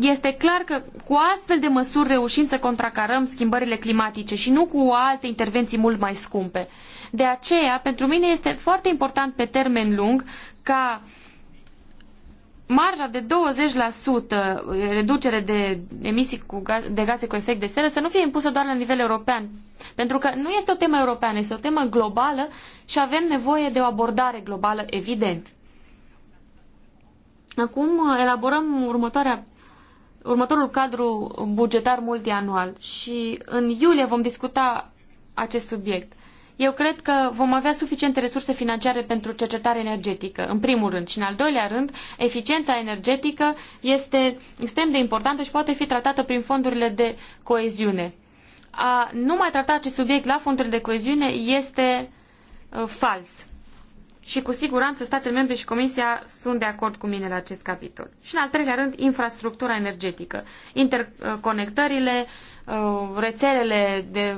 Este clar că cu astfel de măsuri reușim să contracarăm schimbările climatice și nu cu alte intervenții mult mai scumpe. De aceea, pentru mine este foarte important pe termen lung ca uh, marja de 20% reducere de emisii cu ga- de gaze cu efect de seră să nu fie impusă doar la nivel european. Pentru că nu este o temă europeană, este o temă globală și avem nevoie de o abordare globală, evident. Acum elaborăm următoarea, următorul cadru bugetar multianual și în iulie vom discuta acest subiect eu cred că vom avea suficiente resurse financiare pentru cercetare energetică, în primul rând. Și în al doilea rând, eficiența energetică este extrem de importantă și poate fi tratată prin fondurile de coeziune. A nu mai trata acest subiect la fondurile de coeziune este uh, fals. Și cu siguranță statele membre și Comisia sunt de acord cu mine la acest capitol. Și în al treilea rând, infrastructura energetică. Interconectările, uh, rețelele de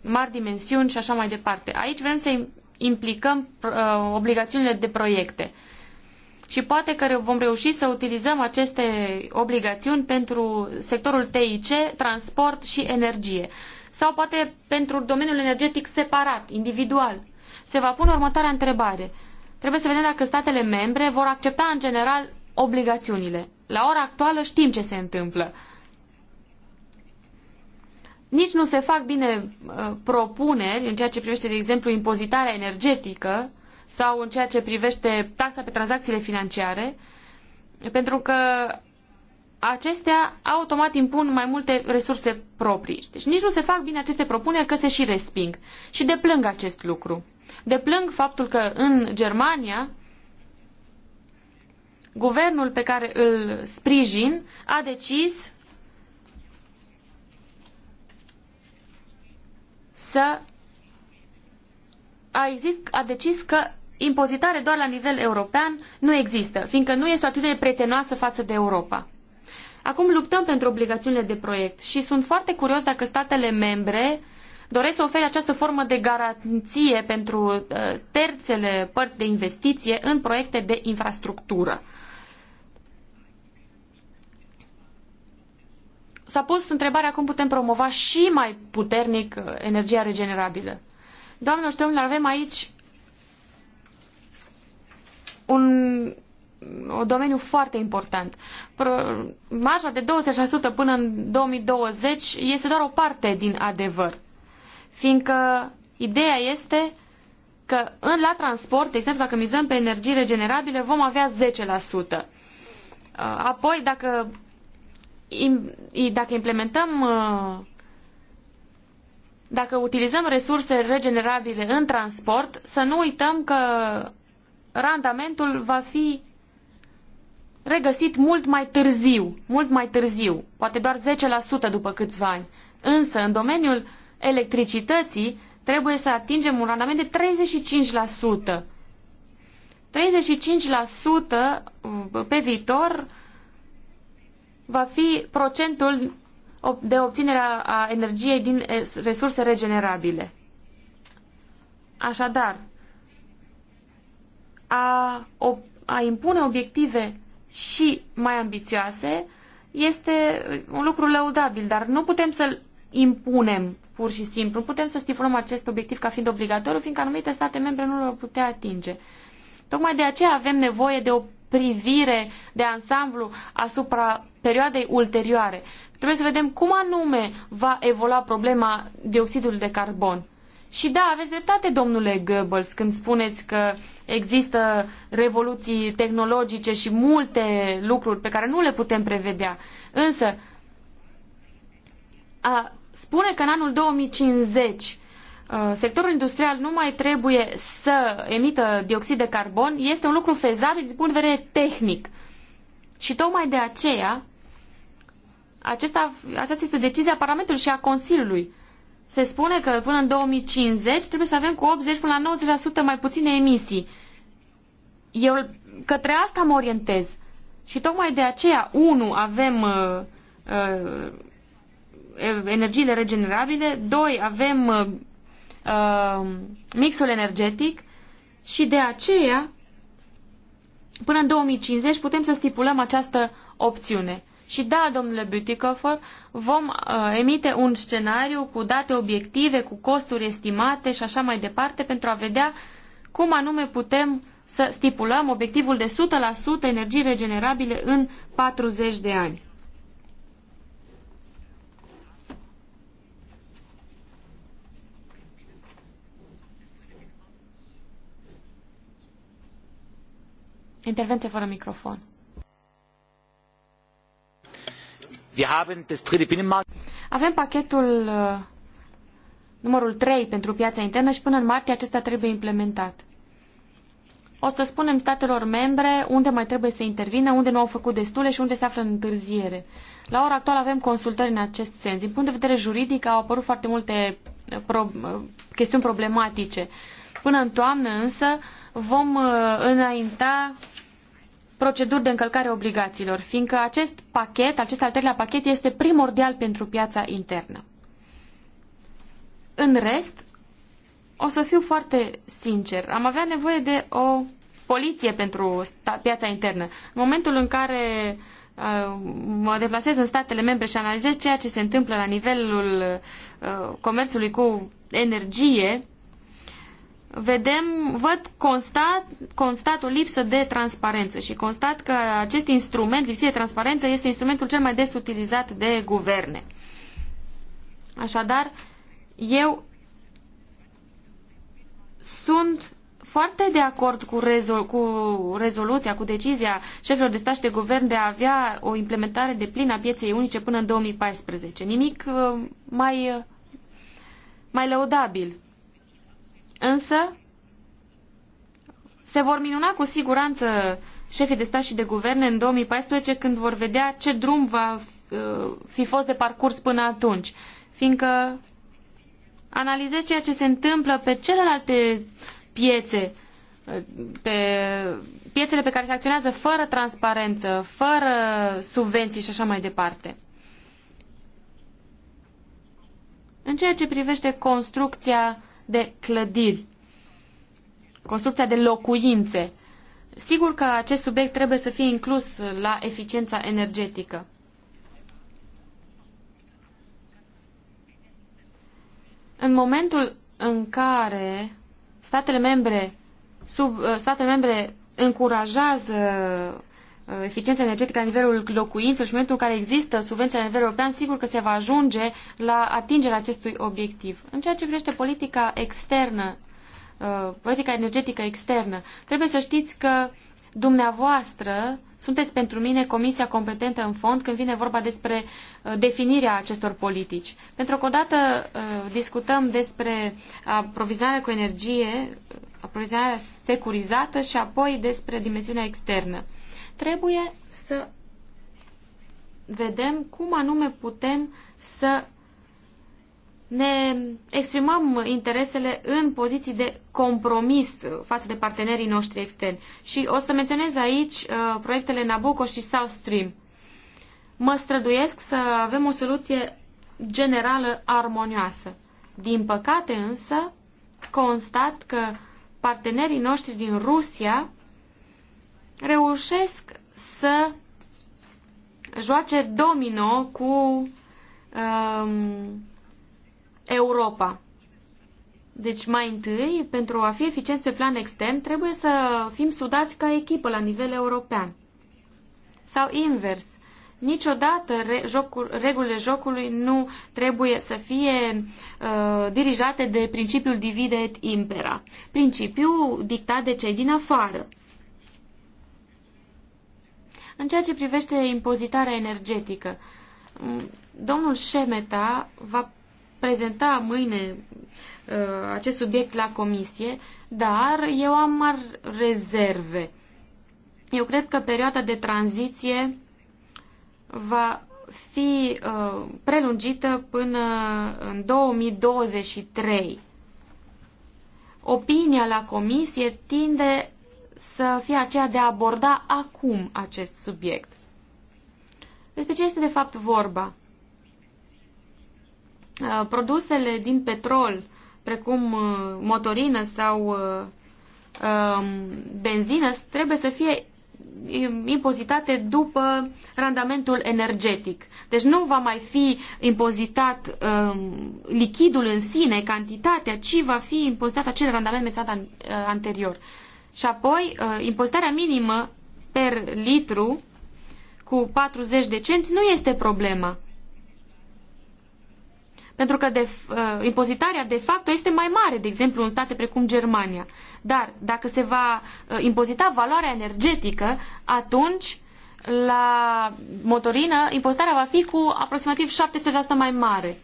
mari dimensiuni și așa mai departe. Aici vrem să implicăm uh, obligațiunile de proiecte. Și poate că vom reuși să utilizăm aceste obligațiuni pentru sectorul TIC, transport și energie. Sau poate pentru domeniul energetic separat, individual. Se va pune următoarea întrebare. Trebuie să vedem dacă statele membre vor accepta în general obligațiunile. La ora actuală știm ce se întâmplă. Nici nu se fac bine uh, propuneri în ceea ce privește, de exemplu, impozitarea energetică sau în ceea ce privește taxa pe tranzacțiile financiare, pentru că acestea automat impun mai multe resurse proprii. Deci nici nu se fac bine aceste propuneri că se și resping. Și deplâng acest lucru. Deplâng faptul că în Germania guvernul pe care îl sprijin a decis să a, exist, a decis că impozitare doar la nivel european nu există, fiindcă nu este o atitudine pretenoasă față de Europa. Acum luptăm pentru obligațiunile de proiect și sunt foarte curios dacă statele membre doresc să ofere această formă de garanție pentru uh, terțele părți de investiție în proiecte de infrastructură. s-a pus întrebarea cum putem promova și mai puternic uh, energia regenerabilă. Doamnelor și domnilor, avem aici un, un domeniu foarte important. Marja de 20% până în 2020 este doar o parte din adevăr. Fiindcă ideea este că în, la transport, de exemplu, dacă mizăm pe energii regenerabile, vom avea 10%. Uh, apoi, dacă dacă implementăm uh, dacă utilizăm resurse regenerabile în transport, să nu uităm că randamentul va fi regăsit mult mai târziu, mult mai târziu, poate doar 10% după câțiva ani. Însă, în domeniul electricității, trebuie să atingem un randament de 35%. 35% uh, pe viitor va fi procentul de obținere a energiei din eh, resurse regenerabile. Așadar, a, a impune obiective și mai ambițioase este eh, un lucru lăudabil, dar nu putem să-l impunem pur și simplu. Nu putem să stipulăm acest obiectiv ca fiind obligatoriu, fiindcă anumite state membre nu l au putea atinge. Tocmai de aceea avem nevoie de o privire de ansamblu asupra perioadei ulterioare. Trebuie să vedem cum anume va evolua problema dioxidului de carbon. Și da, aveți dreptate, domnule Goebbels, când spuneți că există revoluții tehnologice și multe lucruri pe care nu le putem prevedea. Însă, a spune că în anul 2050 Uh, sectorul industrial nu mai trebuie să emită dioxid de carbon este un lucru fezabil din punct de vedere tehnic. Și tocmai de aceea, acesta, aceasta este decizia Parlamentului și a Consiliului. Se spune că până în 2050 trebuie să avem cu 80 până la 90% mai puține emisii. Eu către asta mă orientez. Și tocmai de aceea, unu, avem uh, uh, energiile regenerabile, doi, avem uh, Uh, mixul energetic și de aceea până în 2050 putem să stipulăm această opțiune. Și da, domnule Butikofer, vom uh, emite un scenariu cu date obiective, cu costuri estimate și așa mai departe pentru a vedea cum anume putem să stipulăm obiectivul de 100% energii regenerabile în 40 de ani. Intervenție fără microfon. Avem pachetul uh, numărul 3 pentru piața internă și până în martie acesta trebuie implementat. O să spunem statelor membre unde mai trebuie să intervină, unde nu au făcut destule și unde se află în întârziere. La ora actuală avem consultări în acest sens. Din punct de vedere juridic au apărut foarte multe uh, pro uh, chestiuni problematice. Până în toamnă însă vom înainta proceduri de încălcare obligațiilor, fiindcă acest pachet, acest al treilea pachet, este primordial pentru piața internă. În rest, o să fiu foarte sincer, am avea nevoie de o poliție pentru piața internă. În momentul în care uh, mă deplasez în statele membre și analizez ceea ce se întâmplă la nivelul uh, comerțului cu energie, vedem, văd, constat, constat o lipsă de transparență și constat că acest instrument, lipsă de transparență, este instrumentul cel mai des utilizat de guverne. Așadar, eu sunt foarte de acord cu, rezol, cu rezoluția, cu decizia șefilor de stat și de guvern de a avea o implementare de plină a pieței unice până în 2014. Nimic uh, mai, uh, mai lăudabil Însă, se vor minuna cu siguranță șefii de stat și de guverne în 2014 când vor vedea ce drum va uh, fi fost de parcurs până atunci, fiindcă analizez ceea ce se întâmplă pe celelalte piețe, uh, pe piețele pe care se acționează fără transparență, fără subvenții și așa mai departe. În ceea ce privește construcția de clădiri, construcția de locuințe. Sigur că acest subiect trebuie să fie inclus la eficiența energetică. În momentul în care statele membre, sub, statele membre încurajează Uh, eficiența energetică la nivelul locuințelor și în momentul în care există subvenții la nivel european, sigur că se va ajunge la atingerea acestui obiectiv. În ceea ce privește politica externă, uh, politica energetică externă, trebuie să știți că dumneavoastră sunteți pentru mine comisia competentă în fond când vine vorba despre uh, definirea acestor politici. Pentru că odată discutăm despre aprovizionarea cu energie, aprovizionarea securizată și apoi despre dimensiunea externă trebuie să vedem cum anume putem să ne exprimăm interesele în poziții de compromis față de partenerii noștri externi. Și o să menționez aici uh, proiectele Nabucco și South Stream. Mă străduiesc să avem o soluție generală armonioasă. Din păcate însă, constat că partenerii noștri din Rusia reușesc să joace domino cu um, Europa. Deci, mai întâi, pentru a fi eficienți pe plan extern, trebuie să fim sudați ca echipă la nivel european. Sau invers. Niciodată re, jocul, regulile jocului nu trebuie să fie uh, dirijate de principiul divide et impera, principiul dictat de cei din afară. În ceea ce privește impozitarea energetică, domnul Șemeta va prezenta mâine uh, acest subiect la comisie, dar eu am mari rezerve. Eu cred că perioada de tranziție va fi uh, prelungită până în 2023. Opinia la comisie tinde să fie aceea de a aborda acum acest subiect. Despre ce este de fapt vorba? Uh, produsele din petrol, precum uh, motorină sau uh, um, benzină, trebuie să fie um, impozitate după randamentul energetic. Deci nu va mai fi impozitat um, lichidul în sine, cantitatea, ci va fi impozitat acel randament menționat an, uh, anterior. Și apoi, uh, impozitarea minimă per litru cu 40 de cenți nu este problema. Pentru că de, uh, impozitarea de fapt este mai mare, de exemplu, în state precum Germania. Dar dacă se va uh, impozita valoarea energetică, atunci la motorină impozitarea va fi cu aproximativ 700% mai mare.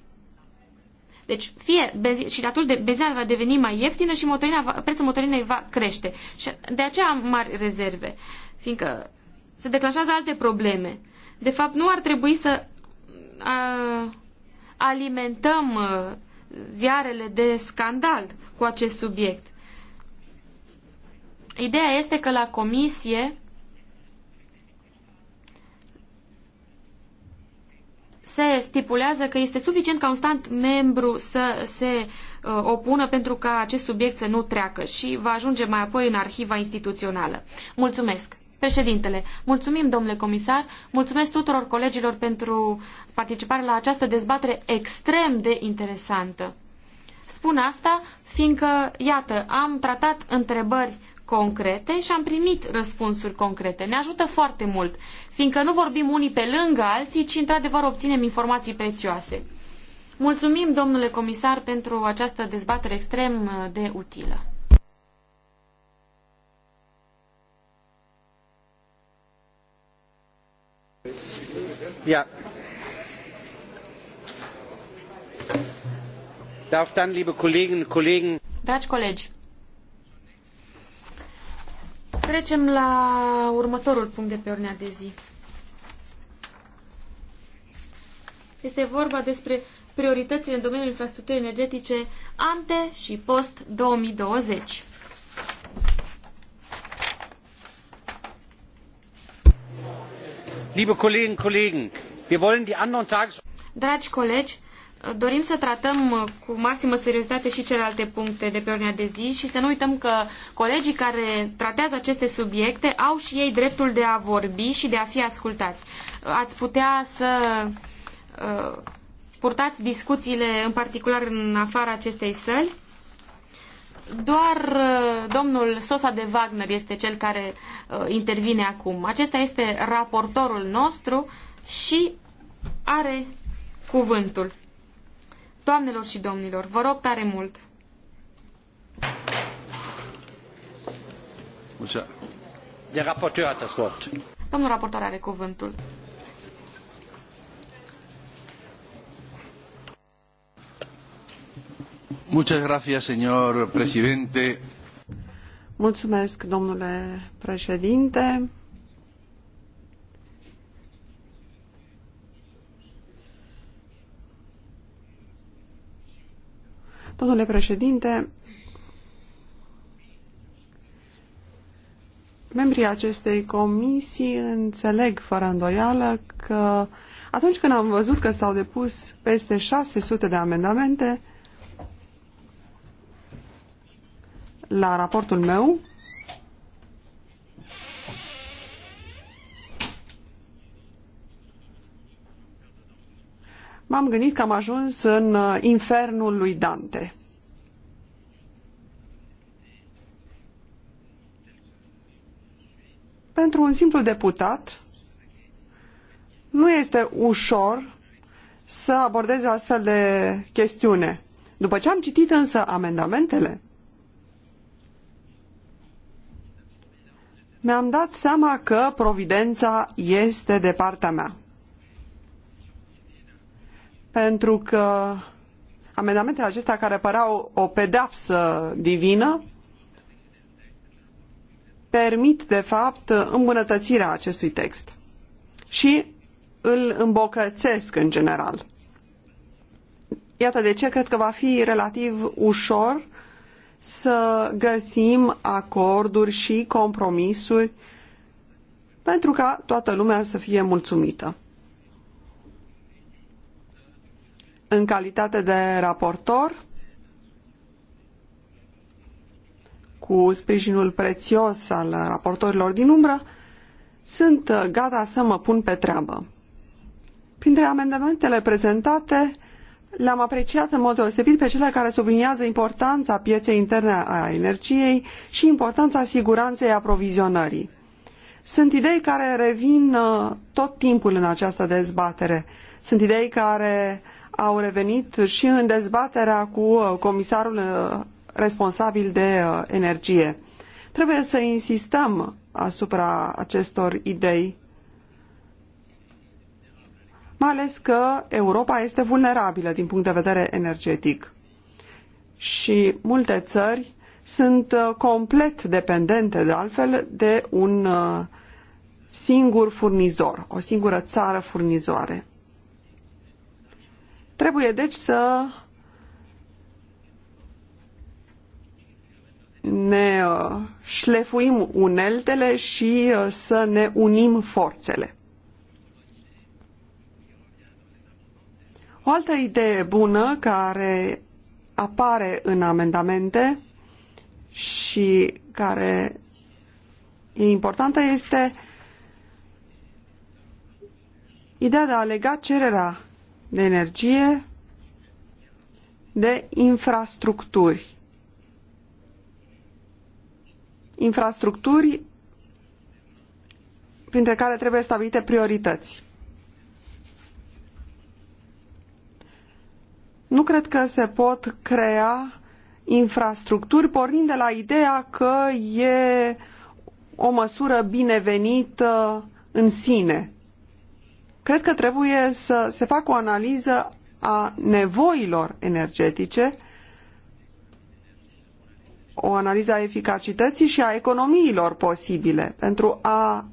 Deci, fie benzi- și atunci de, benzina va deveni mai ieftină și motorina va, prețul motorinei va crește. Și de aceea am mari rezerve, fiindcă se declanșează alte probleme. De fapt, nu ar trebui să a, alimentăm a, uh, ziarele de scandal cu acest subiect. Ideea este că la comisie se stipulează că este suficient ca un stat membru să se uh, opună pentru ca acest subiect să nu treacă și va ajunge mai apoi în arhiva instituțională. Mulțumesc! Președintele, mulțumim, domnule comisar, mulțumesc tuturor colegilor pentru participare la această dezbatere extrem de interesantă. Spun asta fiindcă, iată, am tratat întrebări concrete și am primit răspunsuri concrete. Ne ajută foarte mult, fiindcă nu vorbim unii pe lângă alții, ci într-adevăr obținem informații prețioase. Mulțumim, domnule comisar, pentru această dezbatere extrem de utilă. Ja. Darf dann, liebe Kolleginnen und Kollegen, Dragi colegi, Trecem la următorul punct de pe ordinea de zi. Este vorba despre prioritățile în domeniul infrastructurii energetice ante și post-2020. Liebe Kolleginnen und Kollegen, wir wollen die anderen Tages Dragi colegi, dorim să tratăm uh, cu maximă seriozitate și celelalte puncte de pe ordinea de zi și să nu uităm că colegii care tratează aceste subiecte au și ei dreptul de a vorbi și de a fi ascultați. Uh, ați putea să uh, purtați discuțiile în particular în afara acestei săli? Doar uh, domnul Sosa de Wagner este cel care intervine acum. Acesta este raportorul nostru și are cuvântul. Doamnelor și domnilor, vă rog tare mult! Domnul raportor are cuvântul. Muchas gracias, señor presidente. Mulțumesc, domnule președinte. Domnule președinte, membrii acestei comisii înțeleg fără îndoială că atunci când am văzut că s-au depus peste 600 de amendamente la raportul meu, m-am gândit că am ajuns în uh, infernul lui Dante. Pentru un simplu deputat nu este ușor să abordeze o astfel de chestiune. După ce am citit însă amendamentele, mi-am dat seama că providența este de partea mea pentru că amendamentele acestea care păreau o pedeapsă divină permit, de fapt, îmbunătățirea acestui text și îl îmbocățesc în general. Iată de ce cred că va fi relativ ușor să găsim acorduri și compromisuri pentru ca toată lumea să fie mulțumită. în calitate de raportor, cu sprijinul prețios al raportorilor din umbră, sunt uh, gata să mă pun pe treabă. Printre amendamentele prezentate, le-am apreciat în mod deosebit pe cele care subliniază importanța pieței interne a energiei și importanța siguranței aprovizionării. Sunt idei care revin uh, tot timpul în această dezbatere. Sunt idei care uh, au revenit și în dezbaterea cu uh, comisarul uh, responsabil de uh, energie. Trebuie să insistăm asupra acestor idei, mai ales că Europa este vulnerabilă din punct de vedere energetic și multe țări sunt complet dependente, de altfel, de un singur furnizor, o singură țară furnizoare. Trebuie deci să ne uh, șlefuim uneltele și uh, să ne unim forțele. O altă idee bună care apare în amendamente și care e importantă este ideea de a lega cererea de energie, de infrastructuri. Infrastructuri printre care trebuie stabilite priorități. Nu cred că se pot crea infrastructuri pornind de la ideea că e o măsură binevenită în sine. Cred că trebuie să se facă o analiză a nevoilor energetice, o analiză a eficacității și a economiilor posibile pentru a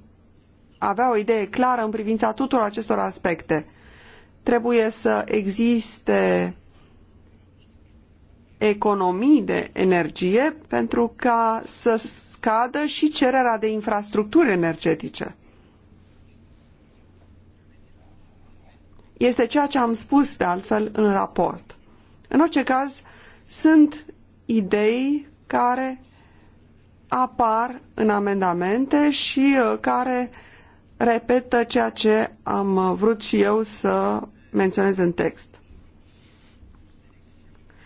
avea o idee clară în privința tuturor acestor aspecte. Trebuie să existe economii de energie pentru ca să scadă și cererea de infrastructuri energetice. Este ceea ce am spus de altfel în raport. În orice caz, sunt idei care apar în amendamente și uh, care repetă ceea ce am uh, vrut și eu să menționez în text.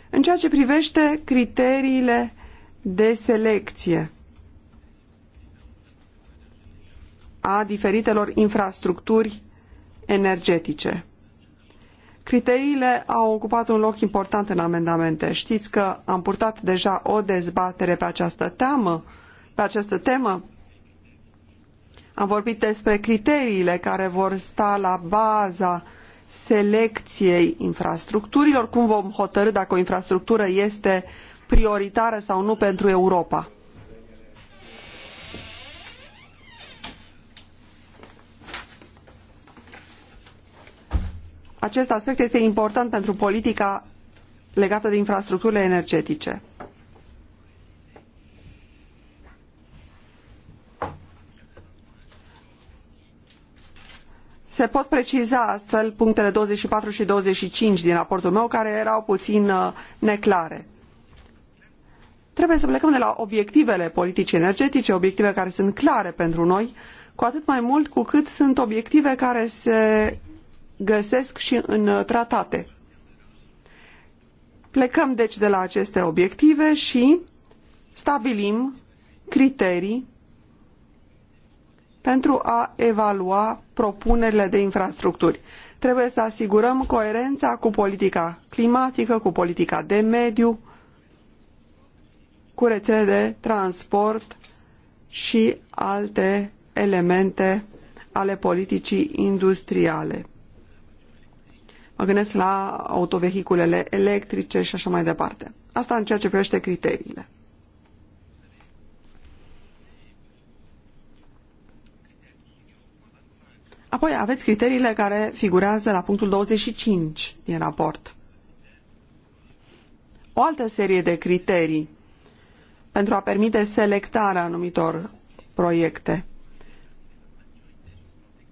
În ceea ce privește criteriile de selecție a diferitelor infrastructuri energetice. Criteriile au ocupat un loc important în amendamente. Știți că am purtat deja o dezbatere pe această teamă, pe această temă. Am vorbit despre criteriile care vor sta la baza selecției infrastructurilor, cum vom hotărî dacă o infrastructură este prioritară sau nu pentru Europa. Acest aspect este important pentru politica legată de infrastructurile energetice. Se pot preciza astfel punctele 24 și 25 din raportul meu, care erau puțin uh, neclare. Trebuie să plecăm de la obiectivele politicii energetice, obiective care sunt clare pentru noi, cu atât mai mult cu cât sunt obiective care se găsesc și în uh, tratate. Plecăm deci de la aceste obiective și stabilim criterii pentru a evalua propunerile de infrastructuri. Trebuie să asigurăm coerența cu politica climatică, cu politica de mediu, cu rețele de transport și alte elemente ale politicii industriale. Mă gândesc la autovehiculele electrice și așa mai departe. Asta în ceea ce privește criteriile. Apoi aveți criteriile care figurează la punctul 25 din raport. O altă serie de criterii pentru a permite selectarea anumitor proiecte.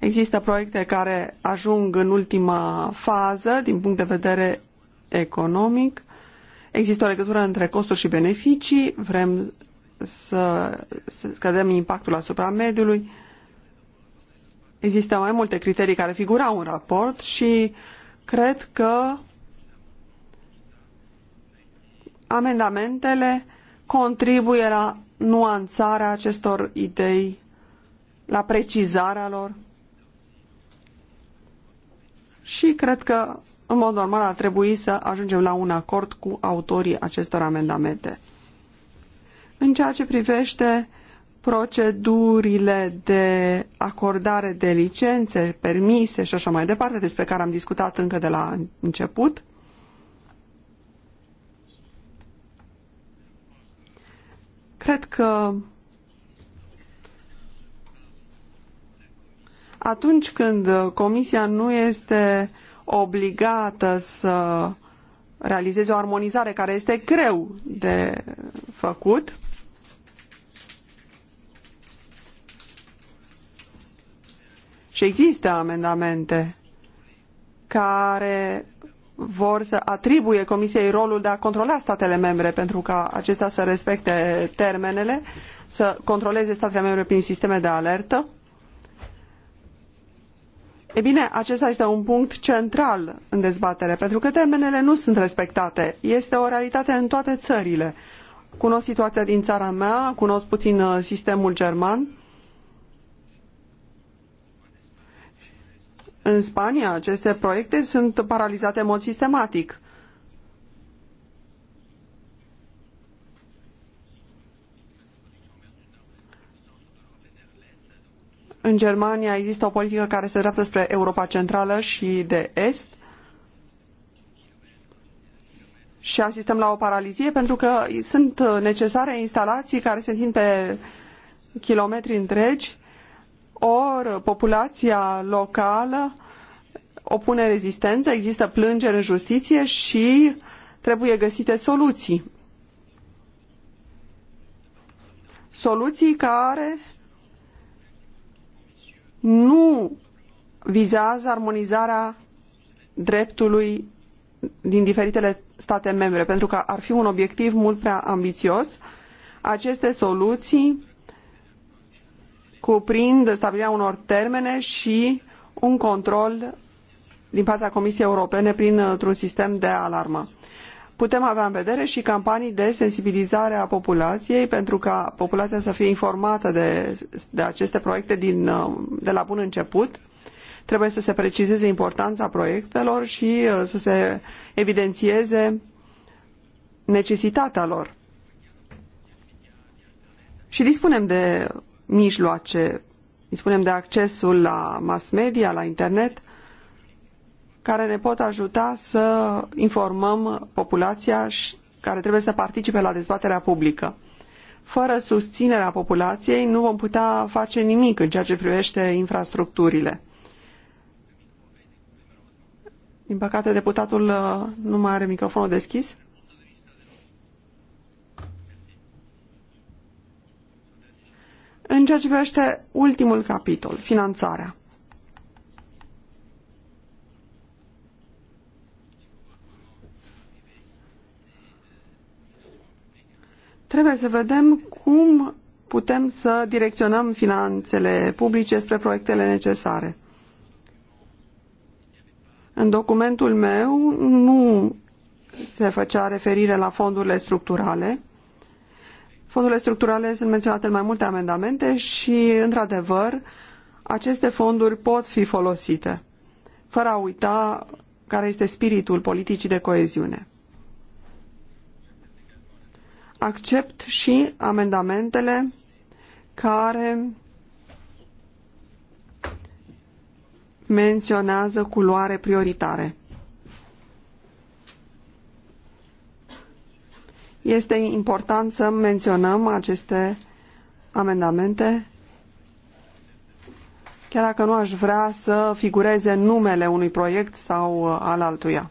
Există proiecte care ajung în ultima fază din punct de vedere economic. Există o legătură între costuri și beneficii. Vrem să, să scădem impactul asupra mediului. Există mai multe criterii care figurau în raport și cred că amendamentele contribuie la nuanțarea acestor idei, la precizarea lor și cred că, în mod normal, ar trebui să ajungem la un acord cu autorii acestor amendamente. În ceea ce privește procedurile de acordare de licențe, permise și așa mai departe, despre care am discutat încă de la început, cred că Atunci când Comisia nu este obligată să realizeze o armonizare care este greu de făcut, Și există amendamente care vor să atribuie Comisiei rolul de a controla statele membre pentru ca acestea să respecte termenele, să controleze statele membre prin sisteme de alertă. E bine, acesta este un punct central în dezbatere, pentru că termenele nu sunt respectate. Este o realitate în toate țările. Cunosc situația din țara mea, cunosc puțin uh, sistemul german. În Spania, aceste proiecte sunt paralizate în mod sistematic. În Germania există o politică care se dreaptă spre Europa Centrală și de Est și asistăm la o paralizie pentru că sunt necesare instalații care se întind pe kilometri întregi, ori populația locală opune rezistență, există plângeri în justiție și trebuie găsite soluții. Soluții care nu vizează armonizarea dreptului din diferitele state membre, pentru că ar fi un obiectiv mult prea ambițios. Aceste soluții cuprind stabilirea unor termene și un control din partea Comisiei Europene printr-un sistem de alarmă putem avea în vedere și campanii de sensibilizare a populației pentru ca populația să fie informată de, de aceste proiecte din, uh, de la bun început. Trebuie să se precizeze importanța proiectelor și uh, să se evidențieze necesitatea lor. Și dispunem de mijloace, dispunem de accesul la mass media, la internet, care ne pot ajuta să informăm populația care trebuie să participe la dezbaterea publică. Fără susținerea populației nu vom putea face nimic în ceea ce privește infrastructurile. Din păcate, deputatul uh, nu mai are microfonul deschis. În ceea ce privește ultimul capitol, finanțarea. Trebuie să vedem cum putem să direcționăm finanțele publice spre proiectele necesare. În documentul meu nu se făcea referire la fondurile structurale. Fondurile structurale sunt menționate în mai multe amendamente și, într-adevăr, aceste fonduri pot fi folosite, fără a uita care este spiritul politicii de coeziune accept și amendamentele care menționează culoare prioritare. Este important să menționăm aceste amendamente, chiar dacă nu aș vrea să figureze numele unui proiect sau al altuia.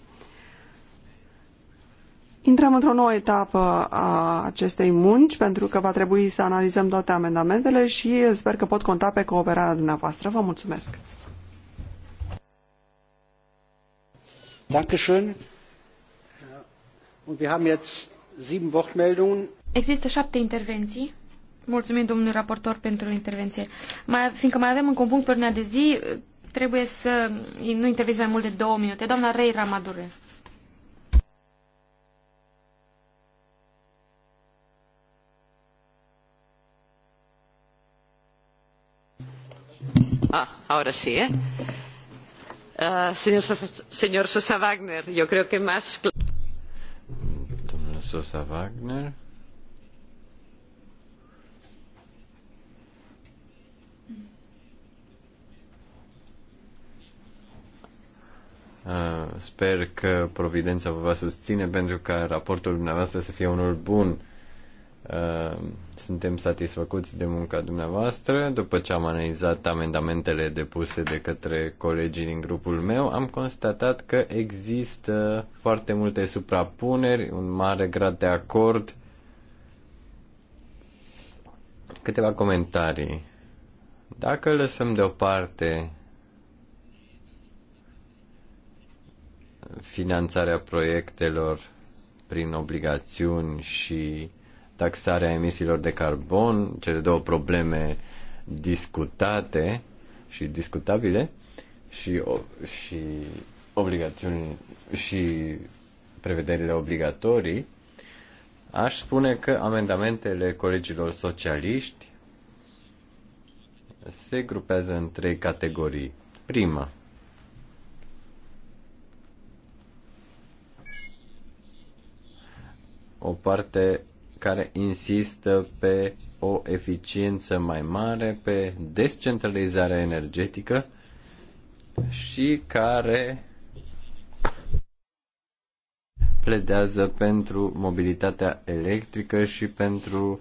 Intrăm într-o nouă etapă a acestei munci, pentru că va trebui să analizăm toate amendamentele și sper că pot conta pe cooperarea dumneavoastră. Vă mulțumesc! Dankeschön. Und wir haben jetzt sieben Wortmeldungen. Există șapte intervenții. Mulțumim, domnului raportor, pentru intervenție. Mai, fiindcă mai avem un punct pe ordinea de zi, trebuie să nu intervenim mai mult de două minute. Doamna Rei Ramadure. Ah, ahora sí, ¿eh? Uh, señor, señor Sosa Wagner, yo creo que más. Domnul Sosa Wagner. Ah, sper că Providența vă va susține pentru ca raportul dumneavoastră să fie unul bun. Uh, suntem satisfăcuți de munca dumneavoastră. După ce am analizat amendamentele depuse de către colegii din grupul meu, am constatat că există foarte multe suprapuneri, un mare grad de acord. Câteva comentarii. Dacă lăsăm deoparte finanțarea proiectelor prin obligațiuni și uh, taxarea emisiilor de carbon, cele două probleme discutate și discutabile și, și obligațiuni și prevederile obligatorii, aș spune că amendamentele colegilor socialiști se grupează în trei categorii. Prima, o parte care insistă pe o eficiență mai mare, pe descentralizarea energetică și care pledează pentru mobilitatea electrică și pentru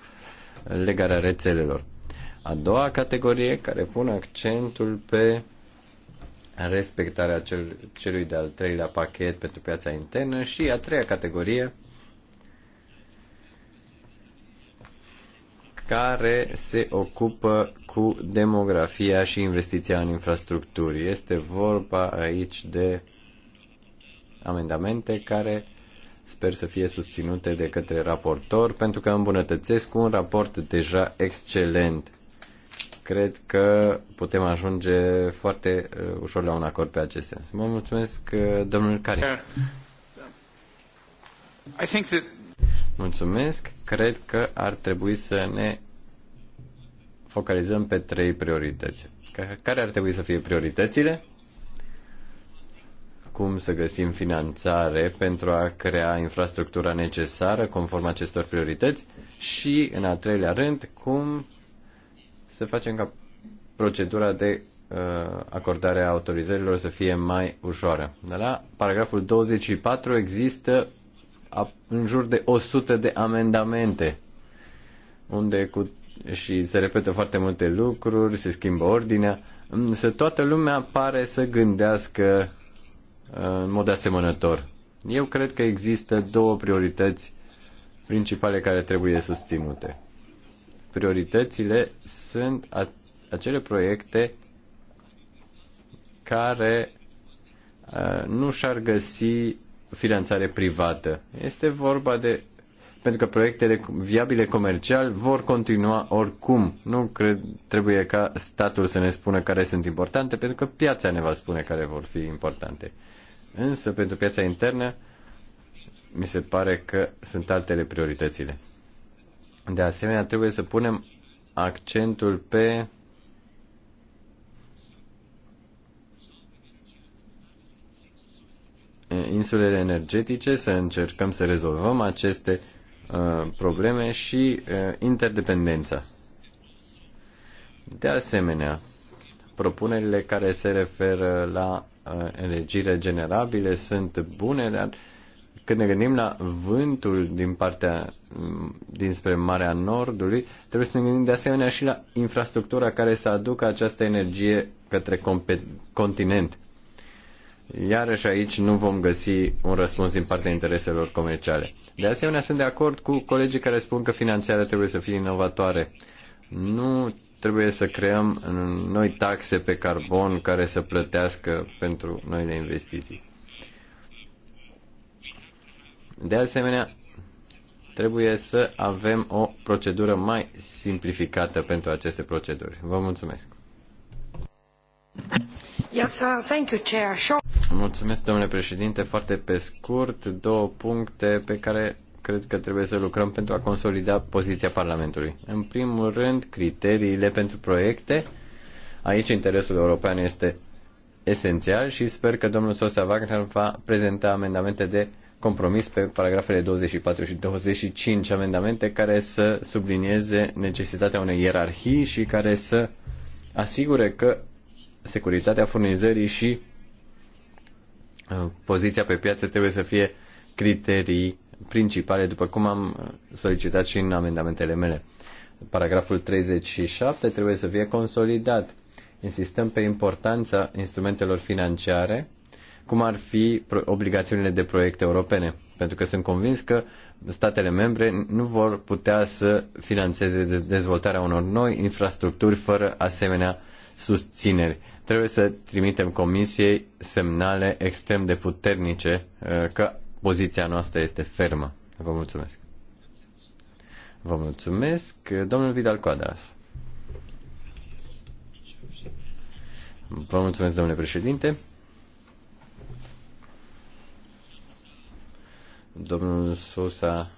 legarea rețelelor. A doua categorie care pune accentul pe respectarea cel, celui de-al treilea pachet pentru piața internă și a treia categorie care se ocupă cu demografia și investiția în infrastructuri. Este vorba aici de amendamente care sper să fie susținute de către raportor pentru că îmbunătățesc un raport deja excelent. Cred că putem ajunge foarte uh, ușor la un acord pe acest sens. Mă mulțumesc, uh, domnul Cari. I think that Mulțumesc. Cred că ar trebui să ne focalizăm pe trei priorități. Care ar trebui să fie prioritățile? Cum să găsim finanțare pentru a crea infrastructura necesară conform acestor priorități? Și, în al treilea rând, cum să facem ca procedura de uh, acordare a autorizărilor să fie mai ușoară. De la paragraful 24 există în jur de 100 de amendamente unde cu, și se repetă foarte multe lucruri, se schimbă ordinea, însă toată lumea pare să gândească uh, în mod asemănător. Eu cred că există două priorități principale care trebuie susținute. Prioritățile sunt acele proiecte care uh, nu și-ar găsi finanțare privată. Este vorba de pentru că proiectele viabile comercial vor continua oricum. Nu cred, trebuie ca statul să ne spună care sunt importante, pentru că piața ne va spune care vor fi importante. Însă, pentru piața internă, mi se pare că sunt altele prioritățile. De asemenea, trebuie să punem accentul pe insulele energetice, să încercăm să rezolvăm aceste uh, probleme și uh, interdependența. De asemenea, propunerile care se referă la uh, energii regenerabile sunt bune, dar când ne gândim la vântul din partea mm, dinspre Marea Nordului, trebuie să ne gândim de asemenea și la infrastructura care să aducă această energie către continent Iarăși aici nu vom găsi un răspuns din partea intereselor comerciale. De asemenea, sunt de acord cu colegii care spun că finanțarea trebuie să fie inovatoare. Nu trebuie să creăm noi taxe pe carbon care să plătească pentru noile investiții. De asemenea, trebuie să avem o procedură mai simplificată pentru aceste proceduri. Vă mulțumesc! Uh, thank you, Chair. Mulțumesc, domnule președinte. Foarte pe scurt, două puncte pe care cred că trebuie să lucrăm pentru a consolida poziția Parlamentului. În primul rând, criteriile pentru proiecte. Aici interesul european este esențial și sper că domnul Sosa Wagner va prezenta amendamente de compromis pe paragrafele 24 și 25, amendamente care să sublinieze necesitatea unei ierarhii și care să asigure că securitatea furnizării și uh, poziția pe piață trebuie să fie criterii principale, după cum am uh, solicitat și în amendamentele mele. Paragraful 37 trebuie să fie consolidat. Insistăm pe importanța instrumentelor financiare, cum ar fi obligațiunile de proiecte europene, pentru că sunt convins că statele membre nu vor putea să financeze dezvoltarea unor noi infrastructuri fără asemenea susțineri trebuie să trimitem comisiei semnale extrem de puternice uh, că poziția noastră este fermă. Vă mulțumesc. Vă mulțumesc, domnul Vidal Coadas. Vă mulțumesc, domnule președinte. Domnul Sosa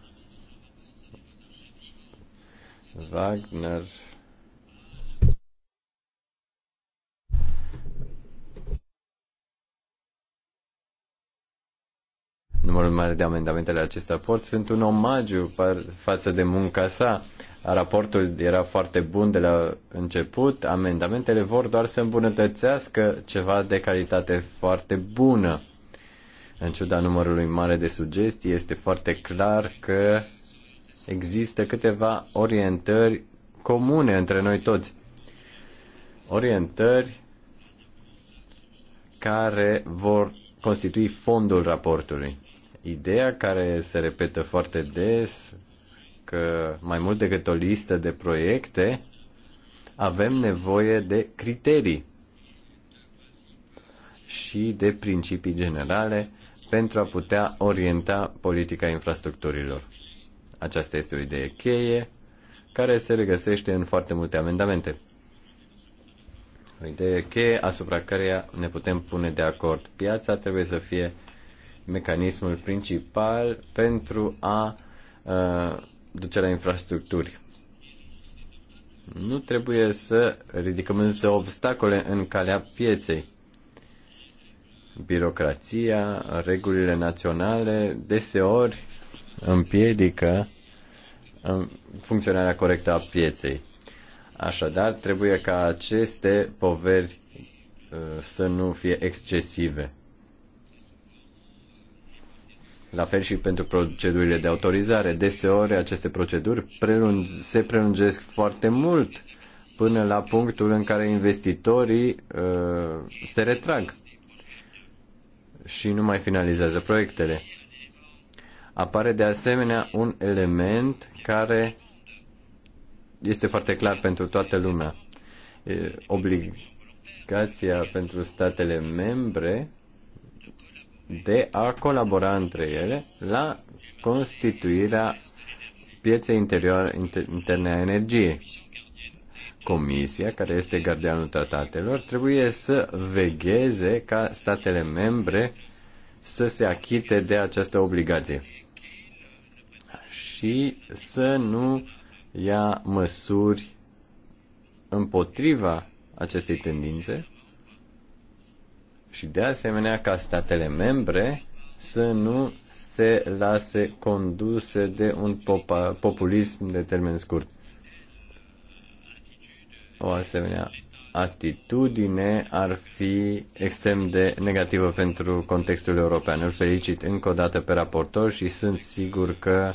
Wagner Numărul mare de amendamente ale acest raport sunt un omagiu față de munca sa. Raportul era foarte bun de la început, amendamentele vor doar să îmbunătățească ceva de calitate foarte bună. În ciuda numărului mare de sugestii, este foarte clar că există câteva orientări comune între noi toți. Orientări care vor constitui fondul raportului. Ideea care se repetă foarte des, că mai mult decât o listă de proiecte, avem nevoie de criterii și de principii generale pentru a putea orienta politica infrastructurilor. Aceasta este o idee cheie care se regăsește în foarte multe amendamente. O idee cheie asupra căreia ne putem pune de acord. Piața trebuie să fie mecanismul principal pentru a uh, duce la infrastructuri. Nu trebuie să ridicăm însă obstacole în calea pieței. Birocrația, regulile naționale deseori împiedică funcționarea corectă a pieței. Așadar, trebuie ca aceste poveri să nu fie excesive. La fel și pentru procedurile de autorizare. Deseori aceste proceduri se prelungesc foarte mult până la punctul în care investitorii uh, se retrag și nu mai finalizează proiectele. Apare de asemenea un element care este foarte clar pentru toată lumea. Obligația pentru statele membre de a colabora între ele la constituirea pieței interioare, interne a energiei. Comisia, care este gardianul tratatelor, trebuie să vegheze ca statele membre să se achite de această obligație și să nu ia măsuri împotriva acestei tendințe și de asemenea ca statele membre să nu se lase conduse de un populism de termen scurt. O asemenea atitudine ar fi extrem de negativă pentru contextul european. Îl felicit încă o dată pe raportor și sunt sigur că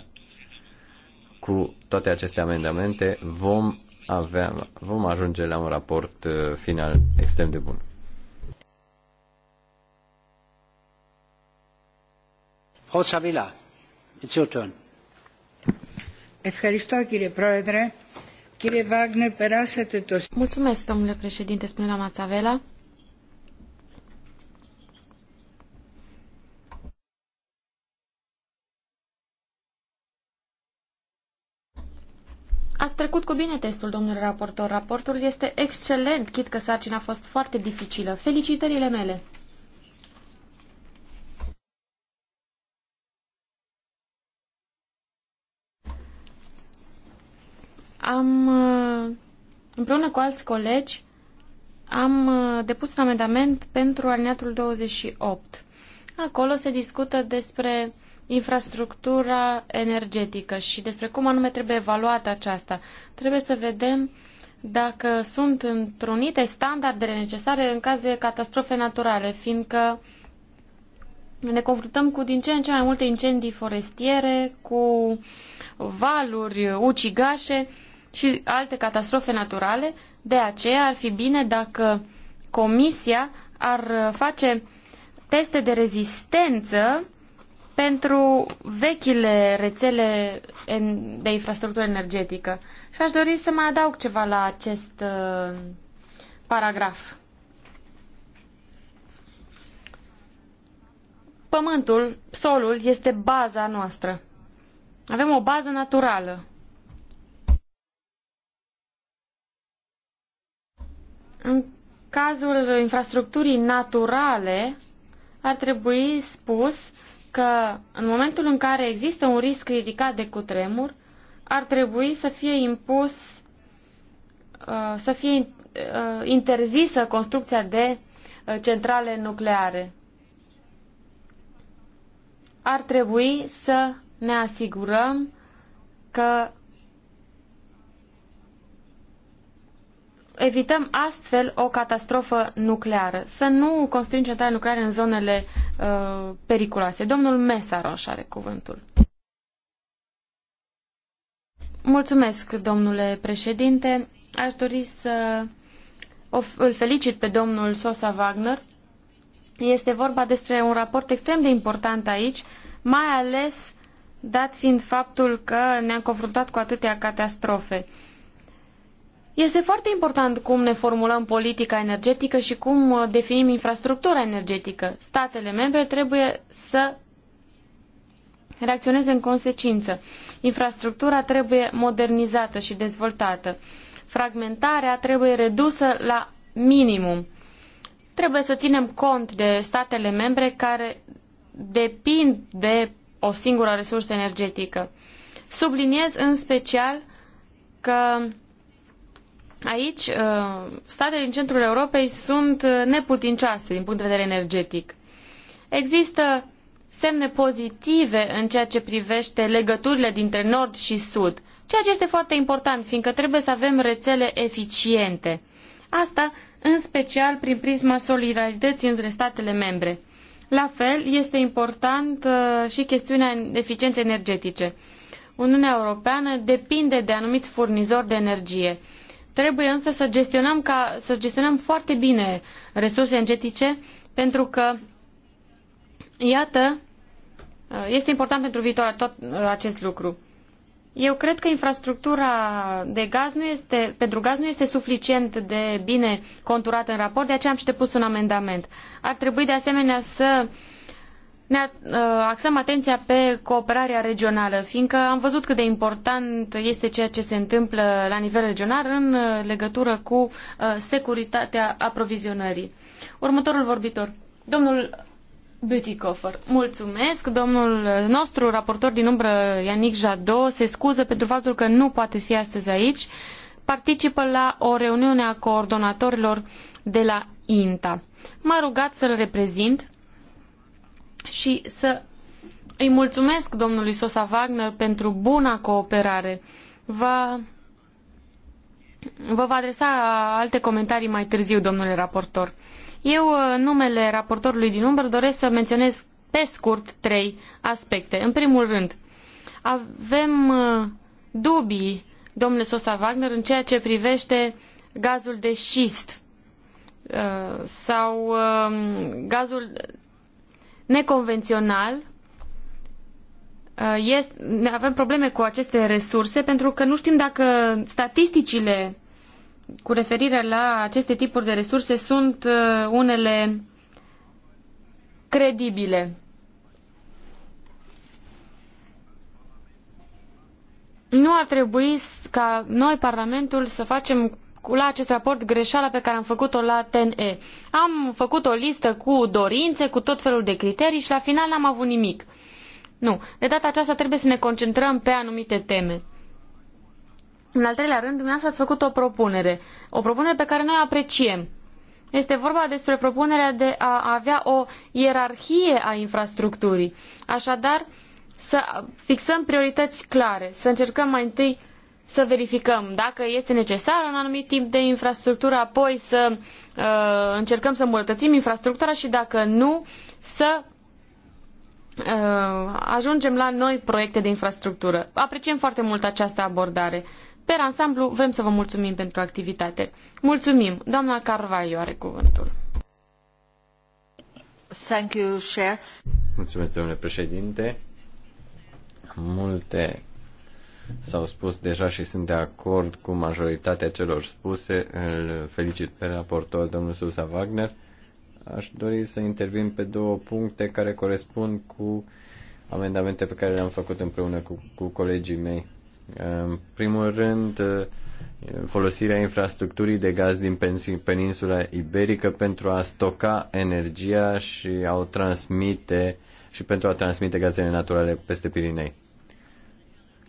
cu toate aceste amendamente vom avea, vom ajunge la un raport uh, final extrem de bun. Mulțumesc, domnule președinte, spune doamna Țavela. Ați trecut cu bine testul, domnule raportor. Raportul este excelent, chit că sarcina a fost foarte dificilă. Felicitările mele! am, uh, împreună cu alți colegi, am uh, depus un amendament pentru alineatul 28. Acolo se discută despre infrastructura energetică și despre cum anume trebuie evaluată aceasta. Trebuie să vedem dacă sunt întrunite standardele necesare în caz de catastrofe naturale, fiindcă ne confruntăm cu din ce în ce mai multe incendii forestiere, cu valuri ucigașe și alte catastrofe naturale. De aceea ar fi bine dacă Comisia ar face teste de rezistență pentru vechile rețele de infrastructură energetică. Și aș dori să mai adaug ceva la acest uh, paragraf. Pământul, solul, este baza noastră. Avem o bază naturală În cazul infrastructurii naturale, ar trebui spus că în momentul în care există un risc ridicat de cutremur, ar trebui să fie impus, uh, să fie uh, interzisă construcția de uh, centrale nucleare. Ar trebui să ne asigurăm că evităm astfel o catastrofă nucleară, să nu construim centrale nucleare în zonele uh, periculoase. Domnul Mesaroș are cuvântul. Mulțumesc, domnule președinte. Aș dori să îl felicit pe domnul Sosa Wagner. Este vorba despre un raport extrem de important aici, mai ales dat fiind faptul că ne-am confruntat cu atâtea catastrofe. Uh, este foarte important cum ne formulăm politica energetică și cum uh, definim infrastructura energetică. Statele membre trebuie să reacționeze în consecință. Infrastructura trebuie modernizată și dezvoltată. Fragmentarea trebuie redusă la minimum. Trebuie să ținem cont de statele membre care depind de o singură resursă energetică. Subliniez în special că Aici, uh, statele din centrul Europei sunt uh, neputincioase din punct de vedere energetic. Există semne pozitive în ceea ce privește legăturile dintre nord și sud, ceea ce este foarte important, fiindcă trebuie să avem rețele eficiente. Asta în special prin prisma solidarității între statele membre. La fel, este important uh, și chestiunea eficienței energetice. Uniunea Europeană depinde de anumiți furnizori de energie Trebuie însă să gestionăm, ca, să gestionăm foarte bine resurse energetice pentru că, iată, uh, este important pentru viitor tot uh, acest lucru. Eu cred că infrastructura de gaz nu este, pentru gaz nu este suficient de bine conturată în raport, de aceea am și depus un amendament. Ar trebui de asemenea să uh, ne uh, axăm atenția pe cooperarea regională, fiindcă am văzut cât de important este ceea ce se întâmplă la nivel regional în uh, legătură cu uh, securitatea aprovizionării. Următorul vorbitor, domnul Bütikofer. Mulțumesc, domnul nostru raportor din umbră, Ianic Jadot, se scuză pentru faptul că nu poate fi astăzi aici. Participă la o reuniune a coordonatorilor de la INTA. M-a rugat să-l reprezint și să îi mulțumesc domnului Sosa Wagner pentru buna cooperare. Va... Vă va adresa alte comentarii mai târziu, domnule raportor. Eu, în numele raportorului din umbră, doresc să menționez pe scurt trei aspecte. În primul rând, avem uh, dubii, domnule Sosa Wagner, în ceea ce privește gazul de șist uh, sau uh, gazul neconvențional. Uh, este, avem probleme cu aceste resurse pentru că nu știm dacă statisticile cu referire la aceste tipuri de resurse sunt uh, unele credibile. Nu ar trebui ca noi, Parlamentul, să facem la acest raport greșeala pe care am făcut-o la TNE. Am făcut o listă cu dorințe, cu tot felul de criterii și la final n-am avut nimic. Nu. De data aceasta trebuie să ne concentrăm pe anumite teme. În al treilea rând, dumneavoastră ați făcut o propunere. O propunere pe care noi o apreciem. Este vorba despre propunerea de a avea o ierarhie a infrastructurii. Așadar, să fixăm priorități clare, să încercăm mai întâi să verificăm dacă este necesar un anumit tip de infrastructură, apoi să uh, încercăm să îmbunătățim infrastructura și dacă nu, să uh, ajungem la noi proiecte de infrastructură. Apreciem foarte mult această abordare. pe ansamblu, vrem să vă mulțumim pentru activitate. Mulțumim. Doamna Carvalho are cuvântul. Thank you, Mulțumesc, domnule președinte. Multe s-au spus deja și sunt de acord cu majoritatea celor spuse. Îl felicit pe raportor, domnul Susa Wagner. Aș dori să intervin pe două puncte care corespund cu amendamente pe care le-am făcut împreună cu, cu colegii mei. În primul rând, folosirea infrastructurii de gaz din peninsula iberică pentru a stoca energia și a o transmite și pentru a transmite gazele naturale peste Pirinei.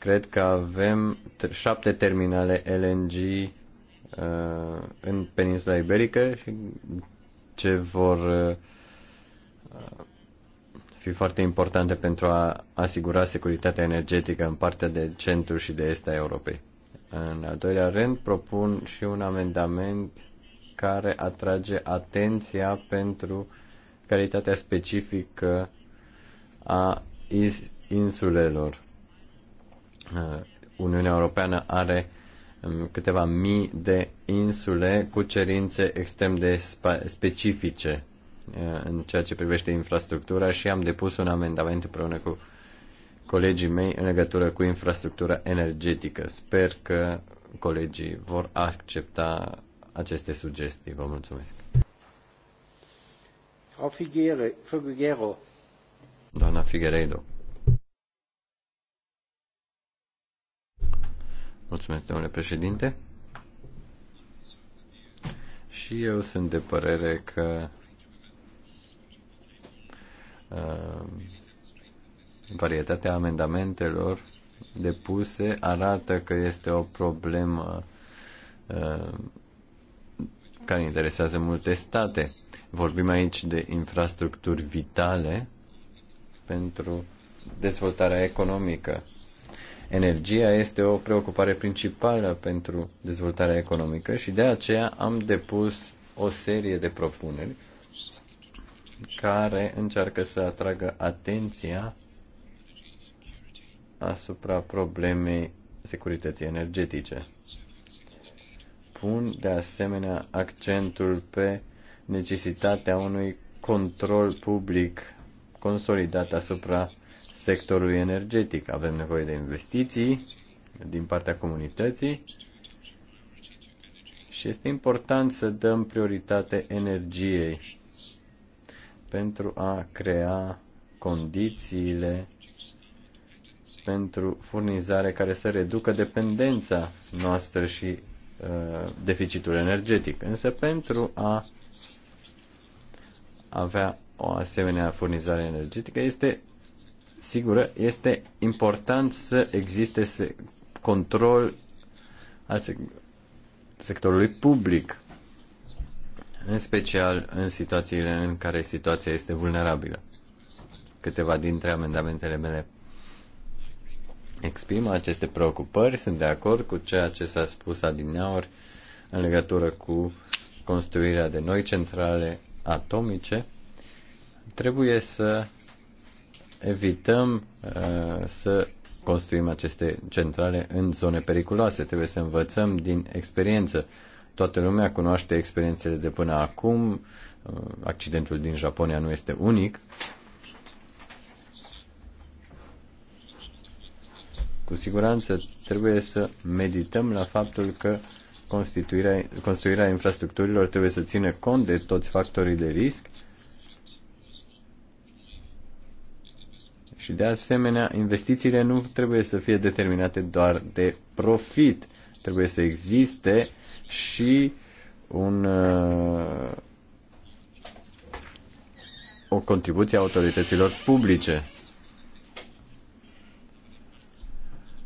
Cred că avem șapte terminale LNG uh, în peninsula iberică și ce vor uh, fi foarte importante pentru a asigura securitatea energetică în partea de centru și de est a Europei. În al doilea rând, propun și un amendament care atrage atenția pentru calitatea specifică a insulelor. Uh, Uniunea Europeană are um, câteva mii de insule cu cerințe extrem de specifice uh, în ceea ce privește infrastructura și am depus un amendament împreună cu colegii mei în legătură cu infrastructura energetică. Sper că colegii vor accepta aceste sugestii. Vă mulțumesc. Frau Figuero. Doamna Figueiredo. Mulțumesc, domnule președinte. Și eu sunt de părere că uh, varietatea amendamentelor depuse arată că este o problemă uh, care interesează multe state. Vorbim aici de infrastructuri vitale pentru dezvoltarea economică Energia este o preocupare principală pentru dezvoltarea economică și de aceea am depus o serie de propuneri care încearcă să atragă atenția asupra problemei securității energetice. Pun de asemenea accentul pe necesitatea unui control public consolidat asupra sectorului energetic. Avem nevoie de investiții din partea comunității și este important să dăm prioritate energiei pentru a crea condițiile pentru furnizare care să reducă dependența noastră și uh, deficitul energetic. Însă pentru a avea o asemenea furnizare energetică este sigură, este important să existe control al sectorului public, în special în situațiile în care situația este vulnerabilă. Câteva dintre amendamentele mele exprimă aceste preocupări, sunt de acord cu ceea ce s-a spus adineaori în legătură cu construirea de noi centrale atomice, trebuie să evităm uh, să construim aceste centrale în zone periculoase. Trebuie să învățăm din experiență. Toată lumea cunoaște experiențele de până acum. Uh, accidentul din Japonia nu este unic. Cu siguranță trebuie să medităm la faptul că construirea, construirea infrastructurilor trebuie să țină cont de toți factorii de risc uh, Și de asemenea, investițiile nu trebuie să fie determinate doar de profit. Trebuie să existe și un, uh, o contribuție a autorităților publice.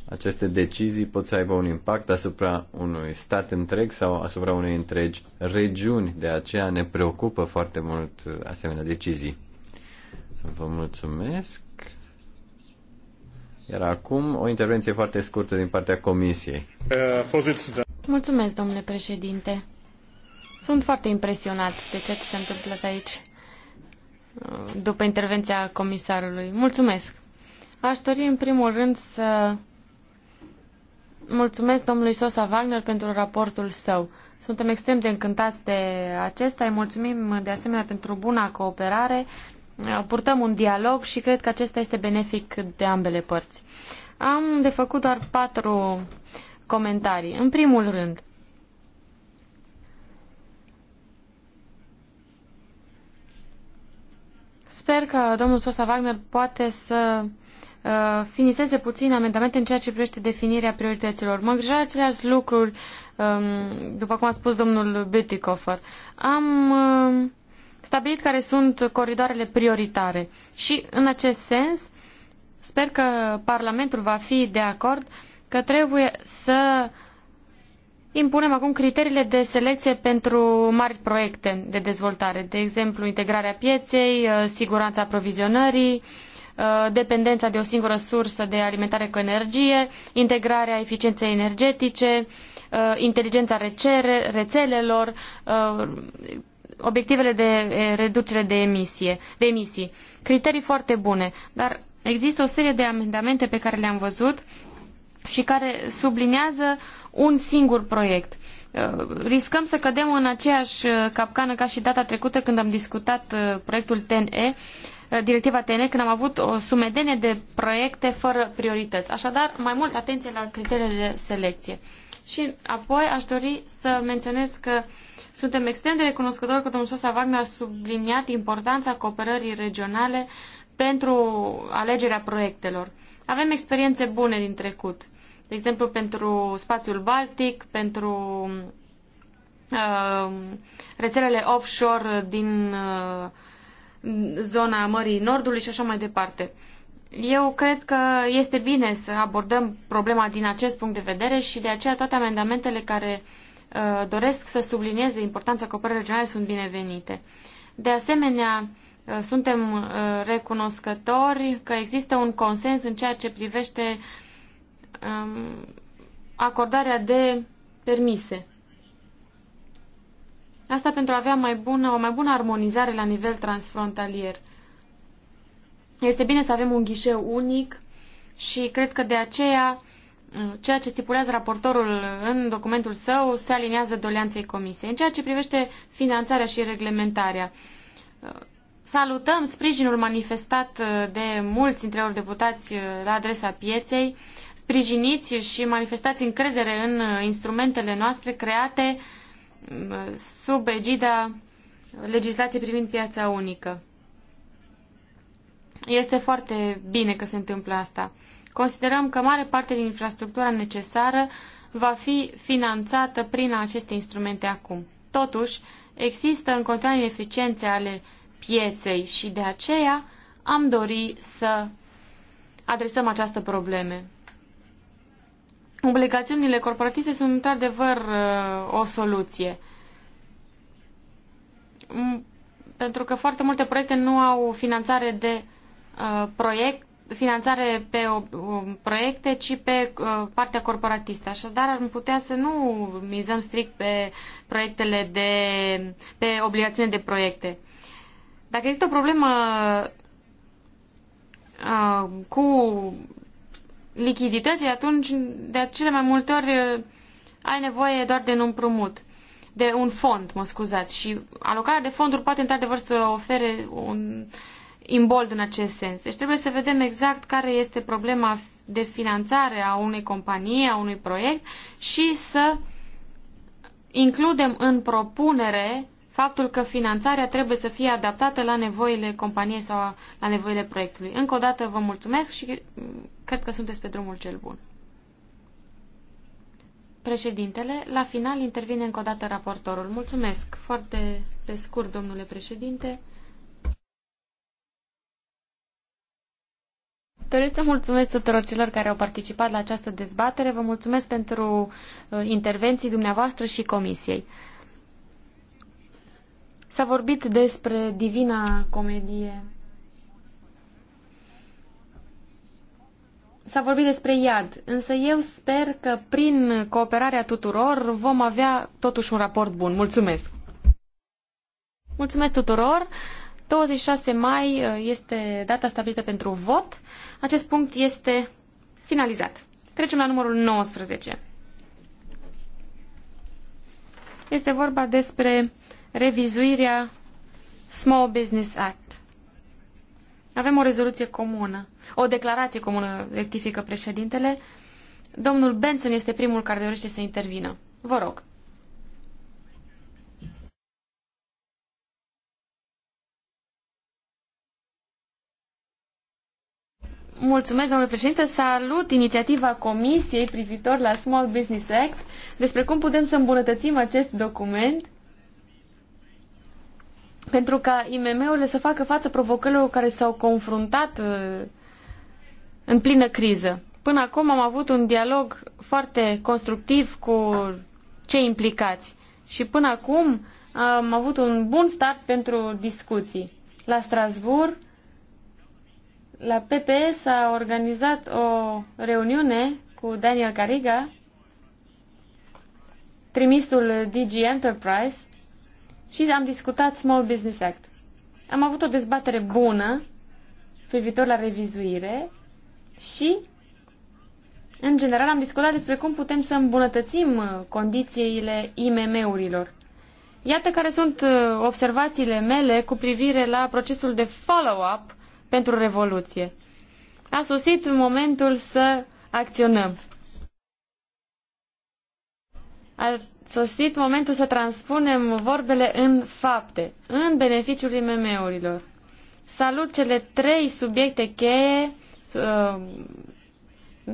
Aceste decizii pot să aibă un impact asupra unui stat întreg sau asupra unei întregi regiuni. De aceea ne preocupă foarte mult asemenea decizii. Vă mulțumesc. Iar acum o intervenție foarte scurtă din partea Comisiei. Mulțumesc, domnule președinte. Sunt foarte impresionat de ceea ce se întâmplă pe aici după intervenția comisarului. Mulțumesc. Aș dori în primul rând să mulțumesc domnului Sosa Wagner pentru raportul său. Suntem extrem de încântați de acesta. Îi mulțumim de asemenea pentru buna cooperare Uh, purtăm un dialog și cred că acesta este benefic de ambele părți. Am de făcut doar patru comentarii. În primul rând, sper că domnul Sosa Wagner poate să uh, finiseze puțin amendamente în ceea ce privește definirea priorităților. Mă îngrijă aceleași lucruri, um, după cum a spus domnul Bütikofer. Am... Uh, stabilit care sunt coridoarele prioritare. Și în acest sens, sper că Parlamentul va fi de acord că trebuie să impunem acum criteriile de selecție pentru mari proiecte de dezvoltare, de exemplu integrarea pieței, uh, siguranța aprovizionării, uh, dependența de o singură sursă de alimentare cu energie, integrarea eficienței energetice, uh, inteligența rețelelor, obiectivele de reducere de, emisie, de emisii. Criterii foarte bune, dar există o serie de amendamente pe care le-am văzut și care subliniază un singur proiect. Riscăm să cădem în aceeași capcană ca și data trecută când am discutat proiectul TNE, directiva e când am avut o sumedenie de proiecte fără priorități. Așadar, mai mult atenție la criteriile de selecție. Și apoi aș dori să menționez că uh, suntem extrem de recunoscători că domnul Sosa Wagner a subliniat importanța cooperării regionale pentru alegerea proiectelor. Avem experiențe bune din trecut. De exemplu, pentru spațiul Baltic, pentru uh, rețelele offshore din uh, zona Mării Nordului și așa mai departe. Eu cred că este bine să abordăm problema din acest punct de vedere și de aceea toate amendamentele care uh, Uh, doresc să sublinieze importanța cooperării regionale sunt binevenite. De asemenea, uh, suntem uh, recunoscători că există un consens în ceea ce privește um, acordarea de permise. Asta pentru a avea mai bună, o mai bună armonizare la nivel transfrontalier. Este bine să avem un ghișeu unic și cred că de aceea ceea ce stipulează raportorul în documentul său se aliniază doleanței comisiei. În ceea ce privește finanțarea și reglementarea, uh, salutăm sprijinul manifestat uh, de mulți dintre eurodeputați uh, la adresa pieței. Sprijiniți și manifestați încredere în instrumentele noastre create sub egida legislației privind piața unică. Este foarte bine că se întâmplă asta. Considerăm că mare parte din infrastructura necesară va fi finanțată prin aceste instrumente acum. Totuși, există în continuare ineficiențe ale pieței și de aceea am dori să adresăm această probleme. Obligațiunile corporatiste sunt într-adevăr uh, o soluție. Pentru că foarte multe proiecte nu au finanțare de uh, proiect, finanțare pe proiecte, ci pe uh, partea corporatistă. Așadar, am putea să nu mizăm strict pe proiectele de, pe obligațiune de proiecte. Dacă există o problemă uh, cu lichidității, atunci de cele mai multe ori uh, ai nevoie doar de un împrumut de un fond, mă scuzați, și alocarea de fonduri poate într-adevăr să ofere un, uh, imbold bold în acest sens. Deci trebuie să vedem exact care este problema de finanțare a unei companii, a unui proiect și să includem în propunere faptul că finanțarea trebuie să fie adaptată la nevoile companiei sau la nevoile proiectului. Încă o dată vă mulțumesc și cred că sunteți pe drumul cel bun. Președintele, la final intervine încă o dată raportorul. Mulțumesc foarte pe scurt, domnule președinte. Doresc să mulțumesc tuturor celor care au participat la această dezbatere. Vă mulțumesc pentru uh, intervenții dumneavoastră și comisiei. S-a vorbit despre Divina Comedie. S-a vorbit despre iad, însă eu sper că prin cooperarea tuturor vom avea totuși un raport bun. Mulțumesc! Mulțumesc tuturor! 26 mai uh, este data stabilită pentru vot. Acest punct este finalizat. Trecem la numărul 19. Este vorba despre revizuirea Small Business Act. Avem o rezoluție comună, o declarație comună, rectifică președintele. Domnul Benson este primul care dorește să intervină. Vă rog. Mulțumesc, domnule președinte. Salut inițiativa Comisiei privitor la Small Business Act despre cum putem să îmbunătățim acest document pentru ca IMM-urile să facă față provocărilor care s-au confruntat uh, în plină criză. Până acum am avut un dialog foarte constructiv cu cei implicați și până acum am avut un bun start pentru discuții. La Strasbourg la PPE s-a organizat o reuniune cu Daniel Cariga, trimisul DG Enterprise, și am discutat Small Business Act. Am avut o dezbatere bună privitor la revizuire și, în general, am discutat despre cum putem să îmbunătățim uh, condițiile IMM-urilor. Iată care sunt uh, observațiile mele cu privire la procesul de follow-up pentru Revoluție. A sosit momentul să acționăm. A sosit momentul să transpunem vorbele în fapte, în beneficiul IMM-urilor. Salut cele trei subiecte cheie uh,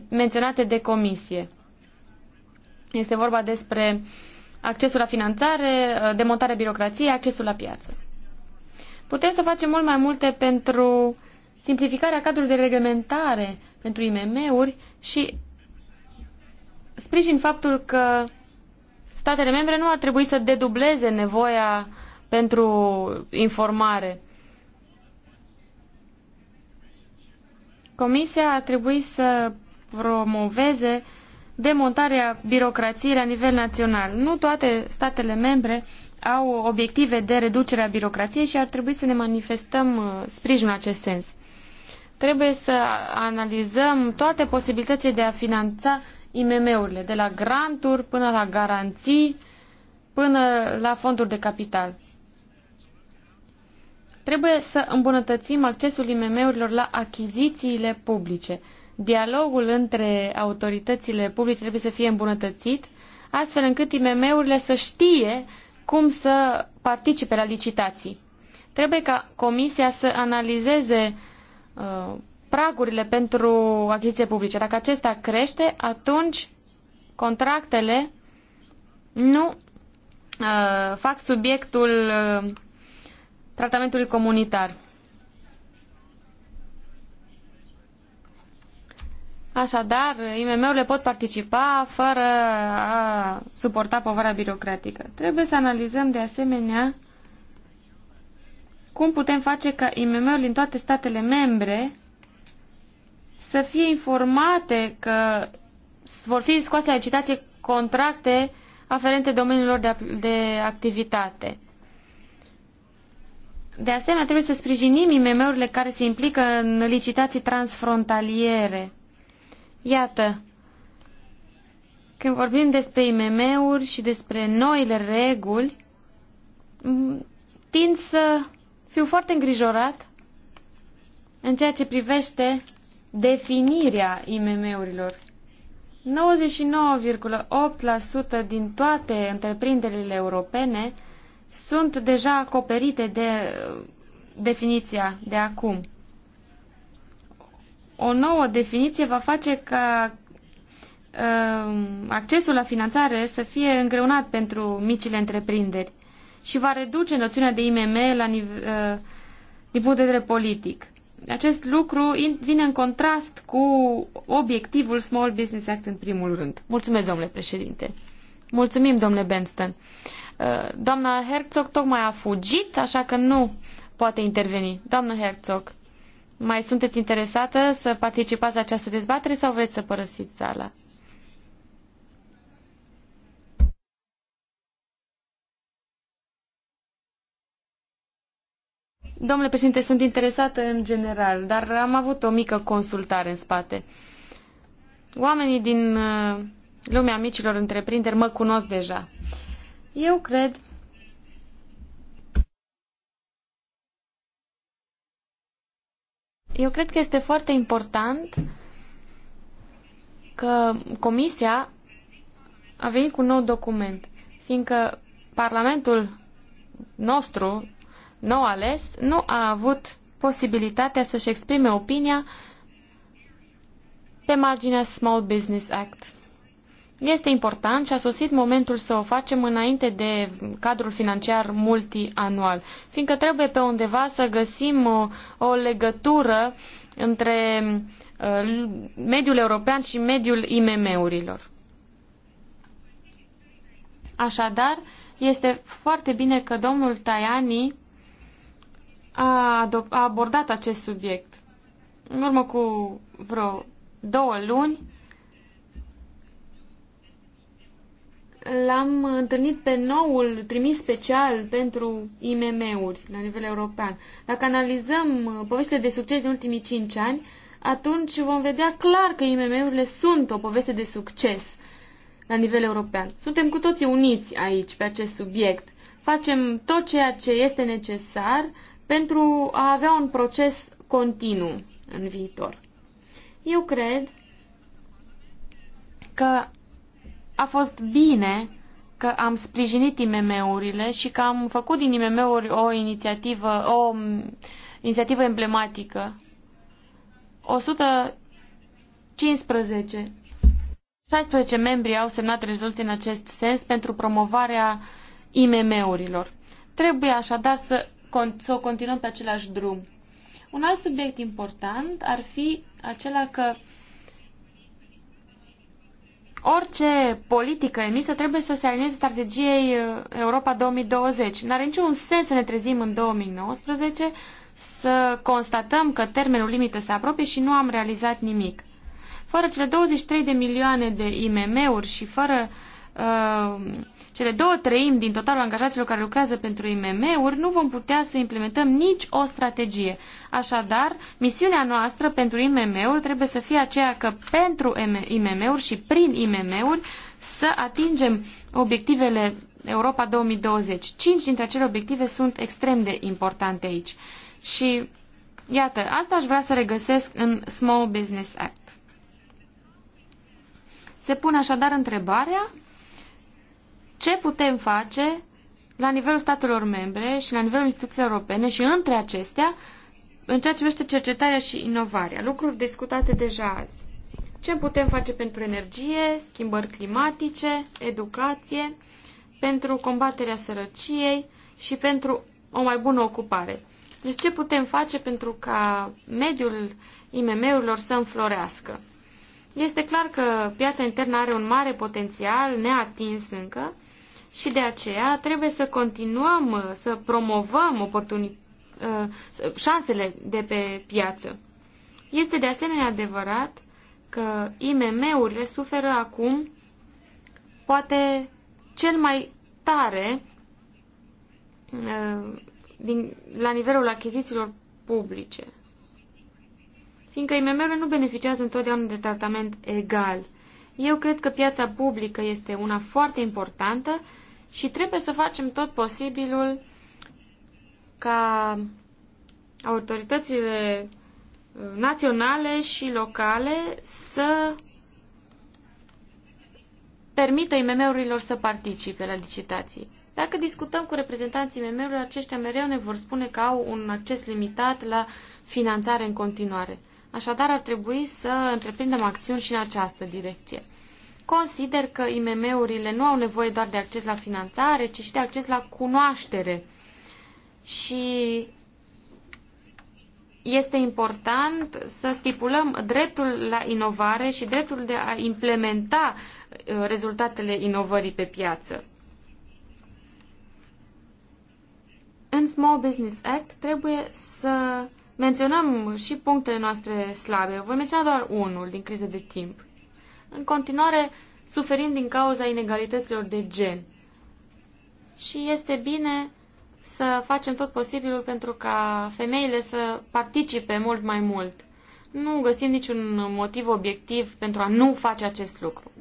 menționate de comisie. Este vorba despre accesul la finanțare, uh, demontarea birocrației, accesul la piață. Putem să facem mult mai multe pentru simplificarea cadrului de reglementare pentru IMM-uri și sprijin faptul că statele membre nu ar trebui să dedubleze nevoia pentru informare. Comisia ar trebui să promoveze demontarea birocrației la nivel național. Nu toate statele membre au obiective de reducere a birocrației și ar trebui să ne manifestăm uh, sprijinul în acest sens. Trebuie să analizăm toate posibilitățile de a finanța IMM-urile, de la granturi până la garanții, până la fonduri de capital. Trebuie să îmbunătățim accesul IMM-urilor la achizițiile publice. Dialogul între autoritățile publice trebuie să fie îmbunătățit, astfel încât IMM-urile să știe cum să participe la licitații. Trebuie ca Comisia să analizeze uh, pragurile pentru achiziție publice. Dacă acesta crește, atunci contractele nu uh, fac subiectul uh, tratamentului comunitar. Așadar, IMM-urile pot participa fără a suporta povara birocratică. Trebuie să analizăm de asemenea cum putem face ca IMM-urile în toate statele membre să fie informate că vor fi scoase la licitație contracte aferente domeniilor de, de activitate. De asemenea, trebuie să sprijinim IMM-urile care se implică în licitații transfrontaliere. Iată, când vorbim despre IMM-uri și despre noile reguli, tind să fiu foarte îngrijorat în ceea ce privește definirea IMM-urilor. 99,8% din toate întreprinderile europene sunt deja acoperite de uh, definiția de acum o nouă definiție va face ca um, accesul la finanțare să fie îngreunat pentru micile întreprinderi și va reduce noțiunea de IMM la nivel, uh, din punct de vedere politic. Acest lucru vine în contrast cu obiectivul Small Business Act în primul rând. Mulțumesc, domnule președinte. Mulțumim, domnule Benston. Uh, doamna Herzog tocmai a fugit, așa că nu poate interveni. Doamna Herzog. Mai sunteți interesată să participați la această dezbatere sau vreți să părăsiți sala? Domnule președinte, sunt interesată în general, dar am avut o mică consultare în spate. Oamenii din uh, lumea micilor întreprinderi mă cunosc deja. Eu cred Eu cred că este foarte important că Comisia a venit cu un nou document, fiindcă Parlamentul nostru, nou ales, nu a avut posibilitatea să-și exprime opinia pe marginea Small Business Act. Este important și a sosit momentul să o facem înainte de cadrul financiar multianual, fiindcă trebuie pe undeva să găsim o, uh, o legătură între uh, mediul european și mediul IMM-urilor. Așadar, este foarte bine că domnul Tajani a, a abordat acest subiect. În urmă cu vreo două luni, L-am întâlnit pe noul trimis special pentru IMM-uri la nivel european. Dacă analizăm uh, poveștile de succes din ultimii 5 ani, atunci vom vedea clar că IMM-urile sunt o poveste de succes la nivel european. Suntem cu toții uniți aici pe acest subiect. Facem tot ceea ce este necesar pentru a avea un proces continuu în viitor. Eu cred că a fost bine că am sprijinit IMM-urile și că am făcut din IMM-uri o inițiativă, o mm, inițiativă emblematică. 115 16 membri au semnat rezoluții în acest sens pentru promovarea IMM-urilor. Trebuie așadar să, să o continuăm pe același drum. Un alt subiect important ar fi acela că orice politică emisă trebuie să se alinieze strategiei uh, Europa 2020. N-are niciun sens să ne trezim în 2019 să constatăm că termenul limită se apropie și nu am realizat nimic. Fără cele 23 de milioane de IMM-uri și fără uh, Uh, cele două treimi din totalul angajaților care lucrează pentru IMM-uri, nu vom putea să implementăm nici o strategie. Așadar, misiunea noastră pentru IMM-uri trebuie să fie aceea că pentru IMM-uri și prin IMM-uri să atingem obiectivele Europa 2020. Cinci dintre acele obiective sunt extrem de importante aici. Și iată, asta aș vrea să regăsesc în Small Business Act. Se pune așadar întrebarea ce putem face la nivelul statelor membre și la nivelul instituțiilor europene și între acestea în ceea ce privește cercetarea și inovarea, lucruri discutate deja azi. Ce putem face pentru energie, schimbări climatice, educație, pentru combaterea sărăciei și pentru o mai bună ocupare. Deci ce putem face pentru ca mediul IMM-urilor să înflorească? Este clar că piața internă are un mare potențial neatins încă și de aceea trebuie să continuăm uh, să promovăm oportuni, uh, șansele de pe piață. Este de asemenea adevărat că IMM-urile suferă acum poate cel mai tare uh, din, la nivelul achizițiilor publice. Fiindcă IMM-urile nu beneficiază întotdeauna de tratament egal. Eu cred că piața publică este una foarte importantă și trebuie să facem tot posibilul ca autoritățile uh, naționale și locale să permită IMM-urilor să participe la licitații. Dacă discutăm cu reprezentanții IMM-urilor, aceștia mereu ne vor spune că au un acces limitat la finanțare în continuare. Așadar, ar trebui să întreprindem acțiuni și în această direcție. Consider că IMM-urile nu au nevoie doar de acces la finanțare, ci și de acces la cunoaștere. Și este important să stipulăm dreptul la inovare și dreptul de a implementa uh, rezultatele inovării pe piață. În Small Business Act trebuie să menționăm și punctele noastre slabe. Voi menționa doar unul din criză de timp în continuare suferind din cauza inegalităților de gen. Și este bine să facem tot posibilul pentru ca femeile să participe mult mai mult. Nu găsim niciun motiv obiectiv pentru a nu face acest lucru.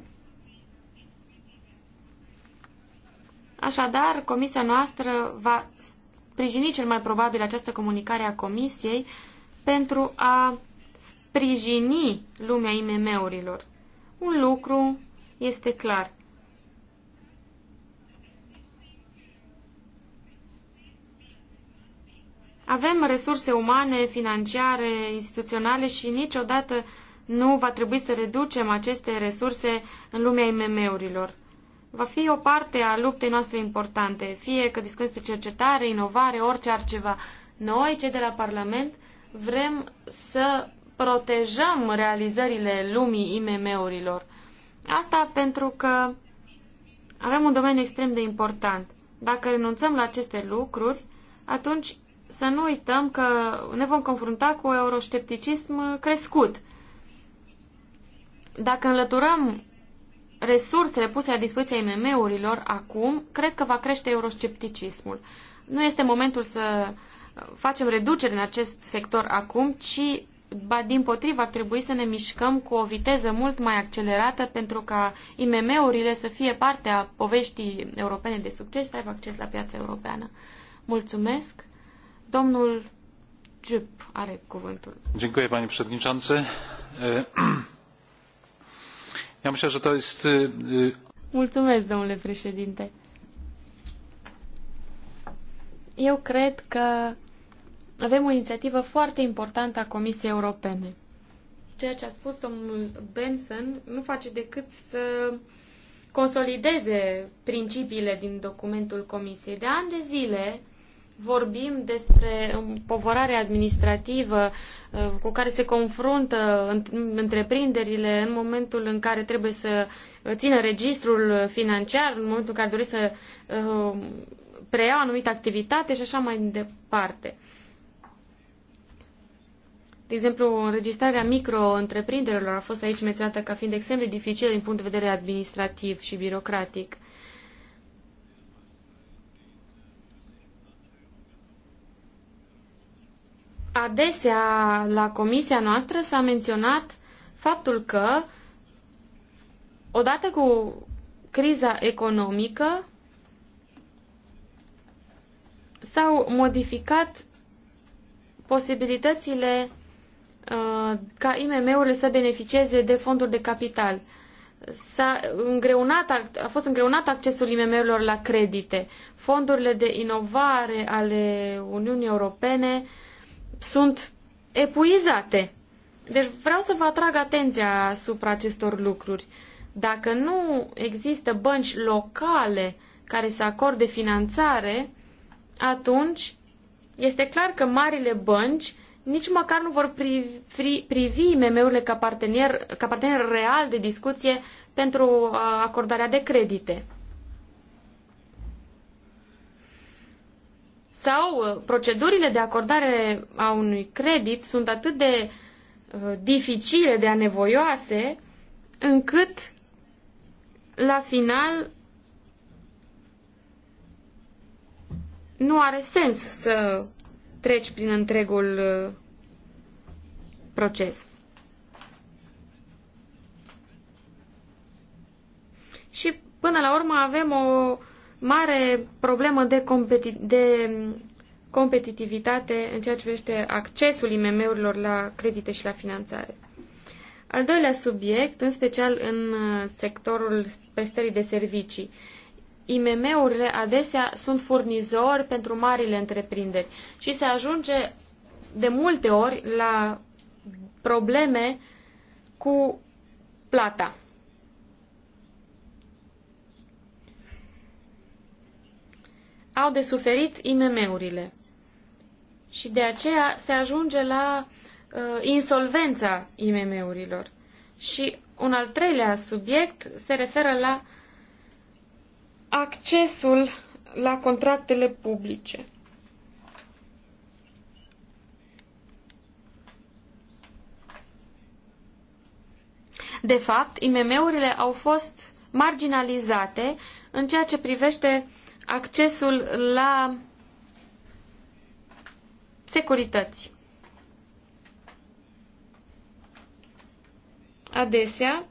Așadar, comisia noastră va sprijini cel mai probabil această comunicare a comisiei pentru a sprijini lumea IMM-urilor. Un lucru este clar. Avem resurse umane, financiare, instituționale și niciodată nu va trebui să reducem aceste resurse în lumea IMM-urilor. Va fi o parte a luptei noastre importante, fie că discutăm despre cercetare, inovare, orice altceva. Noi, cei de la Parlament, vrem să protejăm realizările lumii IMM-urilor. Asta pentru că avem un domeniu extrem de important. Dacă renunțăm la aceste lucruri, atunci să nu uităm că ne vom confrunta cu euroscepticism crescut. Dacă înlăturăm resursele puse la dispoziția IMM-urilor acum, cred că va crește euroscepticismul. Nu este momentul să facem reducere în acest sector acum, ci ba din potrivă ar trebui să ne mișcăm cu o viteză mult mai accelerată pentru ca IMM-urile să fie parte a poveștii europene de succes, să aibă acces la piața europeană. Mulțumesc. Domnul Giup are cuvântul. Dziękuję, panie przewodniczący. Ja myślę, że to jest... Mulțumesc, domnule președinte. Eu cred că avem o inițiativă foarte importantă a Comisiei Europene. Ceea ce a spus domnul Benson nu face decât să consolideze principiile din documentul Comisiei. De ani de zile vorbim despre povorarea administrativă uh, cu care se confruntă întreprinderile în momentul în care trebuie să țină registrul financiar, în momentul în care doresc să uh, preia o anumită activitate și așa mai departe. De exemplu, înregistrarea micro-întreprinderilor a fost aici menționată ca fiind extrem de dificilă din punct de vedere administrativ și birocratic. Adesea, la comisia noastră s-a menționat faptul că, odată cu criza economică, s-au modificat posibilitățile Uh, ca IMM-urile să beneficieze de fonduri de capital. S-a îngreunat, a fost îngreunat accesul IMM-urilor la credite. Fondurile de inovare ale Uniunii Europene sunt epuizate. Deci vreau să vă atrag atenția asupra acestor lucruri. Dacă nu există bănci locale care să acorde finanțare, atunci este clar că marile bănci nici măcar nu vor privi, privi IMM-urile ca partener, ca partener real de discuție pentru acordarea de credite. Sau uh, procedurile de acordare a unui credit sunt atât de uh, dificile, de anevoioase, încât la final nu are sens să treci prin întregul uh, proces. Și până la urmă avem o mare problemă de, competi- de mm, competitivitate în ceea ce privește accesul IMM-urilor la credite și la finanțare. Al doilea subiect, în special în uh, sectorul prestării de servicii. Uh, IMM-urile adesea sunt furnizori pentru marile întreprinderi și se ajunge de multe ori la probleme cu plata. Au de suferit IMM-urile și de aceea se ajunge la uh, insolvența IMM-urilor. Și un al treilea subiect se referă la uh, accesul la contractele publice. De fapt, IMM-urile au fost marginalizate în ceea ce privește accesul la securități. Adesea,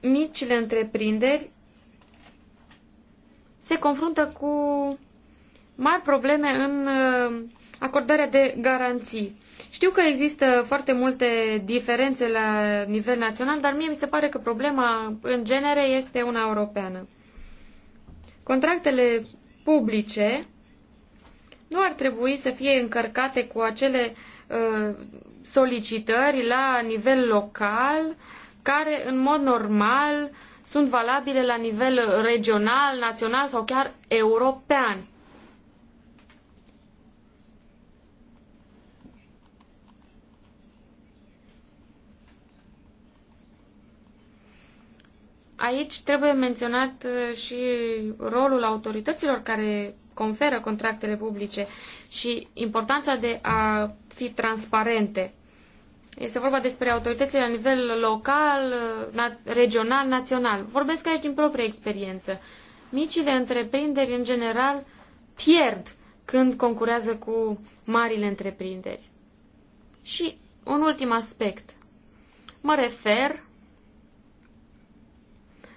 micile întreprinderi se confruntă cu mari probleme în uh, acordarea de garanții. Știu că există foarte multe diferențe la nivel național, dar mie mi se pare că problema în genere este una europeană. Contractele publice nu ar trebui să fie încărcate cu acele uh, solicitări la nivel local care în mod normal sunt valabile la nivel regional, național sau chiar european. Aici trebuie menționat uh, și rolul autorităților care conferă contractele publice și importanța de a fi transparente. Este vorba despre autoritățile la nivel local, na- regional, național. Vorbesc aici din proprie experiență. Micile întreprinderi, în general, pierd când concurează cu marile întreprinderi. Și un ultim aspect. Mă refer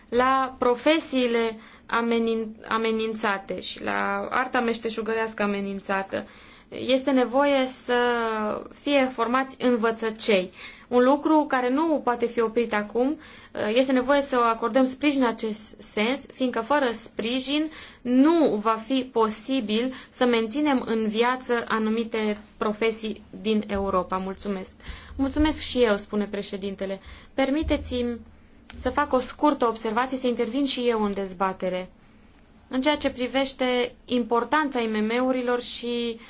la profesiile amenin- amenințate și la arta meșteșugărească amenințată. Uh, este nevoie să fie formați învățăcei. Un lucru care nu poate fi oprit acum, uh, este nevoie să acordăm sprijin în acest sens, fiindcă fără sprijin nu va fi posibil să menținem în viață anumite profesii din Europa. Mulțumesc. Mulțumesc și eu, spune președintele. Permiteți-mi să fac o scurtă observație, să intervin și eu în dezbatere. În ceea ce privește importanța IMM-urilor și uh,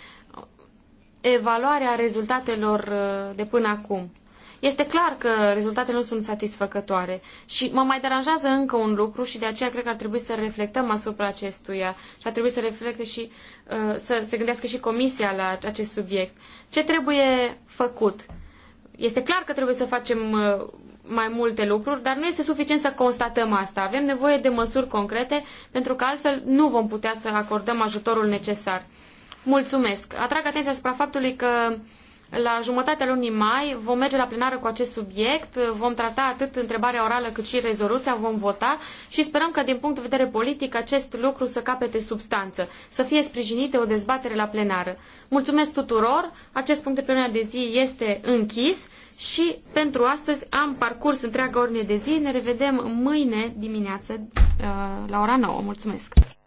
evaluarea rezultatelor uh, de până acum. Este clar că rezultatele nu sunt satisfăcătoare și mă mai deranjează încă un lucru și de aceea cred că ar trebui să reflectăm asupra acestuia și ar trebui să reflecte și uh, să se gândească și comisia la acest subiect. Ce trebuie făcut? Este clar că trebuie să facem uh, mai multe lucruri, dar nu este suficient să constatăm asta. Avem nevoie de măsuri concrete pentru că altfel nu vom putea să acordăm ajutorul necesar. Mulțumesc. Atrag atenția asupra faptului că la jumătatea lunii mai vom merge la plenară cu acest subiect, vom trata atât întrebarea orală cât și rezoluția, vom vota și sperăm că din punct de vedere politic acest lucru să capete substanță, să fie sprijinite o dezbatere la plenară. Mulțumesc tuturor, acest punct de plenară de zi este închis și pentru astăzi am parcurs întreaga ordine de zi, ne revedem mâine dimineață uh, la ora 9. Mulțumesc!